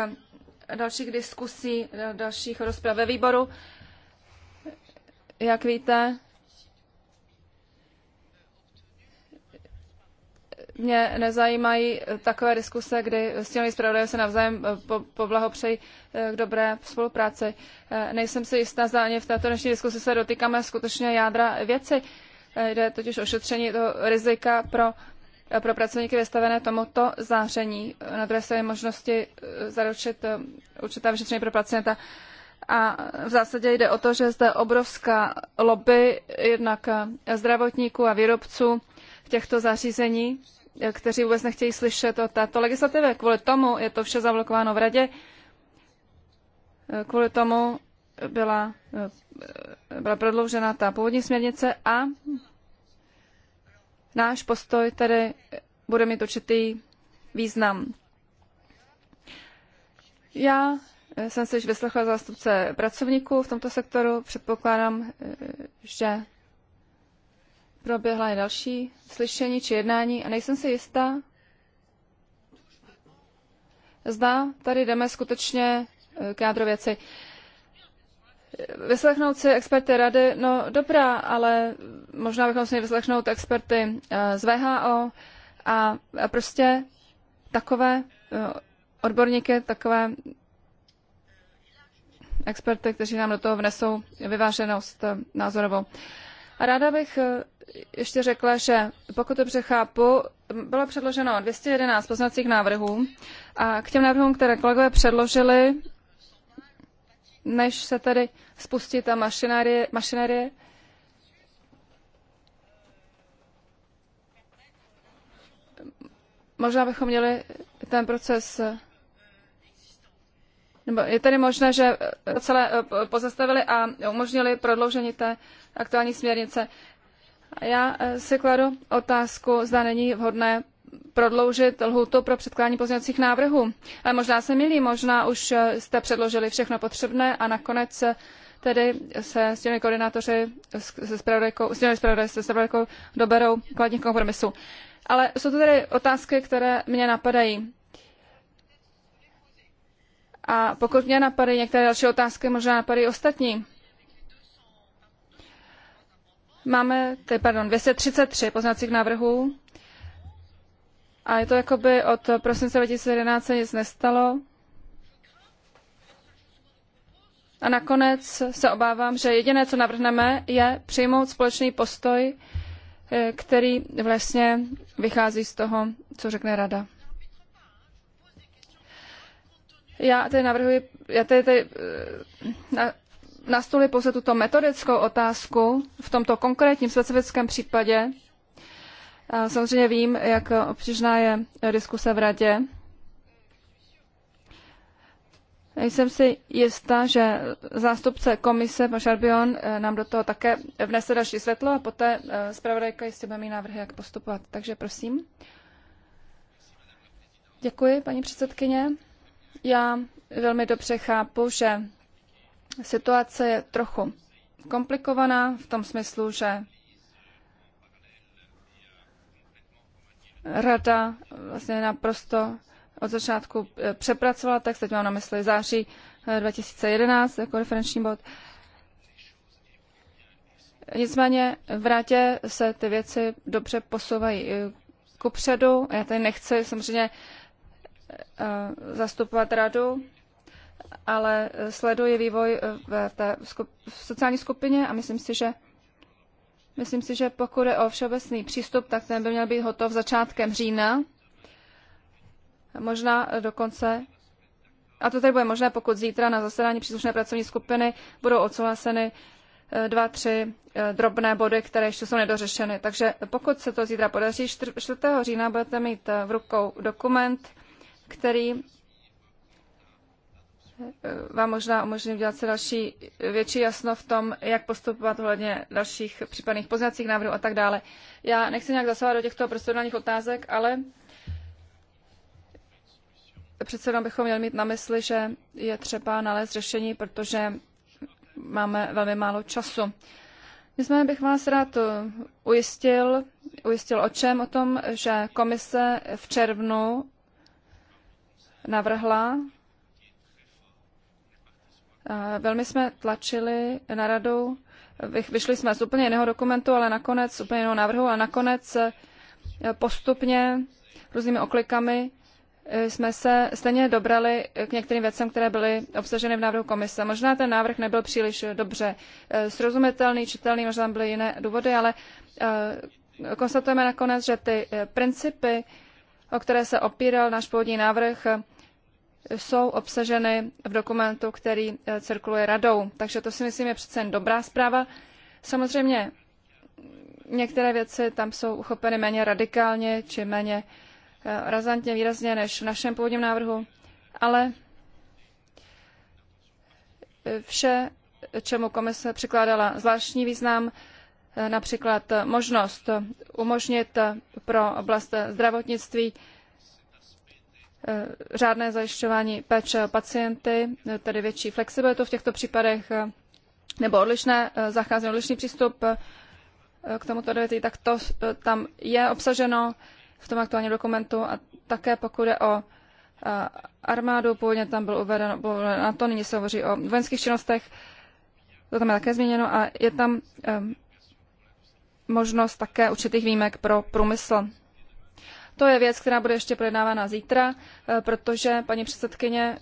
dalších diskusí, dalších rozprav ve výboru. Jak víte, mě nezajímají takové diskuse, kdy s těmi zpravodajem se navzájem eh, poblahopřejí eh, k dobré spolupráci. Eh, nejsem si jistá, zda ani v této dnešní diskusi se dotýkáme skutečně jádra věci. Jde totiž o šetření toho rizika pro pro pracovníky vystavené tomuto záření. Na druhé straně možnosti eh, zaručit eh, určitá vyšetření pro pacienta. A v zásadě jde o to, že zde obrovská lobby jednak zdravotníků a výrobců těchto zařízení, eh, kteří vůbec nechtějí slyšet o této legislativě. Kvůli tomu je to vše zablokováno v radě. Kvůli tomu byla, byla prodloužena ta původní směrnice a Náš postoj tedy bude mít určitý význam. Já jsem se již vyslechla zástupce pracovníků v tomto sektoru. Předpokládám, eh, že proběhla i další slyšení či jednání a nejsem si jistá, zda tady jdeme skutečně eh, k jádru věci. Vyslechnout si experty rady, no dobrá, ale možná bychom si měli vyslechnout experty eh, z VHO a prostě takové eh, odborníky, takové experty, kteří nám do toho vnesou vyváženost eh, názorovou. A ráda bych ještě řekla, že pokud dobře chápu, bylo předloženo 211 poznacích návrhů a k těm návrhům, které kolegové předložili, než se tady spustí ta mašinérie, mašinérie možná bychom měli ten proces nebo je tedy možné, že celé eh, pozastavili a umožnili prodloužení té aktuální směrnice. Já eh, si kladu otázku, zda není vhodné prodloužit lhůtu pro předkládání pozměňovacích návrhů. Ale možná se milí, možná už jste předložili všechno potřebné a nakonec tedy se s těmi koordinátoři, se spravodajkou, s těmi spravodaj, se zpravodajkou doberou kladních kompromisů. Ale jsou to tedy otázky, které mě napadají. A pokud mě napadají některé další otázky, možná napadají ostatní. Máme tady, pardon, 233 poznacích návrhů a je to jako by od prosince 2011 se nic nestalo. A nakonec se obávám, že jediné, co navrhneme, je přijmout společný postoj, eh, který vlastně vychází z toho, co řekne rada. Já tady navrhuji, já tady, tady eh, na, nastulit pouze tuto metodickou otázku v tomto konkrétním specifickém případě, Samozřejmě vím, jak obtížná je diskuse v radě. Jsem si jistá, že zástupce komise, pan Šarbion, eh, nám do toho také vnese další světlo a poté eh, zpravodajka jistě bude mít návrhy, jak postupovat. Takže prosím. Děkuji, paní předsedkyně. Já velmi dobře chápu, že situace je trochu komplikovaná v tom smyslu, že rada vlastně naprosto od začátku eh, přepracovala text, teď mám na mysli září 2011 eh, jako referenční bod. Nicméně v rádě se ty věci dobře posouvají eh, kupředu. Já tady nechci samozřejmě zastupovat radu, ale sleduji vývoj v té sociální skupině a myslím si, že Myslím si, že pokud je o všeobecný přístup, tak ten by měl být hotov začátkem října, možná dokonce. A to tedy bude možné, pokud zítra na zasedání příslušné pracovní skupiny budou odsouhlaseny eh, dva, tři eh, drobné body, které ještě jsou nedořešeny. Takže pokud se to zítra podaří, 4. října budete mít eh, v rukou dokument, který vám možná umožní udělat se další větší jasno v tom, jak postupovat ohledně dalších případných poznacích návrhů a tak dále. Já nechci nějak zasahovat do těchto procedurálních otázek, ale přece jenom bychom měli mít na mysli, že je třeba nalézt řešení, protože máme velmi málo času. Nicméně bych vás rád ujistil, ujistil o čem? O tom, že komise v červnu navrhla Eh, velmi jsme tlačili na radu, vyšli jsme z úplně jiného dokumentu, ale nakonec, úplně jiného návrhu, ale nakonec eh, postupně různými oklikami eh, jsme se stejně dobrali k některým věcem, které byly obsaženy v návrhu komise. Možná ten návrh nebyl příliš dobře srozumitelný, čitelný, možná tam byly jiné důvody, ale konstatujeme nakonec, že ty principy, o které se opíral náš původní návrh, jsou obsaženy v dokumentu, který eh, cirkuluje radou. Takže to si myslím je přece jen dobrá zpráva. Samozřejmě některé věci tam jsou uchopeny méně radikálně či méně eh, razantně výrazně než v našem původním návrhu, ale eh, vše, čemu komise přikládala zvláštní význam, například možnost umožnit pro oblast zdravotnictví Eh, řádné zajišťování péče pacienty, eh, tedy větší flexibilitu v těchto případech eh, nebo odlišné zacházení, odlišný přístup k tomuto odvětví, tak to tam je obsaženo v tom aktuálním dokumentu a také pokud je o armádu, původně tam bylo uvedeno, bylo na to nyní se hovoří o vojenských činnostech, to tam je také změněno a je tam možnost také určitých výjimek pro průmysl. To je věc, která bude ještě projednávána zítra, eh, protože, paní předsedkyně,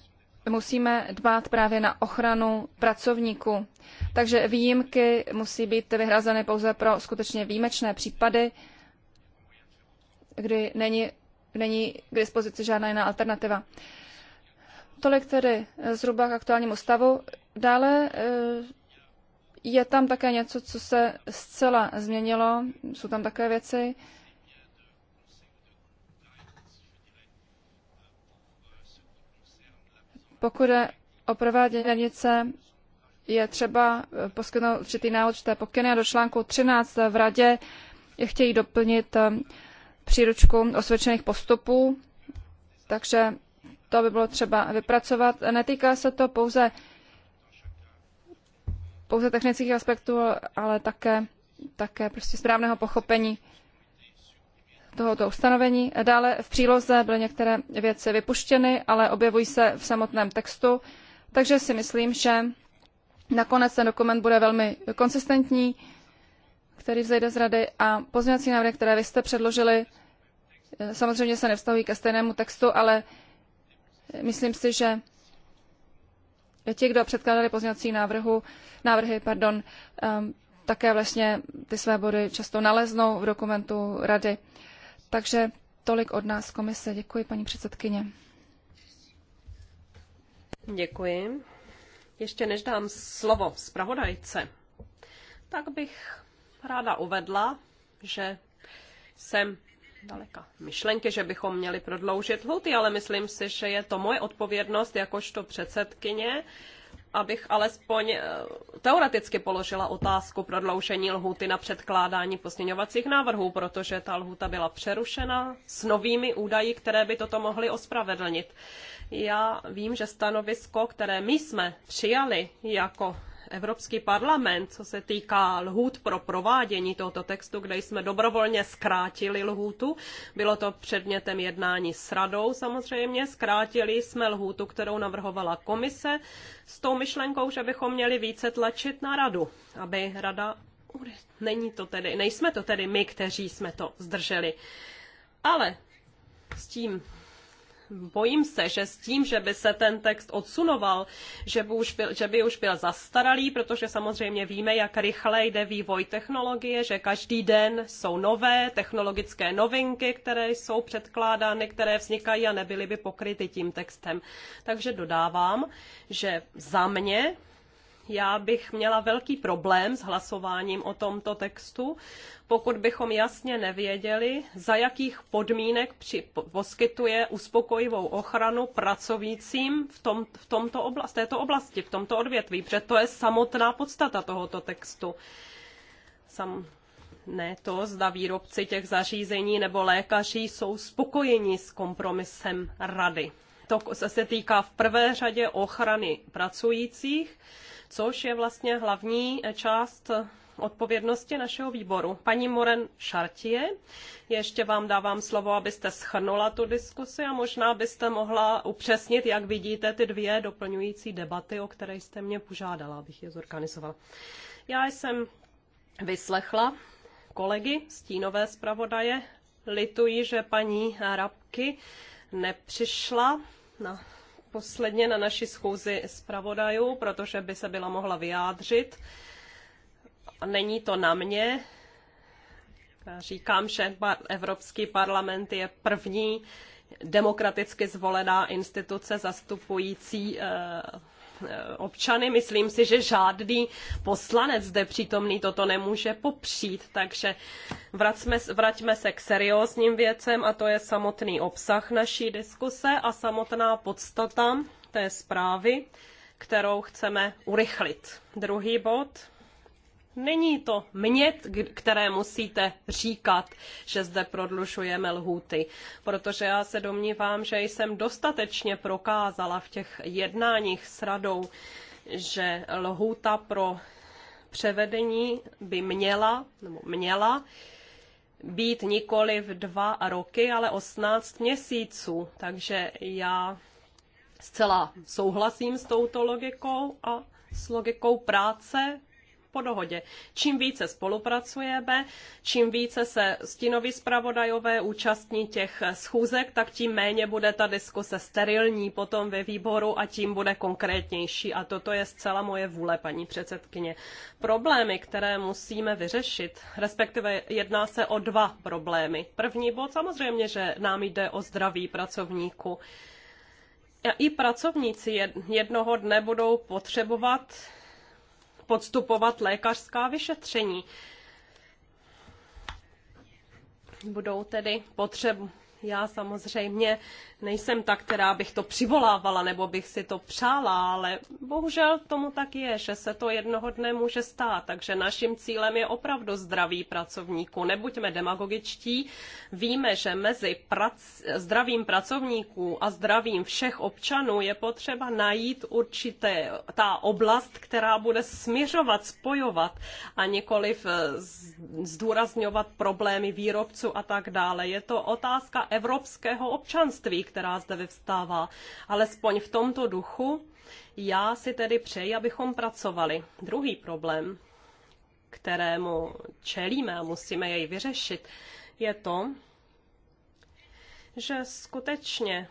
musíme dbát právě na ochranu pracovníků. Takže výjimky musí být vyhrazeny pouze pro skutečně výjimečné případy, kdy není, není k dispozici žádná jiná alternativa. Tolik tedy zhruba k aktuálnímu stavu. Dále eh, je tam také něco, co se zcela změnilo. Jsou tam také věci, Pokud je o provádění směrnice, je třeba eh, poskytnout určitý návod, určité pokyny a do článku 13 v radě je chtějí doplnit eh, příručku osvědčených postupů, takže to by bylo třeba vypracovat. Netýká se to pouze, pouze technických aspektů, ale také, také prostě správného pochopení tohoto ustanovení. Dále v příloze byly některé věci vypuštěny, ale objevují se v samotném textu, takže si myslím, že nakonec ten dokument bude velmi konsistentní, který vzejde z rady a pozměňovací návrhy, které vy jste předložili, eh, samozřejmě se nevztahují ke stejnému textu, ale myslím si, že ti, kdo předkládali pozměňovací návrhu, návrhy, pardon, ehm, také vlastně ty své body často naleznou v dokumentu rady. Takže tolik od nás komise. Děkuji, paní předsedkyně. Děkuji. Ještě než dám slovo zpravodajce, tak bych ráda uvedla, že jsem daleka myšlenky, že bychom měli prodloužit lhuty, ale myslím si, že je to moje odpovědnost jakožto předsedkyně abych alespoň eh, teoreticky položila otázku prodloužení lhůty na předkládání posměňovacích návrhů, protože ta lhůta byla přerušena s novými údaji, které by toto mohly ospravedlnit. Já vím, že stanovisko, které my jsme přijali jako Evropský parlament, co se týká lhůt pro provádění tohoto textu, kde jsme dobrovolně zkrátili lhůtu. Bylo to předmětem jednání s radou samozřejmě. Zkrátili jsme lhůtu, kterou navrhovala komise s tou myšlenkou, že bychom měli více tlačit na radu, aby rada... Není to tedy, nejsme to tedy my, kteří jsme to zdrželi. Ale s tím bojím se, že s tím, že by se ten text odsunoval, že by už byl, že by už byl zastaralý, protože samozřejmě víme, jak rychle jde vývoj technologie, že každý den jsou nové technologické novinky, které jsou předkládány, které vznikají a nebyly by pokryty tím textem. Takže dodávám, že za mě já bych měla velký problém s hlasováním o tomto textu, pokud bychom jasně nevěděli, za jakých podmínek při, poskytuje uspokojivou ochranu pracovícím v, tom, v tomto oblast, této oblasti, v tomto odvětví, protože to je samotná podstata tohoto textu. Sam, ne to, zda výrobci těch zařízení nebo lékaři jsou spokojeni s kompromisem rady to se týká v prvé řadě ochrany pracujících, což je vlastně hlavní část odpovědnosti našeho výboru. Paní Moren Šartie, ještě vám dávám slovo, abyste schrnula tu diskusi a možná byste mohla upřesnit, jak vidíte ty dvě doplňující debaty, o které jste mě požádala, abych je zorganizovala. Já jsem vyslechla kolegy, stínové zpravodaje, lituji, že paní Rabky nepřišla na posledně na naši schůzi zpravodajů, protože by se byla mohla vyjádřit. A není to na mě. Já říkám, že Evropský parlament je první demokraticky zvolená instituce zastupující eh, Eh, občany. Myslím si, že žádný poslanec zde přítomný toto nemůže popřít, takže vracme, vraťme se k seriózním věcem a to je samotný obsah naší diskuse a samotná podstata té zprávy, kterou chceme urychlit. Druhý bod Není to mně, které musíte říkat, že zde prodlužujeme lhůty, protože já se domnívám, že jsem dostatečně prokázala v těch jednáních s radou, že lhůta pro převedení by měla, nebo měla být nikoli v dva roky, ale 18 měsíců. Takže já zcela souhlasím s touto logikou a s logikou práce po dohodě. Čím více spolupracujeme, čím více se stinoví zpravodajové účastní těch schůzek, tak tím méně bude ta diskuse sterilní potom ve výboru a tím bude konkrétnější. A toto je zcela moje vůle, paní předsedkyně. Problémy, které musíme vyřešit, respektive jedná se o dva problémy. První bod samozřejmě, že nám jde o zdraví pracovníku. I pracovníci jednoho dne budou potřebovat podstupovat lékařská vyšetření. Budou tedy potřeb. Já samozřejmě nejsem ta, která bych to přivolávala nebo bych si to přála, ale bohužel tomu tak je, že se to jednoho dne může stát. Takže naším cílem je opravdu zdraví pracovníků. Nebuďme demagogičtí. Víme, že mezi prac, zdravím pracovníků a zdravím všech občanů je potřeba najít určité ta oblast, která bude směřovat, spojovat a nikoliv eh, zdůrazňovat problémy výrobců a tak dále. Je to otázka evropského občanství, která zde vyvstává. Alespoň v tomto duchu já si tedy přeji, abychom pracovali. Druhý problém, kterému čelíme a musíme jej vyřešit, je to, že skutečně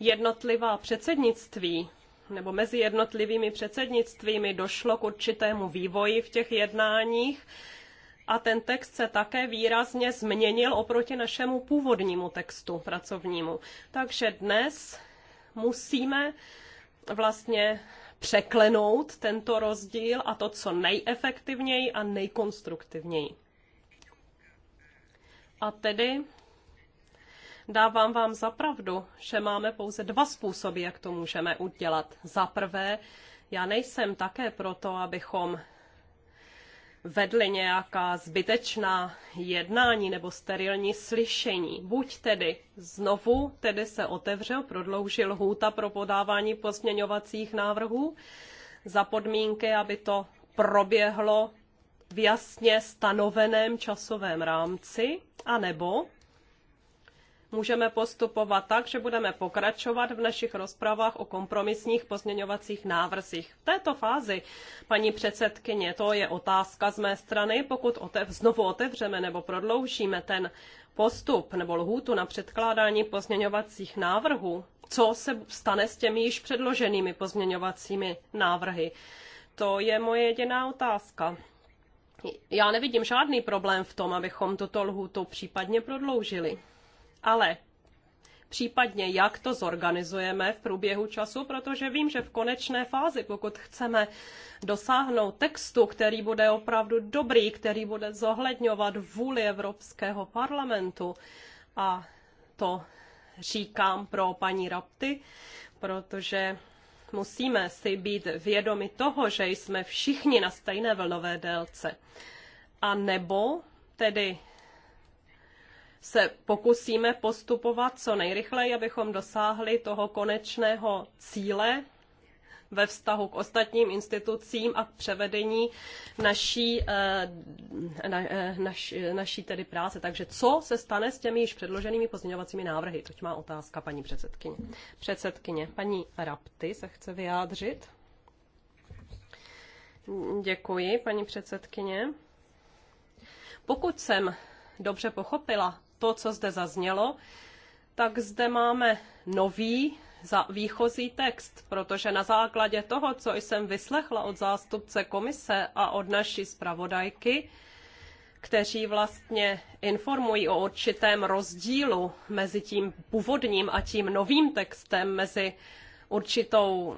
jednotlivá předsednictví nebo mezi jednotlivými předsednictvími došlo k určitému vývoji v těch jednáních, a ten text se také výrazně změnil oproti našemu původnímu textu pracovnímu. Takže dnes musíme vlastně překlenout tento rozdíl a to co nejefektivněji a nejkonstruktivněji. A tedy dávám vám za pravdu, že máme pouze dva způsoby, jak to můžeme udělat. Za prvé, já nejsem také proto, abychom vedli nějaká zbytečná jednání nebo sterilní slyšení. Buď tedy znovu tedy se otevřel, prodloužil hůta pro podávání pozměňovacích návrhů za podmínky, aby to proběhlo v jasně stanoveném časovém rámci, anebo můžeme postupovat tak, že budeme pokračovat v našich rozpravách o kompromisních pozměňovacích návrzích. V této fázi, paní předsedkyně, to je otázka z mé strany, pokud otev, znovu otevřeme nebo prodloužíme ten postup nebo lhůtu na předkládání pozměňovacích návrhů, co se stane s těmi již předloženými pozměňovacími návrhy. To je moje jediná otázka. Já nevidím žádný problém v tom, abychom tuto lhůtu případně prodloužili ale případně jak to zorganizujeme v průběhu času, protože vím, že v konečné fázi, pokud chceme dosáhnout textu, který bude opravdu dobrý, který bude zohledňovat vůli Evropského parlamentu, a to říkám pro paní Rapty, protože musíme si být vědomi toho, že jsme všichni na stejné vlnové délce. A nebo tedy se pokusíme postupovat co nejrychleji, abychom dosáhli toho konečného cíle ve vztahu k ostatním institucím a k převedení naší, eh, na, eh, naš, naší tedy práce. Takže co se stane s těmi již předloženými pozměňovacími návrhy? Toť má otázka paní předsedkyně. Předsedkyně, paní Rapty se chce vyjádřit. Děkuji, paní předsedkyně. Pokud jsem dobře pochopila to, co zde zaznělo, tak zde máme nový za výchozí text, protože na základě toho, co jsem vyslechla od zástupce komise a od naší zpravodajky, kteří vlastně informují o určitém rozdílu mezi tím původním a tím novým textem, mezi určitou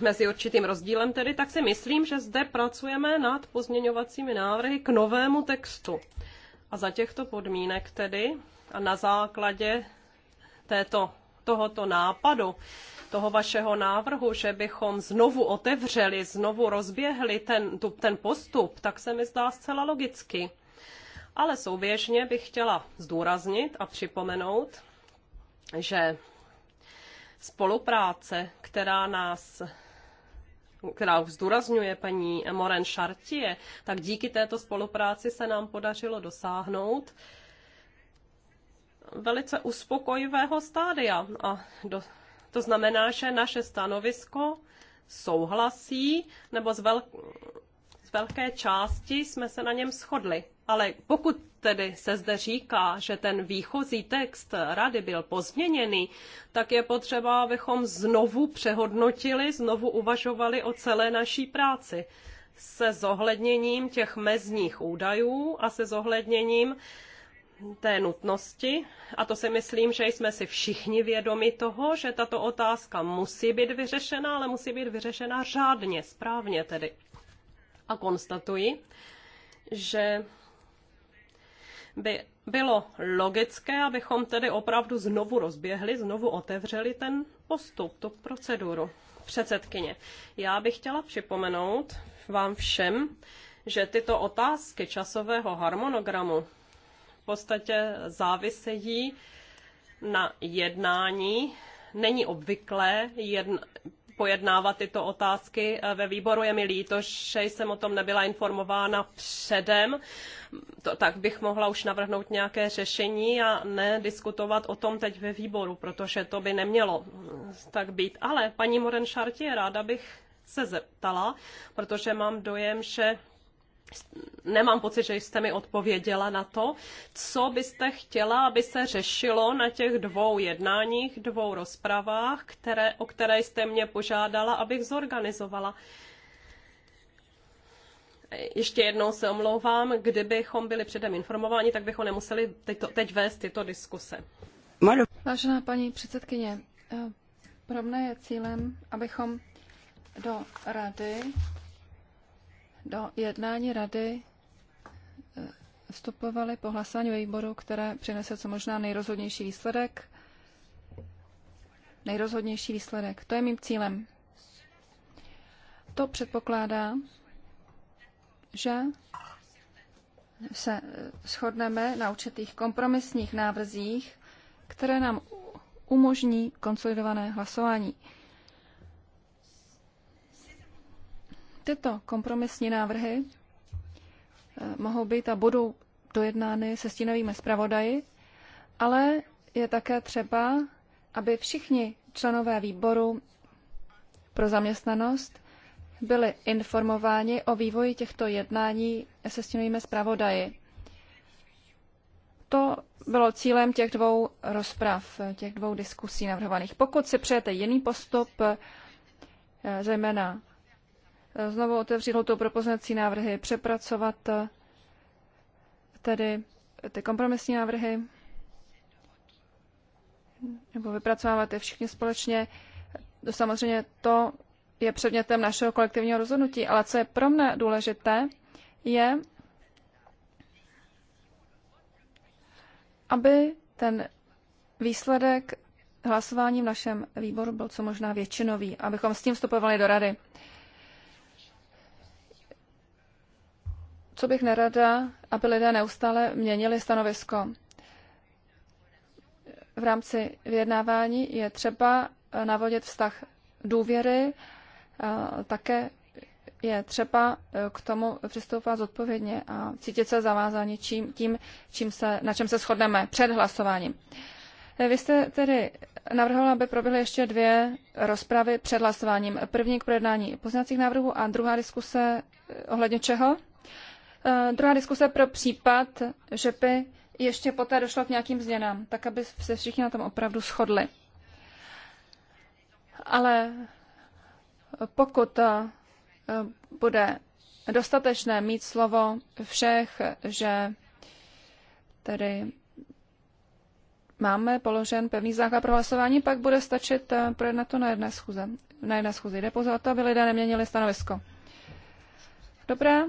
mezi určitým rozdílem tedy, tak si myslím, že zde pracujeme nad pozměňovacími návrhy k novému textu. A za těchto podmínek tedy a na základě této, tohoto nápadu, toho vašeho návrhu, že bychom znovu otevřeli, znovu rozběhli ten, tu, ten postup, tak se mi zdá zcela logicky. Ale souběžně bych chtěla zdůraznit a připomenout, že spolupráce, která nás která zdůrazňuje paní Moren Chartier, tak díky této spolupráci se nám podařilo dosáhnout velice uspokojivého stádia. A do, to znamená, že naše stanovisko souhlasí, nebo z, velk, z velké části jsme se na něm shodli ale pokud tedy se zde říká, že ten výchozí text rady byl pozměněný, tak je potřeba, abychom znovu přehodnotili, znovu uvažovali o celé naší práci se zohledněním těch mezních údajů a se zohledněním té nutnosti, a to si myslím, že jsme si všichni vědomi toho, že tato otázka musí být vyřešena, ale musí být vyřešena řádně, správně tedy. A konstatuji, že by bylo logické, abychom tedy opravdu znovu rozběhli, znovu otevřeli ten postup, tu proceduru. Předsedkyně, já bych chtěla připomenout vám všem, že tyto otázky časového harmonogramu v podstatě závisejí na jednání. Není obvyklé jedn- pojednávat tyto otázky eh, ve výboru. Je mi líto, že jsem o tom nebyla informována předem, to, tak bych mohla už navrhnout nějaké řešení a ne diskutovat o tom teď ve výboru, protože to by nemělo mm, tak být. Ale paní Moren Chartier, ráda bych se zeptala, protože mám dojem, že Nemám pocit, že jste mi odpověděla na to, co byste chtěla, aby se řešilo na těch dvou jednáních, dvou rozpravách, které, o které jste mě požádala, abych zorganizovala. Ještě jednou se omlouvám, kdybychom byli předem informováni, tak bychom nemuseli teď, to, teď vést tyto diskuse. Vážená paní předsedkyně, eh, pro mne je cílem, abychom do rady do jednání rady eh, vstupovali po hlasování výboru, které přinese co možná nejrozhodnější výsledek. Nejrozhodnější výsledek. To je mým cílem. To předpokládá, že se eh, shodneme na určitých kompromisních návrzích, které nám umožní konsolidované hlasování. Tyto kompromisní návrhy eh, mohou být a budou dojednány se stínovými zpravodaji, ale je také třeba, aby všichni členové výboru pro zaměstnanost byli informováni o vývoji těchto jednání se stínovými zpravodaji. To bylo cílem těch dvou rozprav, těch dvou diskusí navrhovaných. Pokud si přejete jiný postup, eh, zejména Eh, znovu otevřít hlutou pro poznací návrhy, přepracovat eh, tedy eh, ty kompromisní návrhy, nebo vypracovávat je všichni společně. To samozřejmě to je předmětem našeho kolektivního rozhodnutí, ale co je pro mne důležité, je, aby ten výsledek hlasování v našem výboru byl co možná většinový, abychom s tím vstupovali do rady. co bych nerada, aby lidé neustále měnili stanovisko. V rámci vyjednávání je třeba eh, navodit vztah důvěry, eh, také je třeba eh, k tomu přistoupat zodpovědně a cítit se zavázání čím, tím, čím se, na čem se shodneme před hlasováním. Vy jste tedy navrhovala, aby proběhly ještě dvě rozpravy před hlasováním. První k projednání poznacích návrhů a druhá diskuse ohledně čeho? Eh, druhá diskuse pro případ, že by ještě poté došlo k nějakým změnám, tak aby se všichni na tom opravdu shodli. Ale pokud eh, bude dostatečné mít slovo všech, že tedy máme položen pevný základ pro hlasování, pak bude stačit eh, projednat to na jedné schůze. Na jedné schůze jde pouze o to, aby lidé neměnili stanovisko. Dobré,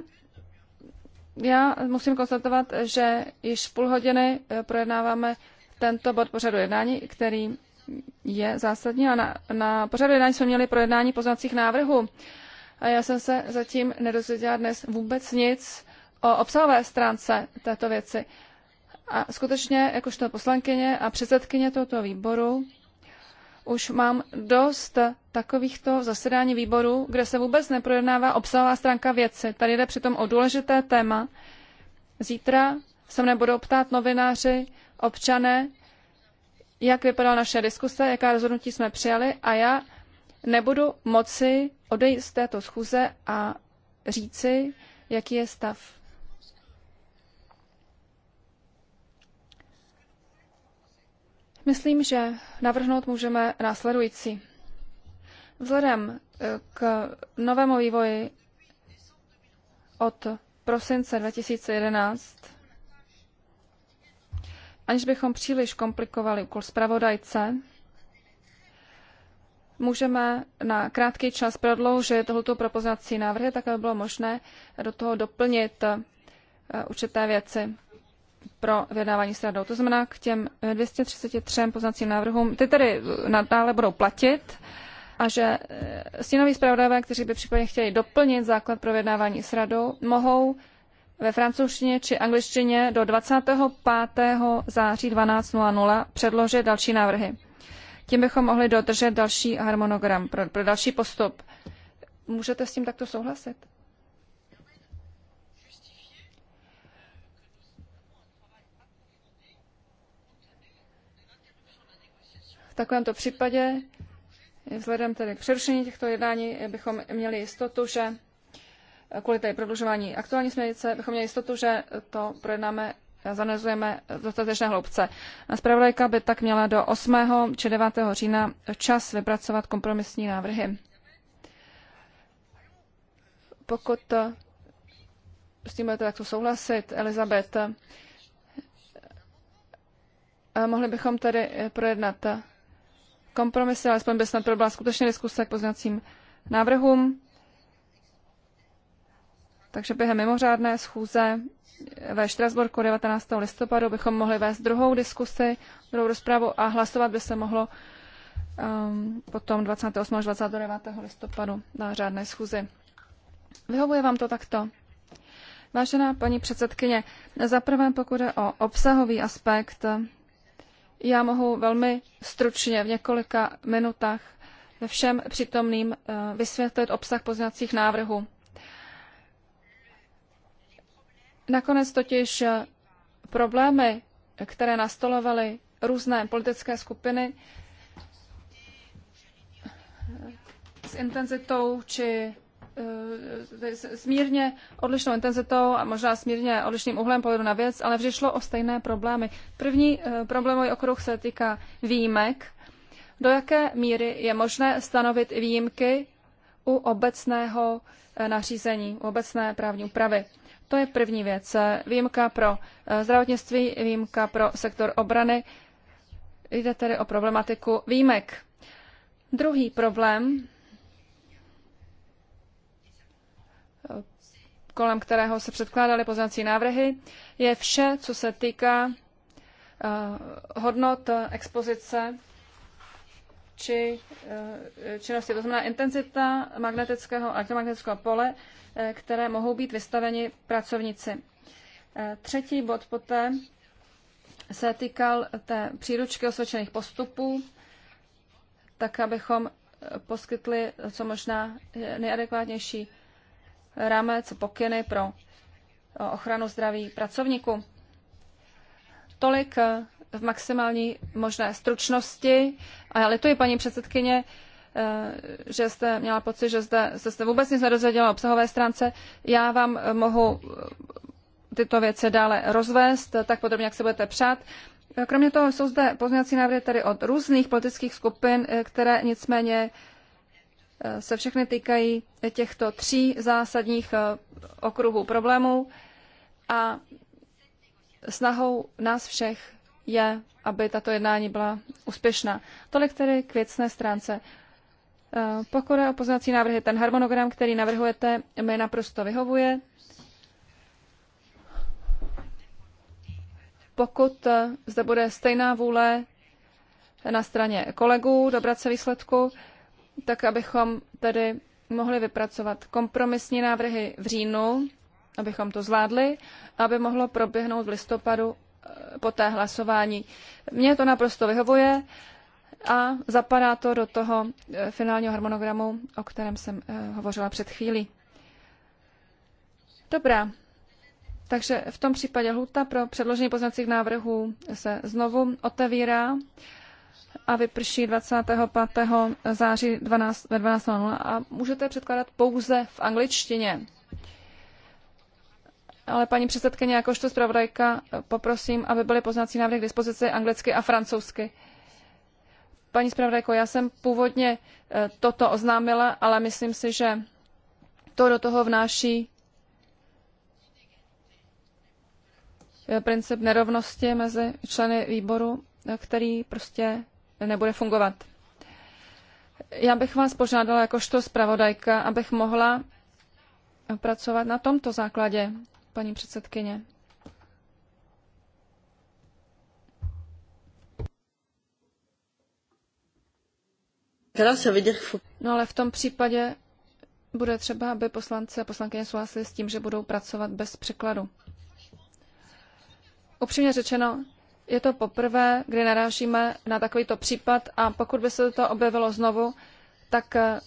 já musím konstatovat, že již půl hodiny eh, projednáváme tento bod pořadu jednání, který je zásadní. A na, na pořadu jednání jsme měli projednání poznacích návrhů. A já jsem se zatím nedozvěděla dnes vůbec nic o obsahové stránce této věci. A skutečně, jakožto poslankyně a předsedkyně tohoto výboru, už mám dost takovýchto zasedání výborů, kde se vůbec neprojednává obsahová stránka věci. Tady jde přitom o důležité téma. Zítra se mne budou ptát novináři, občané, jak vypadala naše diskuse, jaká rozhodnutí jsme přijali a já nebudu moci odejít z této schůze a říci, jaký je stav. Myslím, že navrhnout můžeme následující. Vzhledem eh, k novému vývoji od prosince 2011, aniž bychom příliš komplikovali úkol zpravodajce, můžeme na krátký čas prodloužit tohoto propozací návrhy, tak aby bylo možné do toho doplnit eh, určité věci pro vyjednávání s radou. To znamená, k těm 233 poznacím návrhům, ty tedy nadále budou platit a že eh, stínoví zpravodajové, kteří by případně chtěli doplnit základ pro vyjednávání s radou, mohou ve francouzštině či angličtině do 25. září 12.00 předložit další návrhy. Tím bychom mohli dodržet další harmonogram pro, pro další postup. Můžete s tím takto souhlasit? takovémto případě, vzhledem tedy k přerušení těchto jednání, bychom měli jistotu, že kvůli té prodlužování aktuální směrnice, bychom měli jistotu, že to projednáme zanalizujeme dostatečné hloubce. Zpravodajka by tak měla do 8. či 9. října čas vypracovat kompromisní návrhy. Pokud s tím budete takto souhlasit, Elizabet, mohli bychom tedy projednat kompromisy, alespoň by snad byla skutečně diskuse k pozněcím návrhům. Takže během mimořádné schůze ve Štrasburku 19. listopadu bychom mohli vést druhou diskusi, druhou rozpravu a hlasovat by se mohlo um, potom 28. až 29. listopadu na řádné schůzi. Vyhovuje vám to takto? Vážená paní předsedkyně, zaprvé pokud je o obsahový aspekt já mohu velmi stručně v několika minutách všem přítomným eh, vysvětlit obsah poznacích návrhů. Nakonec totiž eh, problémy, které nastolovaly různé politické skupiny eh, s intenzitou či Eh, s mírně odlišnou intenzitou a možná s mírně odlišným úhlem pohledu na věc, ale vždy šlo o stejné problémy. První eh, problémový okruh se týká výjimek. Do jaké míry je možné stanovit výjimky u obecného eh, nařízení, u obecné právní úpravy? To je první věc. Výjimka pro zdravotnictví, výjimka pro sektor obrany. Jde tedy o problematiku výjimek. Druhý problém kolem kterého se předkládaly poznací návrhy, je vše, co se týká eh, hodnot eh, expozice či eh, činnosti, to znamená intenzita magnetického a elektromagnetického pole, které mohou být vystaveni pracovníci. Třetí bod poté se týkal té příručky osvědčených postupů, tak abychom poskytli co možná nejadekvátnější rámec pokyny pro eh, ochranu zdraví pracovníků. Tolik eh, v maximální možné stručnosti. A já lituji, paní předsedkyně, eh, že jste měla pocit, že jste, jste se vůbec nic nedozvěděla o obsahové stránce. Já vám mohu tyto věci dále rozvést, tak podobně, jak se budete přát. Kromě toho jsou zde pozměňovací návrhy tedy od různých politických skupin, které nicméně Eh, se všechny týkají těchto tří zásadních eh, okruhů problémů a snahou nás všech je, aby tato jednání byla úspěšná. Tolik tedy k věcné stránce. Eh, pokud je o poznací návrhy, ten harmonogram, který navrhujete, mi naprosto vyhovuje. Pokud zde bude stejná vůle na straně kolegů dobrat se výsledku, tak abychom tedy mohli vypracovat kompromisní návrhy v říjnu, abychom to zvládli, aby mohlo proběhnout v listopadu eh, poté hlasování. Mně to naprosto vyhovuje a zapadá to do toho eh, finálního harmonogramu, o kterém jsem eh, hovořila před chvílí. Dobrá, takže v tom případě hluta pro předložení poznacích návrhů se znovu otevírá a vyprší 25. září 12, ve 12.00 a můžete předkládat pouze v angličtině. Ale paní předsedkyně, jakožto zpravodajka, poprosím, aby byly poznací návrhy k dispozici anglicky a francouzsky. Paní zpravodajko, já jsem původně eh, toto oznámila, ale myslím si, že to do toho vnáší eh, princip nerovnosti mezi členy výboru, eh, který prostě nebude fungovat. Já bych vás požádala jakožto zpravodajka, abych mohla pracovat na tomto základě, paní předsedkyně. No ale v tom případě bude třeba, aby poslanci a poslankyně souhlasili s tím, že budou pracovat bez překladu. Upřímně řečeno, je to poprvé, kdy narážíme na takovýto případ a pokud by se to objevilo znovu, tak eh,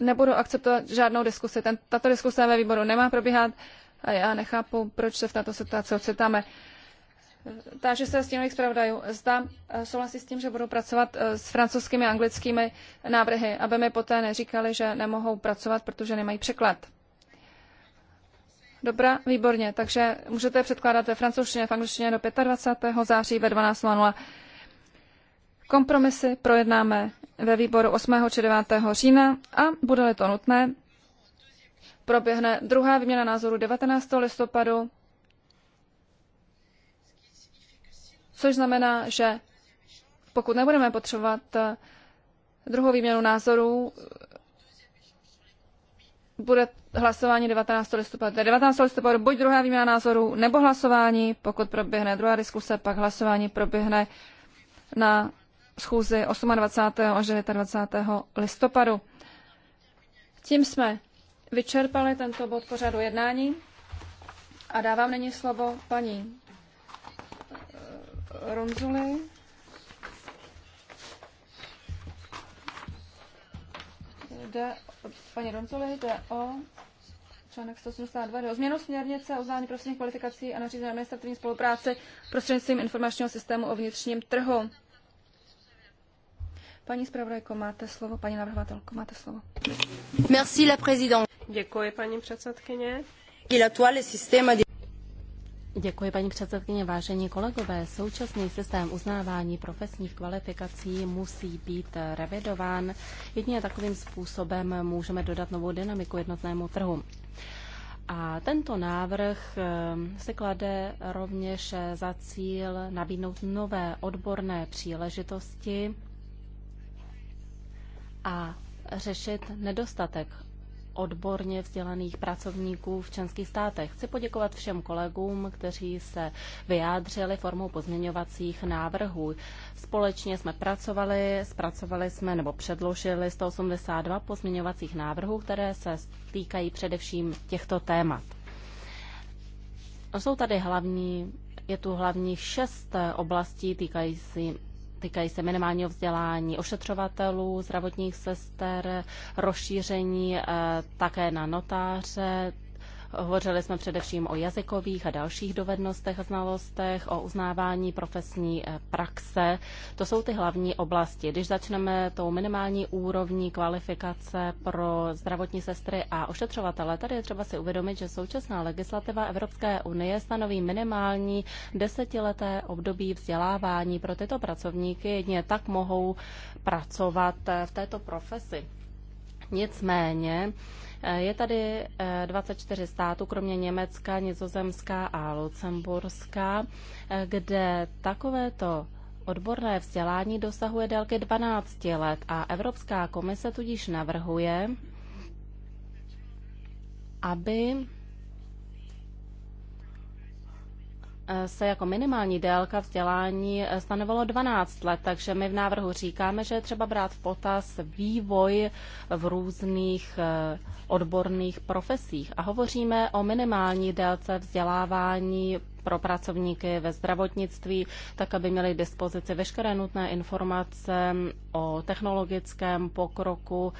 nebudu akceptovat žádnou diskusi. Ten, tato diskuse ve výboru nemá probíhat a já nechápu, proč se v této situaci ocitáme. Takže se s těch zpravodajů. Zda eh, souhlasí s tím, že budou pracovat eh, s francouzskými a anglickými návrhy, aby mi poté neříkali, že nemohou pracovat, protože nemají překlad. Dobrá, výborně. Takže můžete předkládat ve francouzštině, v angličtině do 25. září ve 12.00. Kompromisy projednáme ve výboru 8. či 9. října a bude-li to nutné, proběhne druhá výměna názoru 19. listopadu, což znamená, že pokud nebudeme potřebovat druhou výměnu názorů bude hlasování 19. listopadu. 19. listopadu buď druhá výměna názorů, nebo hlasování. Pokud proběhne druhá diskuse, pak hlasování proběhne na schůzi 28. až 29. listopadu. Tím jsme vyčerpali tento bod pořadu jednání a dávám nyní slovo paní eh, Ronzuli. Jde paní Roncoli jde o článek 182, jde o změnu směrnice o uznání profesních kvalifikací a nařízení administrativní spolupráce prostřednictvím informačního systému o vnitřním trhu. Paní zpravodajko, máte slovo, paní navrhovatelko, máte slovo. Merci la président. Děkuji, paní předsedkyně. Il attuale sistema Děkuji, paní předsedkyně. Vážení kolegové, současný systém uznávání profesních kvalifikací musí být revidován. Jedině takovým způsobem můžeme dodat novou dynamiku jednotnému trhu. A tento návrh eh, se klade rovněž za cíl nabídnout nové odborné příležitosti a řešit nedostatek odborně vzdělaných pracovníků v členských státech. Chci poděkovat všem kolegům, kteří se vyjádřili formou pozměňovacích návrhů. Společně jsme pracovali, zpracovali jsme nebo předložili 182 pozměňovacích návrhů, které se týkají především těchto témat. Jsou tady hlavní je tu hlavní šest oblastí týkající Týkají se minimálního vzdělání ošetřovatelů, zdravotních sester, rozšíření eh, také na notáře, Hovořili jsme především o jazykových a dalších dovednostech a znalostech, o uznávání profesní eh, praxe. To jsou ty hlavní oblasti. Když začneme tou minimální úrovní kvalifikace pro zdravotní sestry a ošetřovatele, tady je třeba si uvědomit, že současná legislativa Evropské unie stanoví minimální desetileté období vzdělávání pro tyto pracovníky. Jedně tak mohou pracovat eh, v této profesi. Nicméně Eh, je tady 24 eh, států, kromě Německa, Nizozemská a Lucemburska, eh, kde takovéto odborné vzdělání dosahuje délky 12 let a Evropská komise tudíž navrhuje, aby se jako minimální délka vzdělání stanovilo 12 let, takže my v návrhu říkáme, že je třeba brát v potaz vývoj v různých eh, odborných profesích. A hovoříme o minimální délce vzdělávání pro pracovníky ve zdravotnictví, tak aby měli k dispozici veškeré nutné informace o technologickém pokroku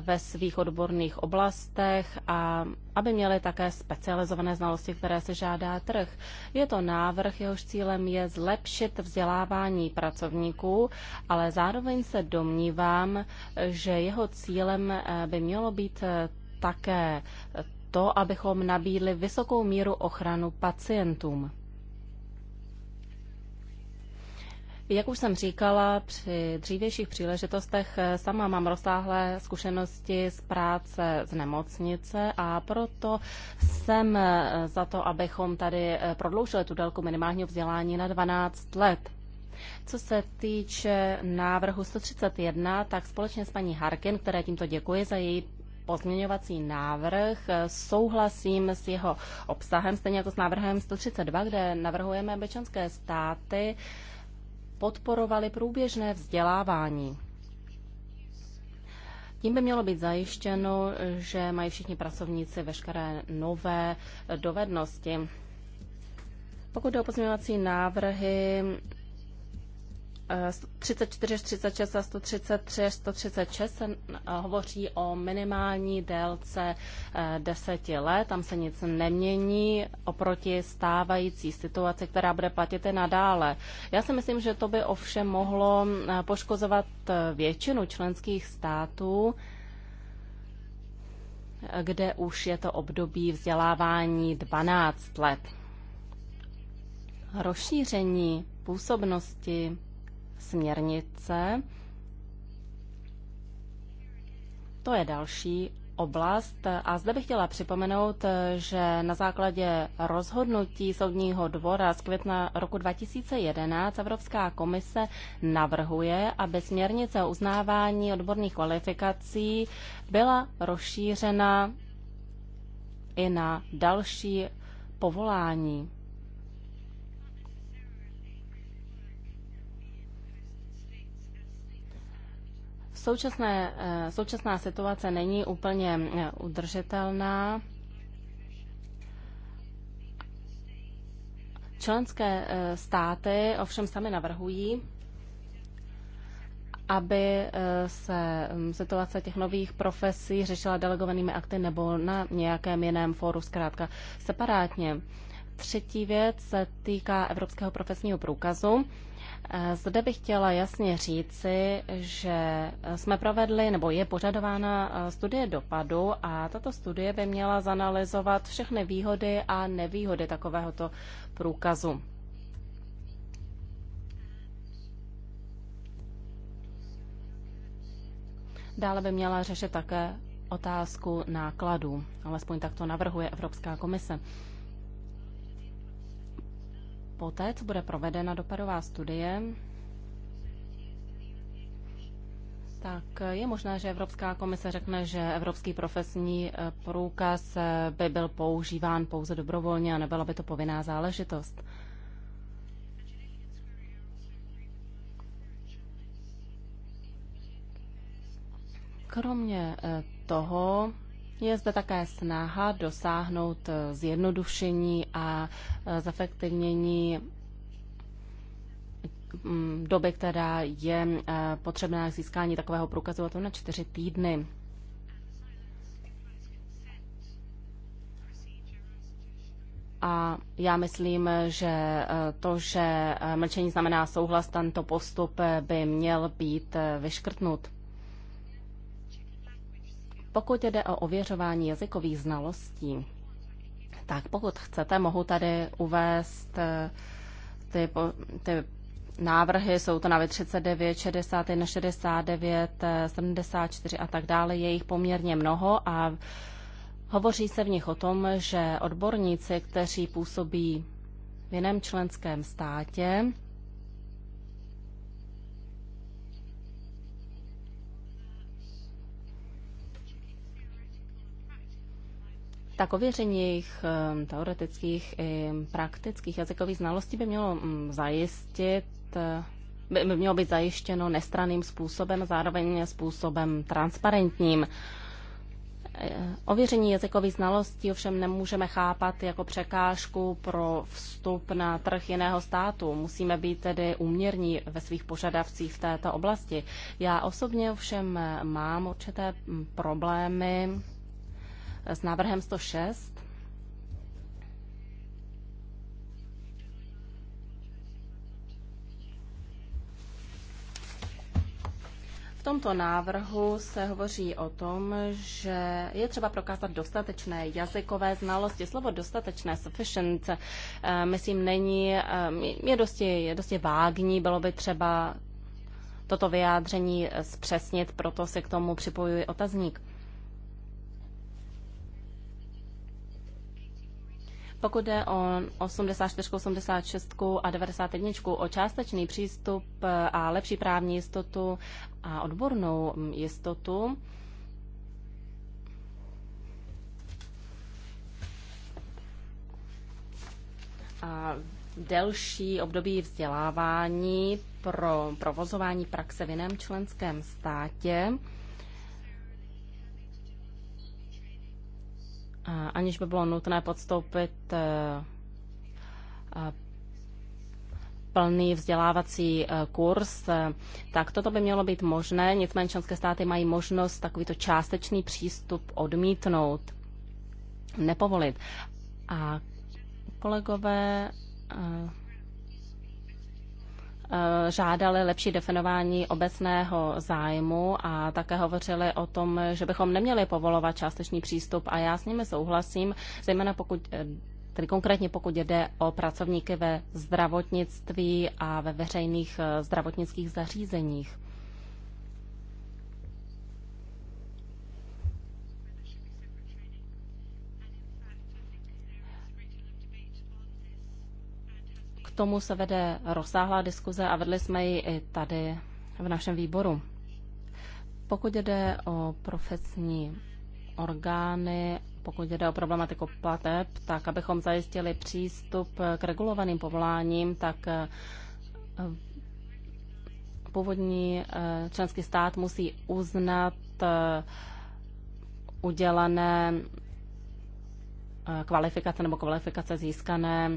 ve svých odborných oblastech a aby měli také specializované znalosti, které se žádá trh. Je to návrh, jehož cílem je zlepšit vzdělávání pracovníků, ale zároveň se domnívám, že jeho cílem eh, by mělo být eh, také to, abychom nabídli vysokou míru ochranu pacientům. Jak už jsem říkala, při dřívějších příležitostech sama mám rozsáhlé zkušenosti z práce z nemocnice a proto jsem za to, abychom tady prodloužili tu délku minimálního vzdělání na 12 let. Co se týče návrhu 131, tak společně s paní Harkin, které tímto děkuji za její pozměňovací návrh. Souhlasím s jeho obsahem, stejně jako s návrhem 132, kde navrhujeme, aby členské státy podporovaly průběžné vzdělávání. Tím by mělo být zajištěno, že mají všichni pracovníci veškeré nové dovednosti. Pokud jde o pozměňovací návrhy 34 až 36 a 133 až 136 se eh, hovoří o minimální délce 10 eh, let. Tam se nic nemění oproti stávající situaci, která bude platit i nadále. Já si myslím, že to by ovšem mohlo eh, poškozovat většinu členských států, kde už je to období vzdělávání 12 let. Rozšíření působnosti směrnice. To je další oblast a zde bych chtěla připomenout, že na základě rozhodnutí Soudního dvora z května roku 2011 Evropská komise navrhuje, aby směrnice o uznávání odborných kvalifikací byla rozšířena i na další povolání. Současné, eh, současná situace není úplně eh, udržitelná. Členské eh, státy ovšem sami navrhují, aby se hm, situace těch nových profesí řešila delegovanými akty nebo na nějakém jiném fóru, zkrátka separátně. Třetí věc se týká Evropského profesního průkazu. Eh, zde bych chtěla jasně říci, že jsme provedli, nebo je požadována eh, studie dopadu a tato studie by měla zanalizovat všechny výhody a nevýhody takovéhoto průkazu. Dále by měla řešit také otázku nákladů, alespoň tak to navrhuje Evropská komise. Poté, co bude provedena dopadová studie, tak je možné, že Evropská komise řekne, že Evropský profesní eh, průkaz eh, by byl používán pouze dobrovolně a nebyla by to povinná záležitost. Kromě eh, toho je zde také snaha dosáhnout eh, zjednodušení a eh, zefektivnění mm, doby, která je eh, potřebná k získání takového průkazu, a to na čtyři týdny. A já myslím, že to, že mlčení znamená souhlas, tento postup by měl být vyškrtnut. Pokud jde o ověřování jazykových znalostí, tak pokud chcete, mohu tady uvést eh, ty, ty návrhy, jsou to na 39, 61, 69, 74 a tak dále, je jich poměrně mnoho a hovoří se v nich o tom, že odborníci, kteří působí v jiném členském státě, tak ověření jejich teoretických i praktických jazykových znalostí by mělo mm, zajistit by mělo být zajištěno nestraným způsobem, zároveň způsobem transparentním. E, ověření jazykových znalostí ovšem nemůžeme chápat jako překážku pro vstup na trh jiného státu. Musíme být tedy uměrní ve svých požadavcích v této oblasti. Já osobně ovšem e, mám určité problémy s návrhem 106. V tomto návrhu se hovoří o tom, že je třeba prokázat dostatečné jazykové znalosti. Slovo dostatečné, sufficient, eh, myslím, není, eh, je dosti, je dosti vágní, bylo by třeba toto vyjádření eh, zpřesnit, proto se k tomu připojuji otazník. Pokud jde o 84, 86 a 91, o částečný přístup e, a lepší právní jistotu a odbornou jistotu, a delší období vzdělávání pro provozování praxe v jiném členském státě. aniž by bylo nutné podstoupit eh, eh, plný vzdělávací eh, kurz, tak toto by mělo být možné, nicméně členské státy mají možnost takovýto částečný přístup odmítnout, nepovolit. A kolegové Eh, žádali lepší definování obecného zájmu a také hovořili o tom, že bychom neměli povolovat částečný přístup a já s nimi souhlasím, zejména pokud eh, tedy konkrétně pokud jde o pracovníky ve zdravotnictví a ve veřejných eh, zdravotnických zařízeních. tomu se vede rozsáhlá diskuze a vedli jsme ji i tady v našem výboru. Pokud jde o profesní orgány, pokud jde o problematiku plateb, tak abychom zajistili přístup k regulovaným povoláním, tak eh, původní eh, členský stát musí uznat eh, udělané kvalifikace nebo kvalifikace získané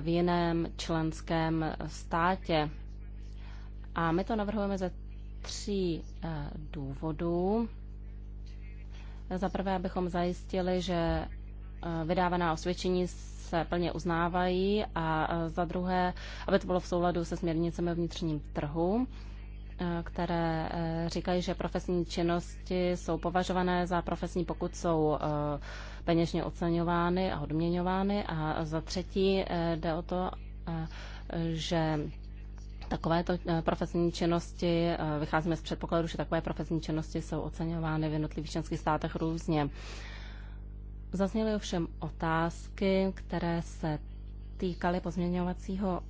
v jiném členském státě. A my to navrhujeme ze tří eh, důvodů. Za prvé, abychom zajistili, že eh, vydávaná osvědčení se plně uznávají a eh, za druhé, aby to bylo v souladu se směrnicemi o vnitřním trhu které říkají, že profesní činnosti jsou považované za profesní, pokud jsou peněžně oceňovány a odměňovány. A za třetí eh, jde o to, eh, že takovéto eh, profesní činnosti, vycházíme z předpokladu, že takové profesní činnosti jsou oceňovány v jednotlivých členských státech různě. Zazněly ovšem otázky, které se týkaly pozměňovacího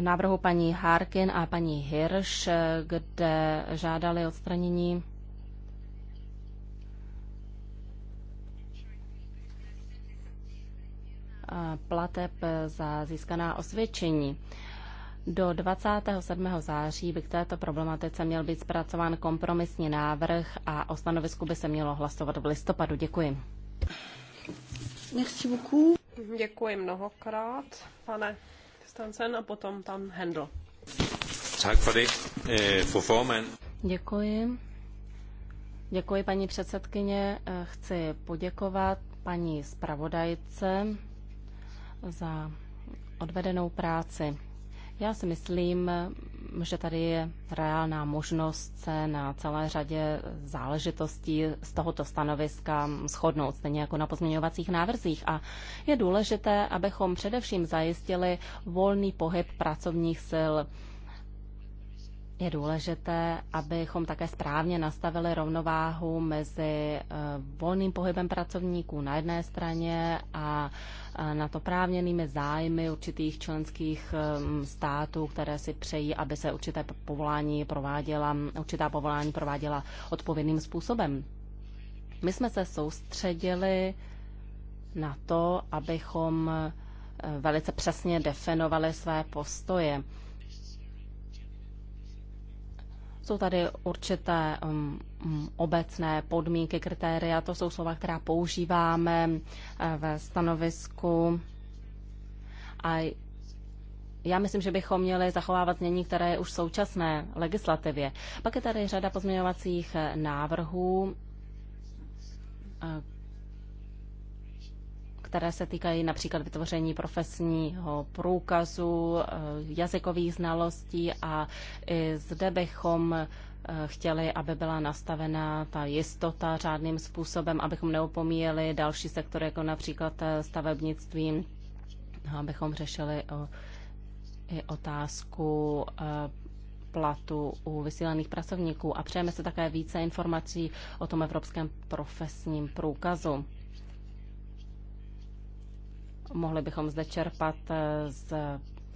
návrhu paní Harkin a paní Hirsch, kde žádali odstranění plateb za získaná osvědčení. Do 27. září by k této problematice měl být zpracován kompromisní návrh a o stanovisku by se mělo hlasovat v listopadu. Děkuji. Merci beaucoup. Děkuji mnohokrát, pane Stansen a potom pan Hendl. Øh, Děkuji. Děkuji, paní předsedkyně. Chci poděkovat paní zpravodajce za odvedenou práci. Já si myslím, že tady je reálná možnost se na celé řadě záležitostí z tohoto stanoviska shodnout, stejně jako na pozměňovacích návrzích. A je důležité, abychom především zajistili volný pohyb pracovních sil. Je důležité, abychom také správně nastavili rovnováhu mezi eh, volným pohybem pracovníků na jedné straně a na to zájmy určitých členských um, států, které si přejí, aby se určité povolání prováděla, určitá povolání prováděla odpovědným způsobem. My jsme se soustředili na to, abychom eh, velice přesně definovali své postoje. Jsou tady určité um, Mm, obecné podmínky, kritéria. To jsou slova, která používáme eh, ve stanovisku. A já myslím, že bychom měli zachovávat znění, které je už v současné legislativě. Pak je tady řada pozměňovacích eh, návrhů, eh, které se týkají například vytvoření profesního průkazu, jazykových znalostí a i zde bychom chtěli, aby byla nastavena ta jistota řádným způsobem, abychom neopomíjeli další sektory, jako například eh, stavebnictví, abychom řešili o, i otázku eh, platu u vysílených pracovníků a přejeme se také více informací o tom evropském profesním průkazu. Mohli bychom zde čerpat eh, z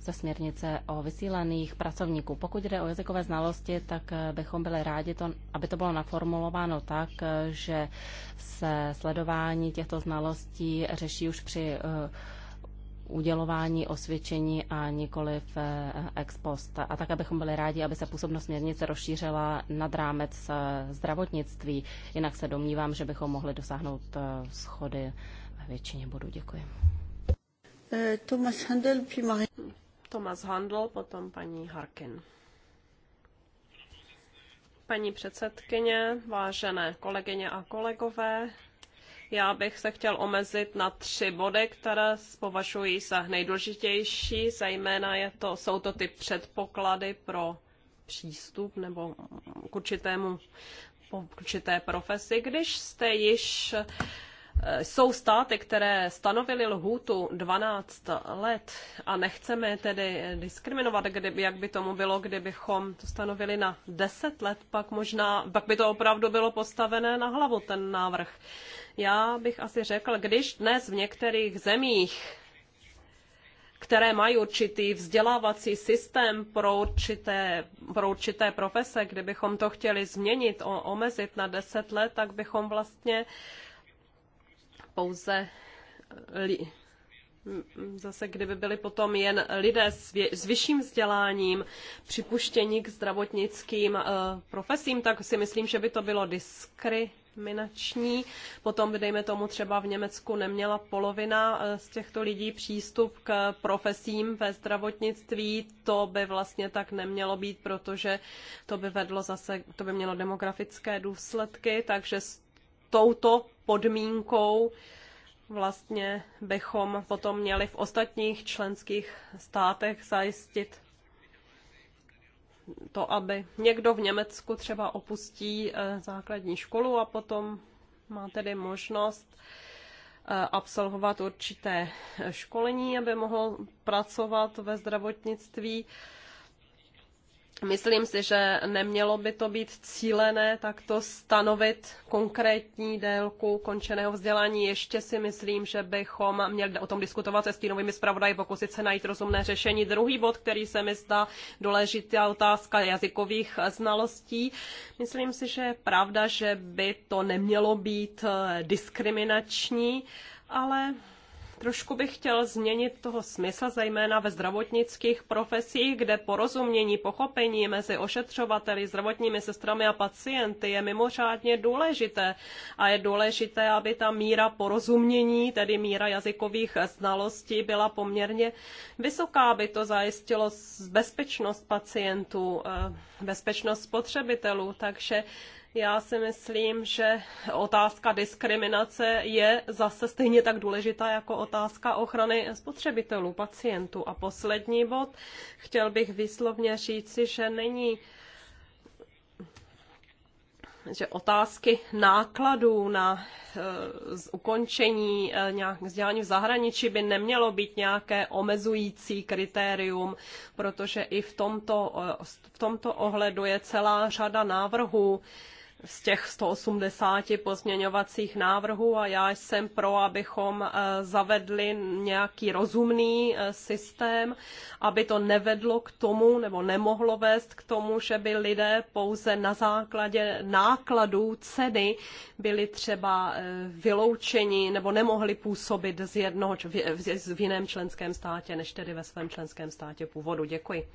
ze směrnice o vysílaných pracovníků. Pokud jde o jazykové znalosti, tak eh, bychom byli rádi, to, aby to bylo naformulováno tak, eh, že se sledování těchto znalostí řeší už při eh, udělování osvědčení a nikoli v ex post. A tak, abychom byli rádi, aby se působnost směrnice rozšířila nad rámec zdravotnictví. Jinak se domnívám, že bychom mohli dosáhnout schody ve většině bodů. Děkuji. Thomas Handel, puis Marie. Tomas Handel, potom paní Harkin. Paní předsedkyně, vážené kolegyně a kolegové, já bych se chtěl omezit na tři body, které považuji za nejdůležitější, zejména je to, jsou to ty předpoklady pro přístup nebo k určitému k určité profesi, když jste již uh, Eh, jsou státy, které stanovily lhůtu 12 let a nechceme tedy eh, diskriminovat, kdyby, jak by tomu bylo, kdybychom to stanovili na 10 let, pak možná, pak by to opravdu bylo postavené na hlavu, ten návrh. Já bych asi řekl, když dnes v některých zemích které mají určitý vzdělávací systém pro určité, pro určité profese, kdybychom to chtěli změnit, o, omezit na 10 let, tak bychom vlastně uh, pouze li, zase kdyby byli potom jen lidé s, vě, s vyšším vzděláním připuštění k zdravotnickým uh, profesím, tak si myslím, že by to bylo diskriminační. Potom by, dejme tomu, třeba v Německu neměla polovina eh, z těchto lidí přístup k profesím ve zdravotnictví. To by vlastně tak nemělo být, protože to by vedlo zase, to by mělo demografické důsledky, takže s touto podmínkou vlastně bychom potom měli v ostatních členských státech zajistit to, aby někdo v Německu třeba opustí eh, základní školu a potom má tedy možnost eh, absolvovat určité školení, aby mohl pracovat ve zdravotnictví. Myslím si, že nemělo by to být cílené takto stanovit konkrétní délku končeného vzdělání. Ještě si myslím, že bychom měli o tom diskutovat se stínovými zpravodaji, pokusit se najít rozumné řešení. Druhý bod, který se mi zdá důležitá otázka jazykových znalostí. Myslím si, že je pravda, že by to nemělo být diskriminační, ale Trošku bych chtěl změnit toho smysl, zejména ve zdravotnických profesích, kde porozumění, pochopení mezi ošetřovateli, zdravotními sestrami a pacienty je mimořádně důležité. A je důležité, aby ta míra porozumění, tedy míra jazykových znalostí, byla poměrně vysoká, aby to zajistilo bezpečnost pacientů, eh, bezpečnost spotřebitelů. Takže já si myslím, že otázka diskriminace je zase stejně tak důležitá jako otázka ochrany spotřebitelů, pacientů. A poslední bod, chtěl bych výslovně říci, že není že otázky nákladů na e, z ukončení e, nějak vzdělání v zahraničí by nemělo být nějaké omezující kritérium, protože i v tomto, v tomto ohledu je celá řada návrhů, z těch 180 pozměňovacích návrhů a já jsem pro, abychom eh, zavedli nějaký rozumný eh, systém, aby to nevedlo k tomu nebo nemohlo vést k tomu, že by lidé pouze na základě nákladů ceny byli třeba eh, vyloučeni nebo nemohli působit z jednoho, v jiném členském státě, než tedy ve svém členském státě původu. Děkuji.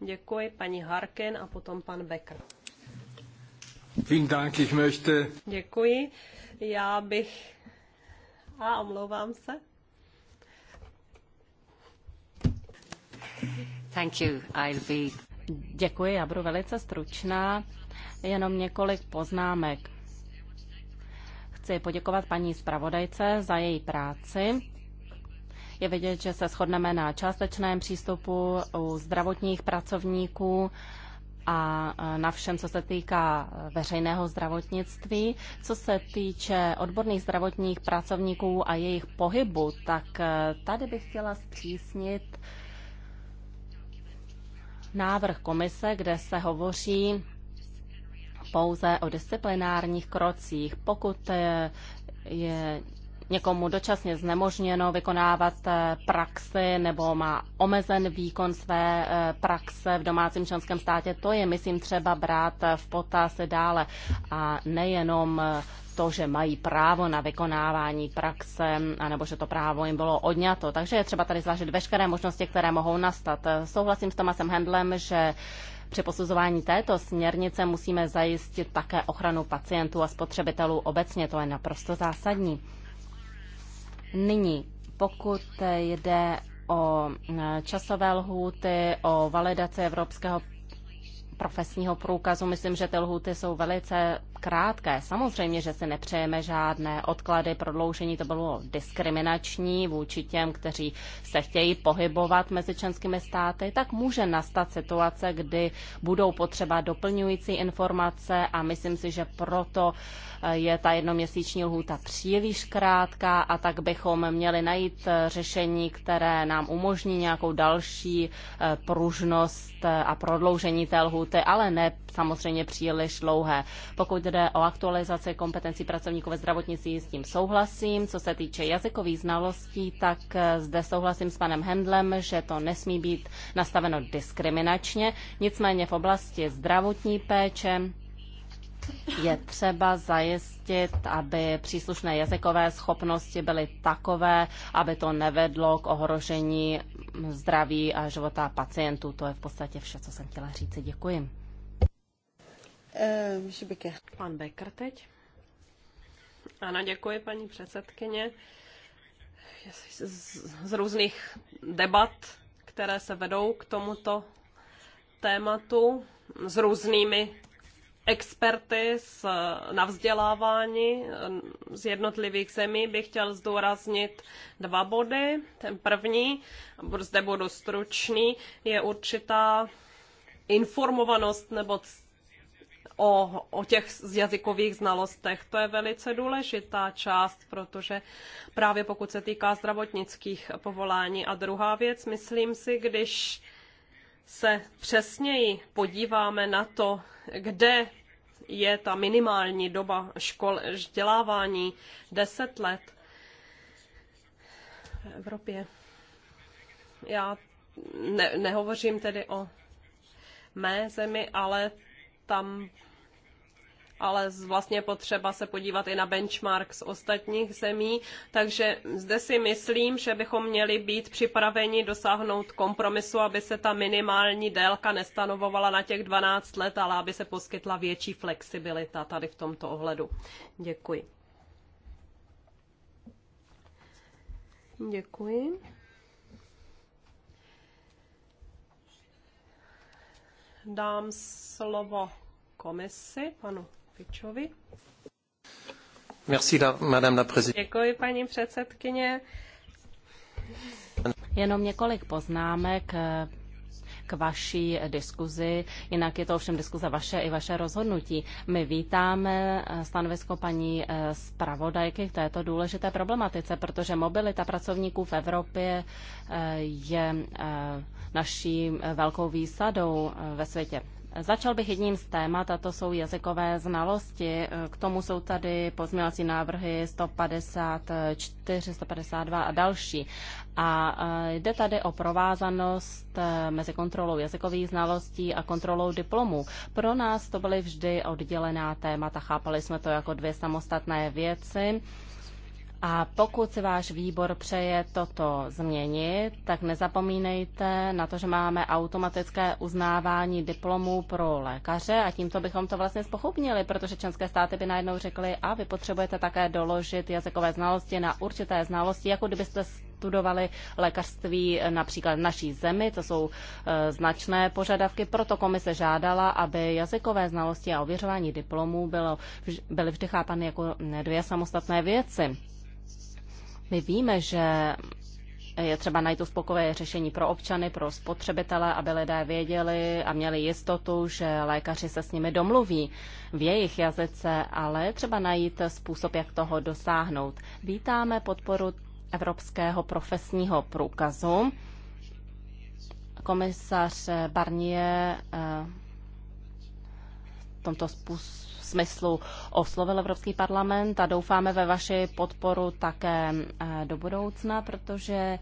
Děkuji paní Harkin a potom pan Becker. Děkuji. Já bych... A omlouvám se. Thank you. I'll be... Děkuji, já budu velice stručná. Jenom několik poznámek. Chci poděkovat paní zpravodajce za její práci. Je vidět, že se shodneme na částečném přístupu u zdravotních pracovníků a na všem, co se týká e, veřejného zdravotnictví. Co se týče odborných zdravotních pracovníků a jejich pohybu, tak e, tady bych chtěla zpřísnit návrh komise, kde se hovoří pouze o disciplinárních krocích. Pokud e, je někomu dočasně znemožněno vykonávat eh, praxi nebo má omezen výkon své eh, praxe v domácím členském státě, to je, myslím, třeba brát eh, v potaz dále. A nejenom to, že mají právo na vykonávání praxe, anebo že to právo jim bylo odňato. Takže je třeba tady zvážit veškeré možnosti, které mohou nastat. Souhlasím s Tomasem Hendlem, že při posuzování této směrnice musíme zajistit také ochranu pacientů a spotřebitelů obecně. To je naprosto zásadní. Nyní, pokud jde o eh, časové lhůty, o validaci evropského profesního průkazu, myslím, že ty lhůty jsou velice krátké. Samozřejmě, že si nepřejeme žádné odklady, prodloužení, to bylo diskriminační vůči těm, kteří se chtějí pohybovat mezi členskými státy, tak může nastat situace, kdy budou potřeba doplňující informace a myslím si, že proto uh, je ta jednoměsíční lhůta příliš krátká a tak bychom měli najít eh, řešení, které nám umožní nějakou další eh, pružnost eh, a prodloužení té lhůty, ale ne samozřejmě příliš dlouhé. Pokud jde o aktualizaci kompetencí pracovníků ve zdravotnictví, s tím souhlasím. Co se týče jazykových znalostí, tak zde souhlasím s panem Hendlem, že to nesmí být nastaveno diskriminačně. Nicméně v oblasti zdravotní péče je třeba zajistit, aby příslušné jazykové schopnosti byly takové, aby to nevedlo k ohrožení zdraví a života pacientů. To je v podstatě vše, co jsem chtěla říct. Děkuji. Eh, Pan Becker teď. Ano, děkuji, paní předsedkyně. Z různých debat, které se vedou k tomuto tématu, s různými experty z, na vzdělávání z jednotlivých zemí bych chtěl zdůraznit dva body. Ten první, zde budu stručný, je určitá informovanost nebo o, o těch jazykových znalostech. To je velice důležitá část, protože právě pokud se týká zdravotnických povolání. A druhá věc, myslím si, když se přesněji podíváme na to, kde je ta minimální doba škol, vzdělávání 10 let v Evropě. Já ne, nehovořím tedy o mé zemi, ale tam ale vlastně potřeba se podívat i na benchmark z ostatních zemí. Takže zde si myslím, že bychom měli být připraveni dosáhnout kompromisu, aby se ta minimální délka nestanovovala na těch 12 let, ale aby se poskytla větší flexibilita tady v tomto ohledu. Děkuji. Děkuji. Dám slovo komisi, panu Pičovi. Merci, madame la Děkuji, paní předsedkyně. Jenom několik poznámek eh, k vaší diskuzi, jinak je to ovšem diskuze vaše i vaše rozhodnutí. My vítáme eh, stanovisko paní eh, zpravodajky k této důležité problematice, protože mobilita pracovníků v Evropě je naší velkou výsadou ve světě. Začal bych jedním z témat, a to jsou jazykové znalosti. K tomu jsou tady pozměňovací návrhy 154, 152 a další. A e, jde tady o provázanost e, mezi kontrolou jazykových znalostí a kontrolou diplomů. Pro nás to byly vždy oddělená témata, chápali jsme to jako dvě samostatné věci. A pokud si váš výbor přeje toto změnit, tak nezapomínejte na to, že máme automatické uznávání diplomů pro lékaře a tímto bychom to vlastně spochopnili, protože členské státy by najednou řekly, a vy potřebujete také doložit jazykové znalosti na určité znalosti, jako kdybyste studovali lékařství například v naší zemi, to jsou e, značné požadavky, proto komise žádala, aby jazykové znalosti a ověřování diplomů bylo, byly vždy chápany jako dvě samostatné věci. My víme, že je třeba najít uspokojivé řešení pro občany, pro spotřebitele, aby lidé věděli a měli jistotu, že lékaři se s nimi domluví v jejich jazyce, ale třeba najít způsob, jak toho dosáhnout. Vítáme podporu Evropského profesního průkazu. Komisař Barnier eh, tomto způsobu smyslu oslovil Evropský parlament a doufáme ve vaši podporu také eh, do budoucna, protože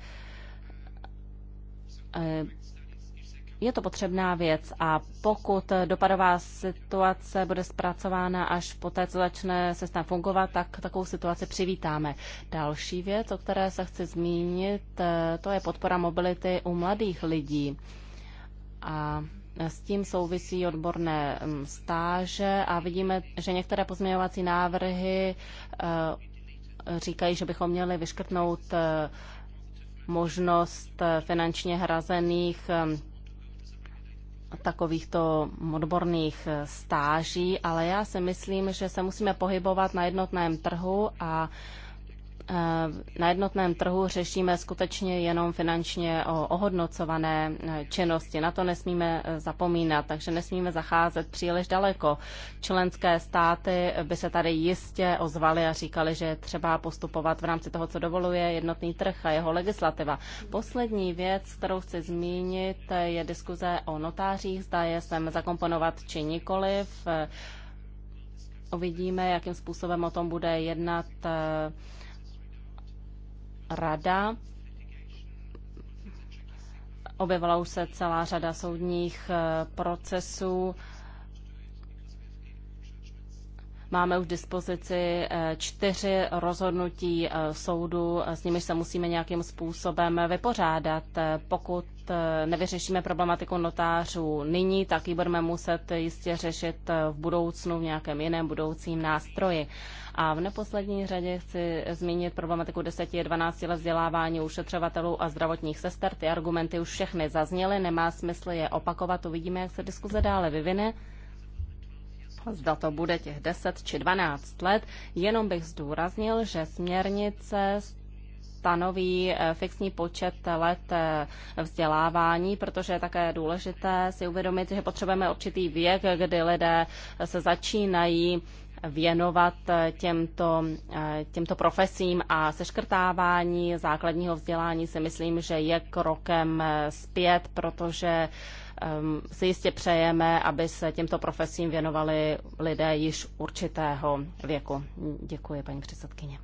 eh, je to potřebná věc a pokud dopadová situace bude zpracována až poté, co začne systém fungovat, tak takovou situaci přivítáme. Další věc, o které se chci zmínit, eh, to je podpora mobility u mladých lidí. A s tím souvisí odborné mm, stáže a vidíme, že některé pozměňovací návrhy eh, říkají, že bychom měli vyškrtnout eh, možnost eh, finančně hrazených takovýchto odborných stáží, ale já si myslím, že se musíme pohybovat na jednotném trhu a na jednotném trhu řešíme skutečně jenom finančně ohodnocované eh, činnosti. Na to nesmíme eh, zapomínat, takže nesmíme zacházet příliš daleko. Členské státy eh, by se tady jistě ozvaly a říkali, že třeba postupovat v rámci toho, co dovoluje jednotný trh a jeho legislativa. Poslední věc, kterou chci zmínit, je diskuze o notářích. Zda je sem zakomponovat či nikoliv. Uvidíme, jakým způsobem o tom bude jednat rada. Objevila už se celá řada soudních eh, procesů Máme už v dispozici eh, čtyři rozhodnutí eh, soudu, eh, s nimiž se musíme nějakým způsobem vypořádat. Pokud nevyřešíme problematiku notářů nyní, tak ji budeme muset jistě řešit v budoucnu v nějakém jiném budoucím nástroji. A v neposlední řadě chci zmínit problematiku 10 a 12 let vzdělávání ušetřovatelů a zdravotních sester. Ty argumenty už všechny zazněly, nemá smysl je opakovat, uvidíme, jak se diskuze dále vyvine zda to bude těch 10 či 12 let. Jenom bych zdůraznil, že směrnice stanoví eh, fixní počet let eh, vzdělávání, protože je také důležité si uvědomit, že potřebujeme určitý věk, kdy lidé se začínají věnovat eh, těmto, těmto profesím a seškrtávání základního vzdělání si myslím, že je krokem zpět, protože Ehm, si jistě přejeme, aby se těmto profesím věnovali lidé již určitého věku. Děkuji, paní předsedkyně.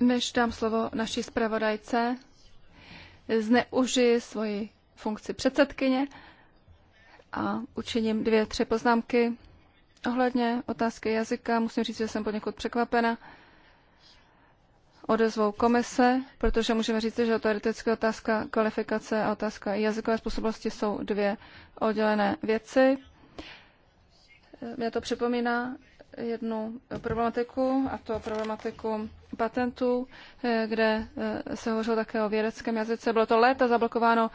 Než dám slovo naší zpravodajce, zneužiji svoji funkci předsedkyně a učiním dvě, tři poznámky ohledně otázky jazyka. Musím říct, že jsem poněkud překvapena odezvou komise, protože můžeme říct, že teoretická otázka kvalifikace a otázka jazykové způsobilosti jsou dvě oddělené věci. Mě to připomíná jednu problematiku, a to problematiku patentů, kde se hovořilo také o vědeckém jazyce. Bylo to léta zablokováno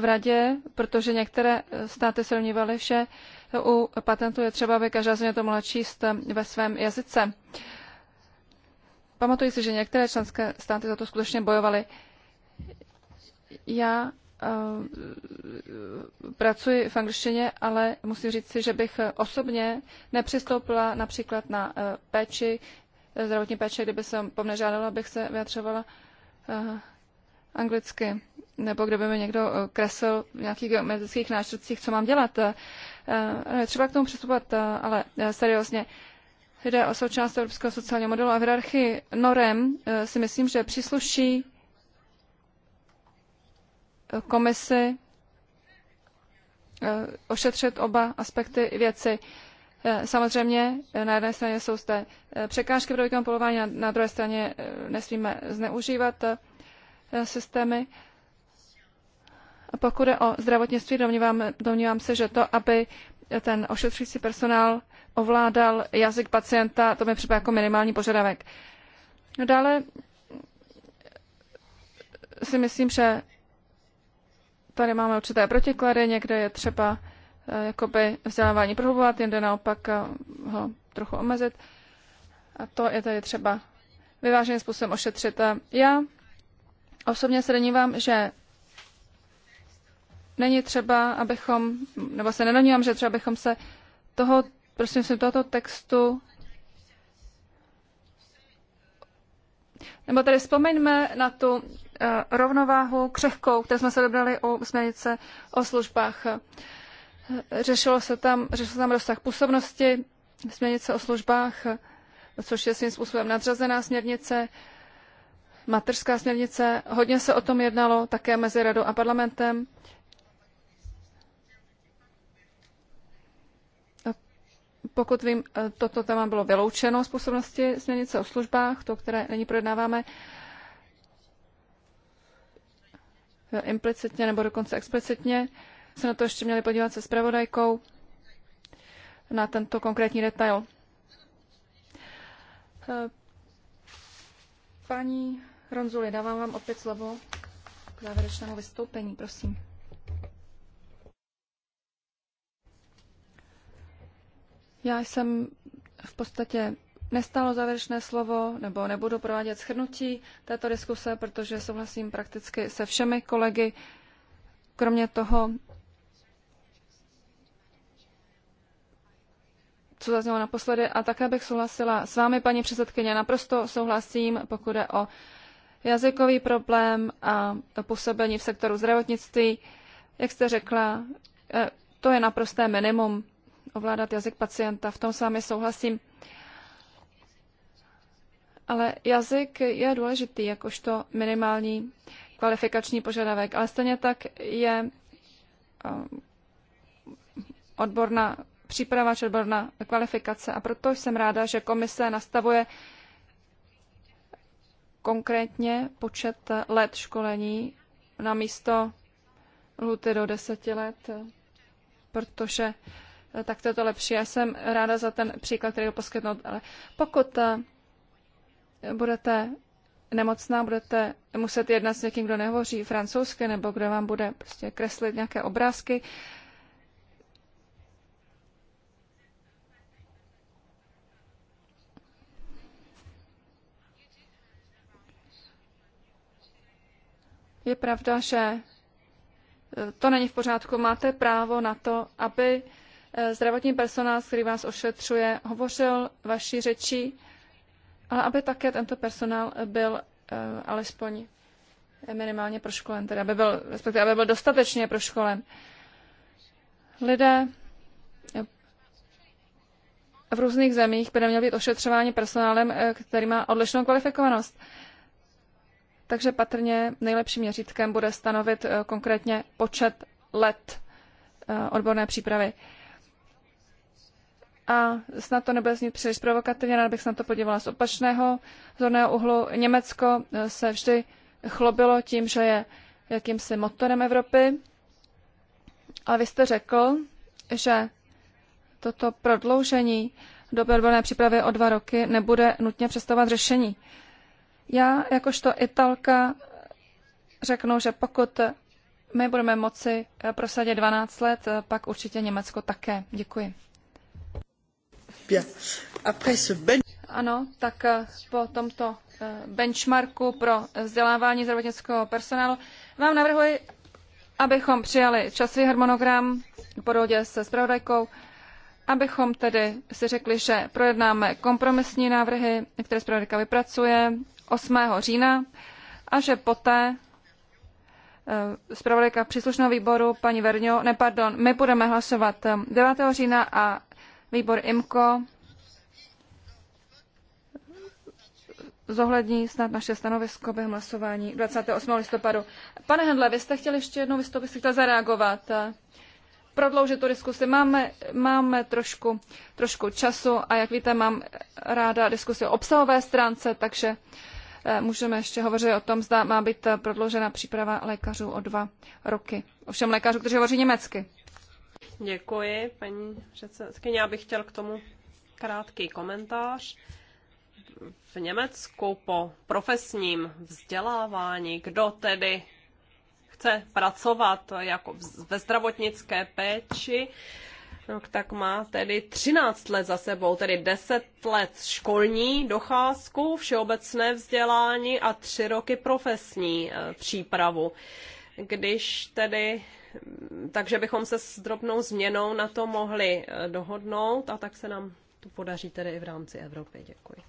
v radě, protože některé státy se domnívaly, že u patentu je třeba, aby každá země to mohla číst ve svém jazyce. Pamatuji si, že některé členské státy za to skutečně bojovaly. Já eh, pracuji v angličtině, ale musím říct si, že bych osobně nepřistoupila například na eh, péči, eh, zdravotní péče, kdyby se po mne žádala, abych se vyjadřovala anglicky nebo kdyby mi někdo kresl v nějakých geometrických náštrcích, co mám dělat. Třeba k tomu přistupovat, ale seriózně jde o součást evropského sociálního modelu a v hierarchii norem eh, si myslím, že přísluší eh, komisi eh, ošetřit oba aspekty věci. Samozřejmě na jedné straně jsou zde překážky pro výkon polování, na druhé straně nesmíme zneužívat systémy. Pokud je o zdravotnictví, domnívám, domnívám se, že to, aby ten ošetřující personál ovládal jazyk pacienta, to mi připadá jako minimální požadavek. No dále si myslím, že tady máme určité protiklady, někde je třeba eh, jakoby vzdělávání prohlubovat, jinde naopak eh, ho trochu omezit. A to je tady třeba vyváženým způsobem ošetřit. Já osobně se vám, že Není třeba, abychom, nebo se nenonívám, že třeba bychom se toho, prosím si, tohoto textu Nebo tady vzpomeňme na tu uh, rovnováhu křehkou, které jsme se dobrali u směrnice o službách. Řešilo se tam, řešilo se tam rozsah působnosti směrnice o službách, což je svým způsobem nadřazená směrnice, mateřská směrnice. Hodně se o tom jednalo také mezi radou a parlamentem. Pokud vím, eh, toto téma bylo vyloučeno z působnosti směrnice o službách, to, které není projednáváme implicitně nebo dokonce explicitně. Se na to ještě měli podívat se zpravodajkou na tento konkrétní detail. Eh, paní Ronzuli, dávám vám opět slovo k závěrečnému vystoupení, prosím. Já jsem v podstatě nestalo závěrečné slovo, nebo nebudu provádět shrnutí této diskuse, protože souhlasím prakticky se všemi kolegy. Kromě toho, co zaznělo naposledy, a také bych souhlasila s vámi, paní předsedkyně, naprosto souhlasím, pokud je o jazykový problém a působení v sektoru zdravotnictví. Jak jste řekla, eh, to je naprosté minimum ovládat jazyk pacienta. V tom s vámi souhlasím. Ale jazyk je důležitý jakožto minimální kvalifikační požadavek, ale stejně tak je eh, odborná příprava či odborná kvalifikace. A proto jsem ráda, že komise nastavuje konkrétně počet let školení na místo lhuty do deseti let, protože Eh, tak to je to lepší. Já jsem ráda za ten příklad, který ho poskytnout. Ale pokud eh, budete nemocná, budete muset jednat s někým, kdo nehovoří francouzsky, nebo kdo vám bude prostě kreslit nějaké obrázky, Je pravda, že eh, to není v pořádku. Máte právo na to, aby Eh, zdravotní personál, který vás ošetřuje, hovořil vaší řeči, ale aby také tento personál byl eh, alespoň minimálně proškolen, tedy aby byl, respektive aby byl dostatečně proškolen. Lidé eh, v různých zemích by neměl být ošetřování personálem, který má odlišnou kvalifikovanost. Takže patrně nejlepším měřítkem bude stanovit konkrétně počet let odborné přípravy. A snad to nebude znít příliš provokativně, rád bych se na to podívala z opačného zorného úhlu. Německo eh, se vždy chlobilo tím, že je jakýmsi motorem Evropy. Ale vy jste řekl, že toto prodloužení do odborné přípravy o dva roky nebude nutně představovat řešení. Já jakožto Italka řeknu, že pokud my budeme moci eh, prosadit 12 let, eh, pak určitě Německo také. Děkuji. Ano, tak eh, po tomto eh, benchmarku pro vzdělávání zdravotnického personálu vám navrhuji, abychom přijali časový harmonogram po dohodě se zpravodajkou, abychom tedy si řekli, že projednáme kompromisní návrhy, které zpravodajka vypracuje 8. října a že poté eh, zpravodajka příslušného výboru, paní Verňo, ne, pardon, my budeme hlasovat 9. října a výbor IMCO zohlední snad naše stanovisko během hlasování 28. listopadu. Pane Hendle, vy jste chtěli ještě jednou vystoupit, jste chtěli zareagovat, eh, prodloužit tu diskusi. Máme, máme trošku, trošku času a jak víte, mám ráda diskusi o obsahové stránce, takže eh, můžeme ještě hovořit o tom, zda má být eh, prodloužena příprava lékařů o dva roky. Ovšem lékařů, kteří hovoří německy. Děkuji, paní předsedkyně. Já bych chtěl k tomu krátký komentář. V Německu po profesním vzdělávání, kdo tedy chce pracovat jako ve zdravotnické péči, No, tak má tedy 13 let za sebou, tedy 10 let školní docházku, všeobecné vzdělání a 3 roky profesní eh, přípravu. Když tedy takže bychom se s drobnou změnou na to mohli eh, dohodnout a tak se nám to podaří tedy i v rámci Evropy. Děkuji.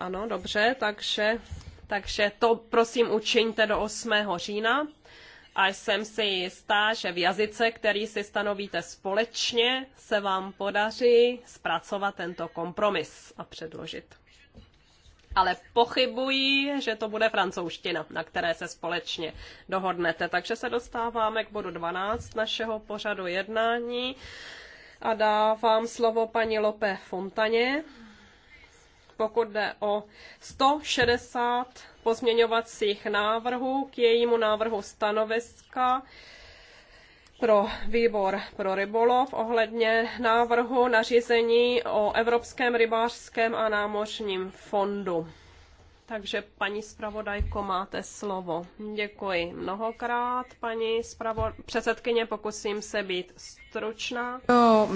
Ano, dobře, takže, takže to prosím učiňte do 8. října. A jsem si jistá, že v jazyce, který si stanovíte společně, se vám podaří zpracovat tento kompromis a předložit ale pochybuji, že to bude francouzština, na které se společně dohodnete. Takže se dostáváme k bodu 12 našeho pořadu jednání a dávám slovo paní Lope Fontaně, pokud jde o 160 pozměňovacích návrhů k jejímu návrhu stanoviska pro výbor pro rybolov ohledně návrhu nařízení o Evropském rybářském a námořním fondu. Takže paní zpravodajko, máte slovo. Děkuji mnohokrát, paní zpravo... předsedkyně, pokusím se být stručná. No.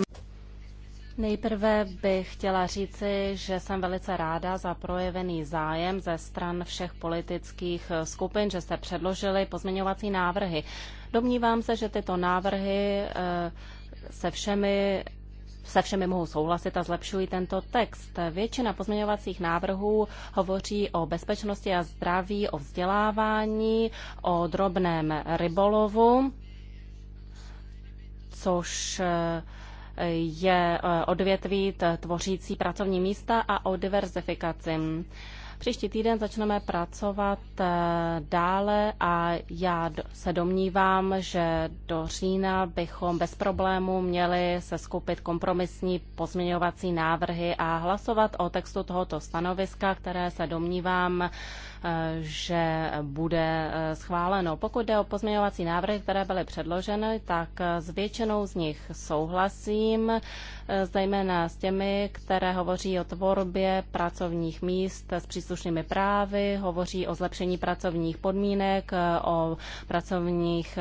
Nejprve bych chtěla říci, že jsem velice ráda za projevený zájem ze stran všech politických skupin, že jste předložili pozměňovací návrhy. Domnívám se, že tyto návrhy eh, se všemi se všemi mohou souhlasit a zlepšují tento text. Většina pozměňovacích návrhů hovoří o bezpečnosti a zdraví, o vzdělávání, o drobném rybolovu, což eh, je eh, odvětví tvořící pracovní místa a o diverzifikaci. Příští týden začneme pracovat eh, dále a já se domnívám, že do října bychom bez problému měli se skupit kompromisní pozměňovací návrhy a hlasovat o textu tohoto stanoviska, které se domnívám, že bude eh, schváleno. Pokud jde o pozměňovací návrhy, které byly předloženy, tak eh, s většinou z nich souhlasím, eh, zejména s těmi, které hovoří o tvorbě pracovních míst s příslušnými právy, hovoří o zlepšení pracovních podmínek, o pracovních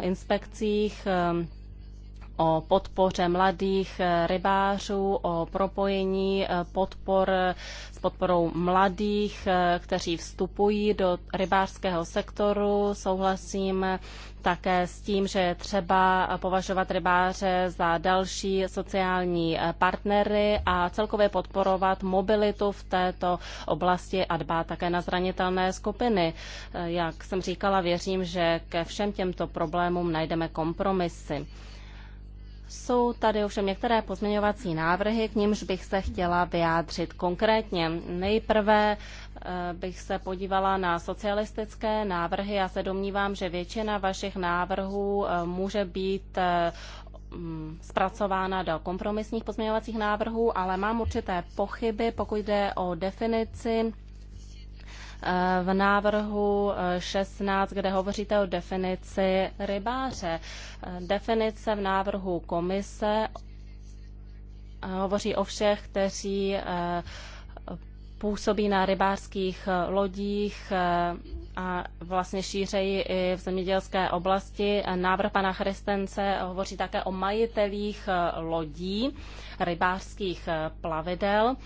inspekcích, o podpoře mladých eh, rybářů, o propojení eh, podpor s podporou mladých, eh, kteří vstupují do rybářského sektoru. Souhlasím také s tím, že je třeba považovat rybáře za další sociální partnery a celkově podporovat mobilitu v této oblasti a dbát také na zranitelné skupiny. Jak jsem říkala, věřím, že ke všem těmto problémům najdeme kompromisy. Jsou tady ovšem některé pozměňovací návrhy, k nimž bych se chtěla vyjádřit konkrétně. Nejprve eh, bych se podívala na socialistické návrhy. Já se domnívám, že většina vašich návrhů eh, může být eh, mm, zpracována do kompromisních pozměňovacích návrhů, ale mám určité pochyby, pokud jde o definici v návrhu 16, eh, kde hovoříte o definici rybáře. Eh, definice v návrhu komise eh, hovoří o všech, kteří působí na rybářských lodích a vlastně šířejí i v zemědělské oblasti. Návrh pana Christence hovoří také o majitelích lodí, rybářských plavidel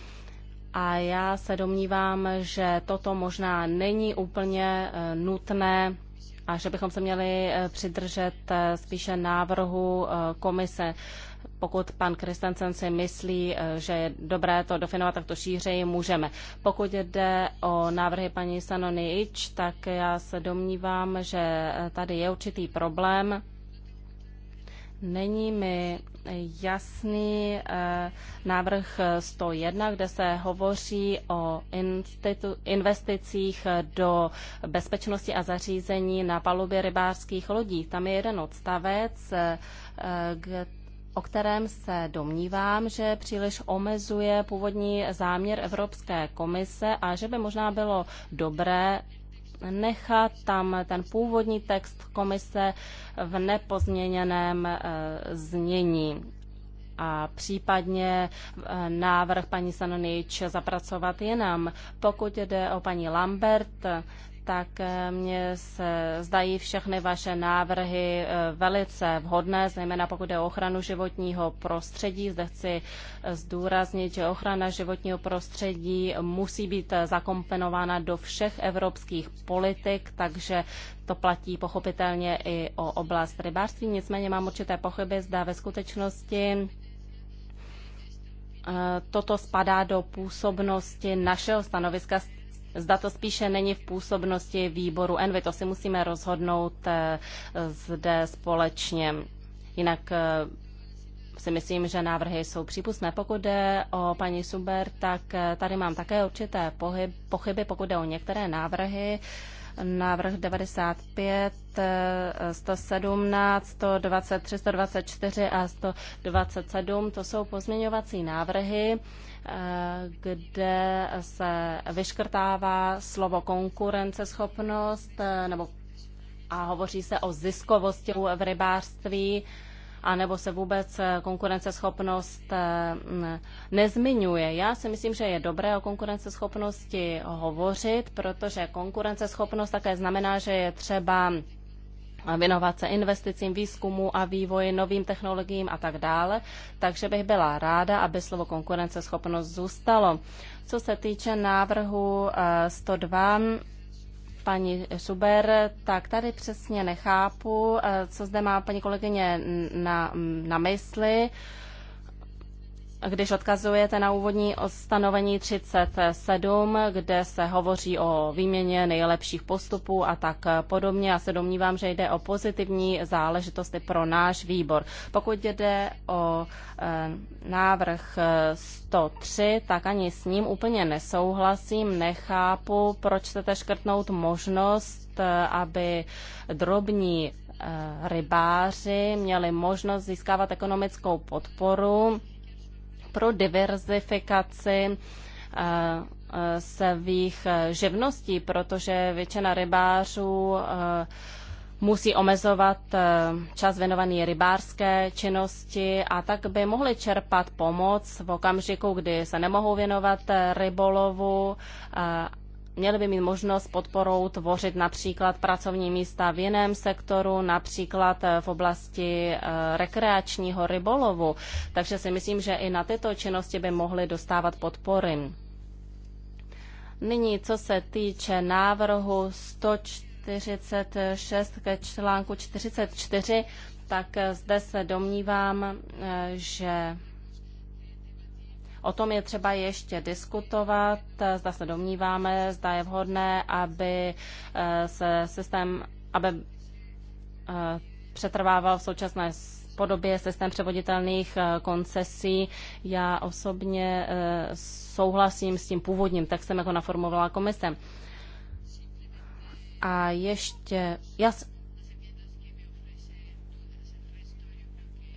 a já se domnívám, že toto možná není úplně eh, nutné a že bychom se měli eh, přidržet eh, spíše návrhu komise. Pokud pan Kristensen si myslí, že je dobré to definovat, tak to šířeji můžeme. Pokud jde o návrhy paní Sanony Ič, tak já se domnívám, že tady je určitý problém. Není mi jasný eh, návrh 101, kde se hovoří o investicích do bezpečnosti a zařízení na palubě rybářských lodí. Tam je jeden odstavec, eh, eh, o kterém se domnívám, že příliš omezuje původní záměr Evropské komise a že by možná bylo dobré nechat tam ten původní text komise v nepozměněném eh, znění a případně eh, návrh paní Sanonič zapracovat jinam. Pokud jde o paní Lambert, tak eh, mě se zdají všechny vaše návrhy eh, velice vhodné, zejména pokud je o ochranu životního prostředí. Zde chci eh, zdůraznit, že ochrana životního prostředí musí být zakomponována do všech evropských politik, takže to platí pochopitelně i o oblast rybářství. Nicméně mám určité pochyby, zda ve skutečnosti toto spadá do působnosti našeho stanoviska, Zda to spíše není v působnosti výboru Envy, to si musíme rozhodnout eh, zde společně. Jinak eh, si myslím, že návrhy jsou přípustné. Pokud jde o paní Suber, tak eh, tady mám také určité pohyb, pochyby, pokud jde o některé návrhy. Návrh 95, 117, 123, 124 a 127, to jsou pozměňovací návrhy, kde se vyškrtává slovo konkurenceschopnost eh, nebo a hovoří se o ziskovosti v rybářství, anebo se vůbec eh, konkurenceschopnost eh, nezmiňuje. Já si myslím, že je dobré o konkurenceschopnosti hovořit, protože konkurenceschopnost také znamená, že je třeba věnovat se investicím, výzkumu a vývoji, novým technologiím a tak dále. Takže bych byla ráda, aby slovo konkurenceschopnost zůstalo. Co se týče návrhu 102, eh, paní Suber, tak tady přesně nechápu, eh, co zde má paní kolegyně na, na mysli. Uh, když odkazujete na úvodní stanovení 37, kde se hovoří o výměně nejlepších postupů a tak podobně. Já se domnívám, že jde o pozitivní záležitosti pro náš výbor. Pokud jde o eh, návrh 103, tak ani s ním úplně nesouhlasím, nechápu, proč chcete škrtnout možnost, eh, aby drobní eh, rybáři měli možnost získávat ekonomickou podporu pro diverzifikaci eh, eh, svých eh, živností, protože většina rybářů musí omezovat čas věnovaný rybářské činnosti a tak by mohli čerpat pomoc v okamžiku, kdy se nemohou věnovat rybolovu měli by mít možnost podporou tvořit například pracovní místa v jiném sektoru, například eh, v oblasti eh, rekreačního rybolovu. Takže si myslím, že i na tyto činnosti by mohly dostávat podpory. Nyní, co se týče návrhu 146 ke článku 44, tak eh, zde se domnívám, že O tom je třeba ještě diskutovat, zda se domníváme, zda je vhodné, aby eh, se systém, aby eh, přetrvával v současné podobě systém převoditelných eh, koncesí. Já osobně souhlasím s tím původním textem, jako naformovala komise. A ještě, já,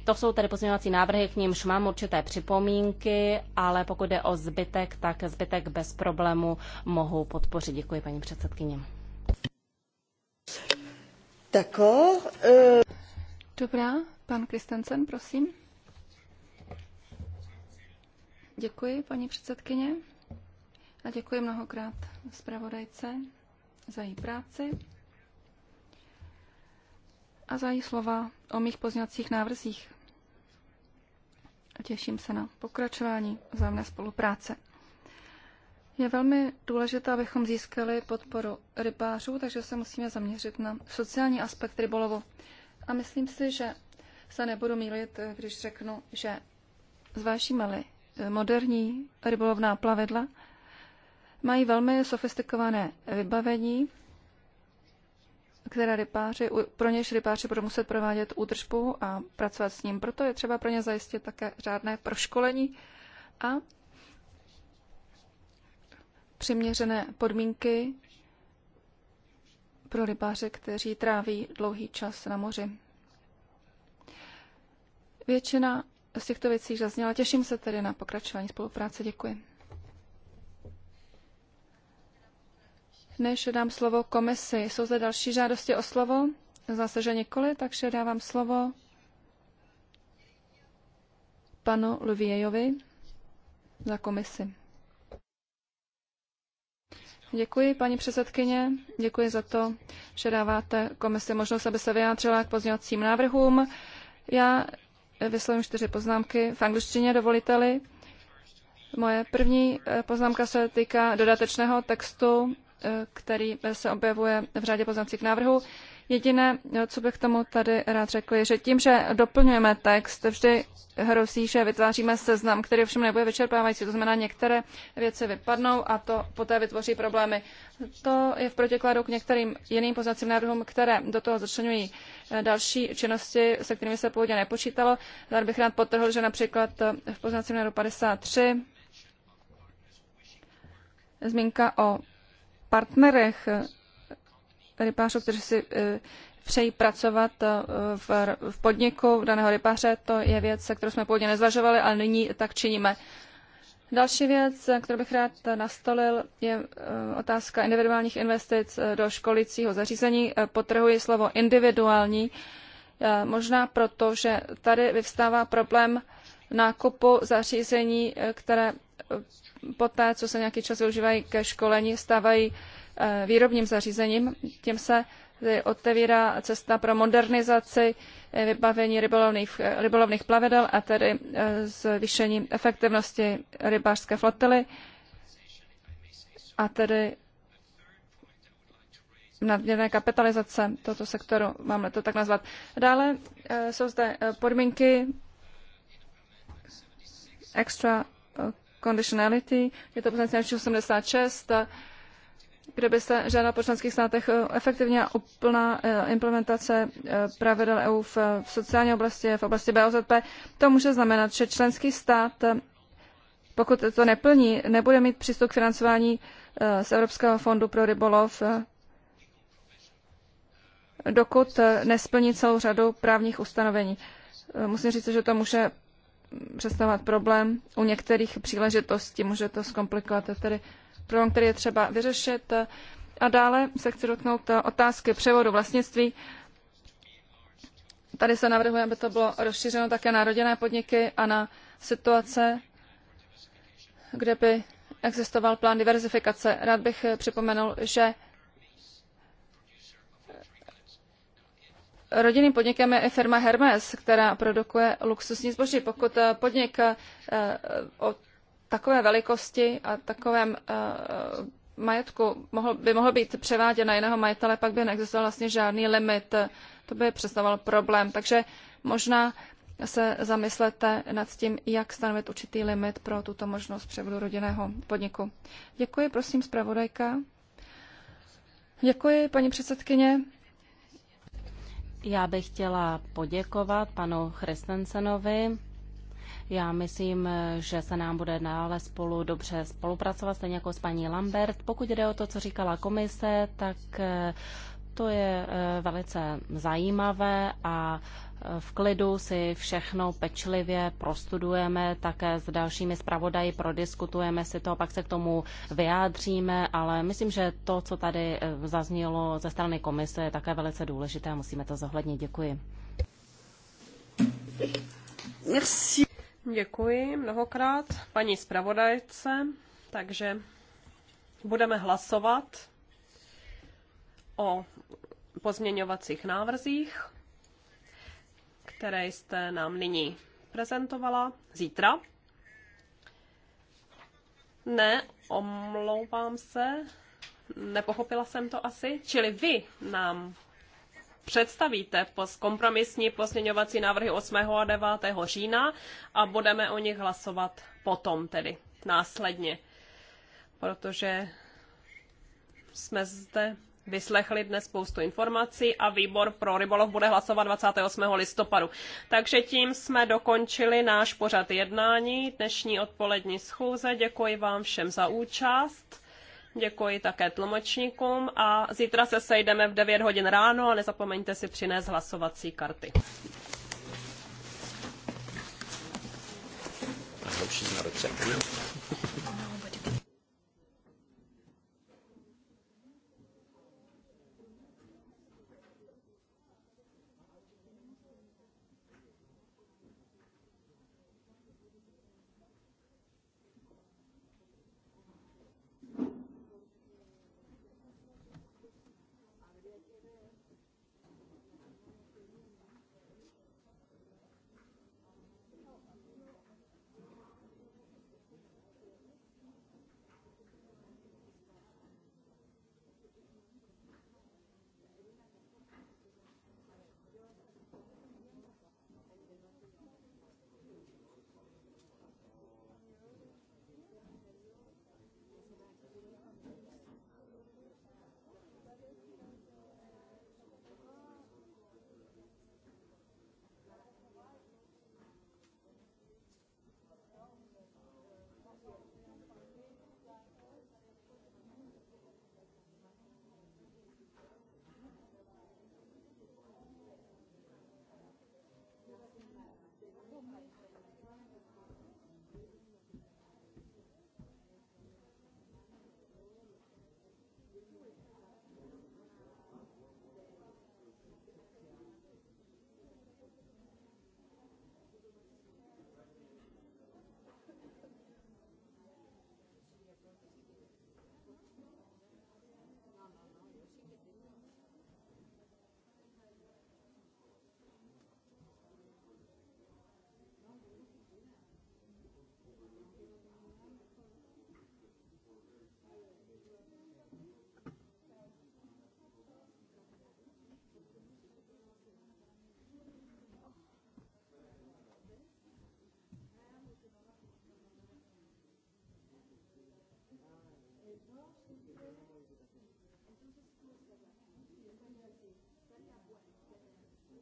To jsou tedy pozměňovací návrhy, k nímž mám určité připomínky, ale pokud jde o zbytek, tak zbytek bez problému mohu podpořit. Děkuji, paní předsedkyně. Tako. uh... Eh. Dobrá, pan Kristensen, prosím. Děkuji, paní předsedkyně. A děkuji mnohokrát zpravodajce za její práci a za její slova o mých pozněcích návrzích těším se na pokračování vzájemné spolupráce. Je velmi důležité, abychom získali podporu rybářů, takže se musíme zaměřit na sociální aspekt rybolovu. A myslím si, že se nebudu mílit, když řeknu, že zvážíme-li moderní rybolovná plavidla, mají velmi sofistikované vybavení, které rybáři, pro něž rybáři budou muset provádět údržbu a pracovat s ním. Proto je třeba pro ně zajistit také řádné proškolení a přiměřené podmínky pro rybáře, kteří tráví dlouhý čas na moři. Většina z těchto věcí zazněla. Těším se tedy na pokračování spolupráce. Děkuji. Než dám slovo komisi, jsou zde další žádosti o slovo? Zase, že nikoli, takže dávám slovo panu Luviejovi za komisi. Děkuji, paní předsedkyně. Děkuji za to, že dáváte komisi možnost, aby se vyjádřila k pozměňovacím návrhům. Já vyslovím čtyři poznámky v angličtině, dovoliteli. Moje první eh, poznámka se týká dodatečného textu Eh, který se objevuje v řadě poznacích návrhů. Jediné, eh, co bych tomu tady rád řekl, je, že tím, že doplňujeme text, vždy hrozí, že vytváříme seznam, který ovšem nebude vyčerpávající. To znamená, některé věci vypadnou a to poté vytvoří problémy. To je v protikladu k některým jiným poznacím návrhům, které do toho začlenují eh, další činnosti, se kterými se původně nepočítalo. Tady bych rád potrhl, že například v poznacím návrhu 53 zmínka o partnerech eh, rybářů, kteří si eh, přejí pracovat eh, v, podniku daného rybáře. To je věc, kterou jsme původně nezvažovali, ale nyní tak činíme. Další věc, kterou bych rád nastolil, je otázka individuálních investic do školicího zařízení. Potrhuji slovo individuální, možná proto, že tady vyvstává problém nákupu zařízení, které poté, co se nějaký čas využívají ke školení, stávají eh, výrobním zařízením. Tím se eh, otevírá cesta pro modernizaci eh, vybavení rybolovných, rybolovných plavidel a tedy zvýšení efektivnosti rybářské flotily a tedy nadměrné kapitalizace tohoto sektoru, máme to tak nazvat. Dále jsou zde podmínky extra conditionality, je to poslanec 86, kde by se žádala po členských státech eh, efektivně úplná eh, implementace eh, pravidel EU v sociální oblasti, v oblasti BOZP. To může znamenat, že členský stát, pokud to neplní, nebude mít přístup k financování z Evropského fondu pro rybolov, dokud nesplní celou řadu právních ustanovení. Musím říct, že to může představovat problém. U některých příležitostí může to zkomplikovat. Je tedy problém, který je třeba vyřešit. A dále se chci dotknout otázky převodu vlastnictví. Tady se navrhuje, aby to bylo rozšířeno také na rodinné podniky a na situace, kde by existoval plán diverzifikace. Rád bych připomenul, že Rodinným podnikem je i firma Hermes, která produkuje luxusní zboží. Pokud eh, podnik eh, o takové velikosti a takovém eh, majetku mohl, by mohl být převáděn na jiného majitele, pak by neexistoval vlastně žádný limit. To by představoval problém. Takže možná se zamyslete nad tím, jak stanovit určitý limit pro tuto možnost převodu rodinného podniku. Děkuji, prosím, zpravodajka. Děkuji, paní předsedkyně. Já bych chtěla poděkovat panu Christensenovi. Já myslím, že se nám bude dále spolu dobře spolupracovat, stejně jako s paní Lambert. Pokud jde o to, co říkala komise, tak eh, to je eh, velice zajímavé a eh, v klidu si všechno pečlivě prostudujeme, také s dalšími zpravodaji prodiskutujeme si to, pak se k tomu vyjádříme, ale myslím, že to, co tady eh, zaznělo ze strany komise, je také velice důležité a musíme to zohlednit. Děkuji. Merci. Děkuji mnohokrát paní zpravodajce, takže budeme hlasovat o pozměňovacích návrzích, které jste nám nyní prezentovala zítra. Ne, omlouvám se, nepochopila jsem to asi. Čili vy nám představíte kompromisní pozměňovací návrhy 8. a 9. října a budeme o nich hlasovat potom tedy následně, protože jsme zde vyslechli dnes spoustu informací a výbor pro rybolov bude hlasovat 28. listopadu. Takže tím jsme dokončili náš pořad jednání dnešní odpolední schůze. Děkuji vám všem za účast. Děkuji také tlumočníkům a zítra se sejdeme v 9 hodin ráno a nezapomeňte si přinést hlasovací karty. Thank you.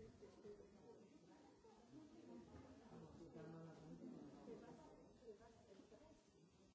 Gracias.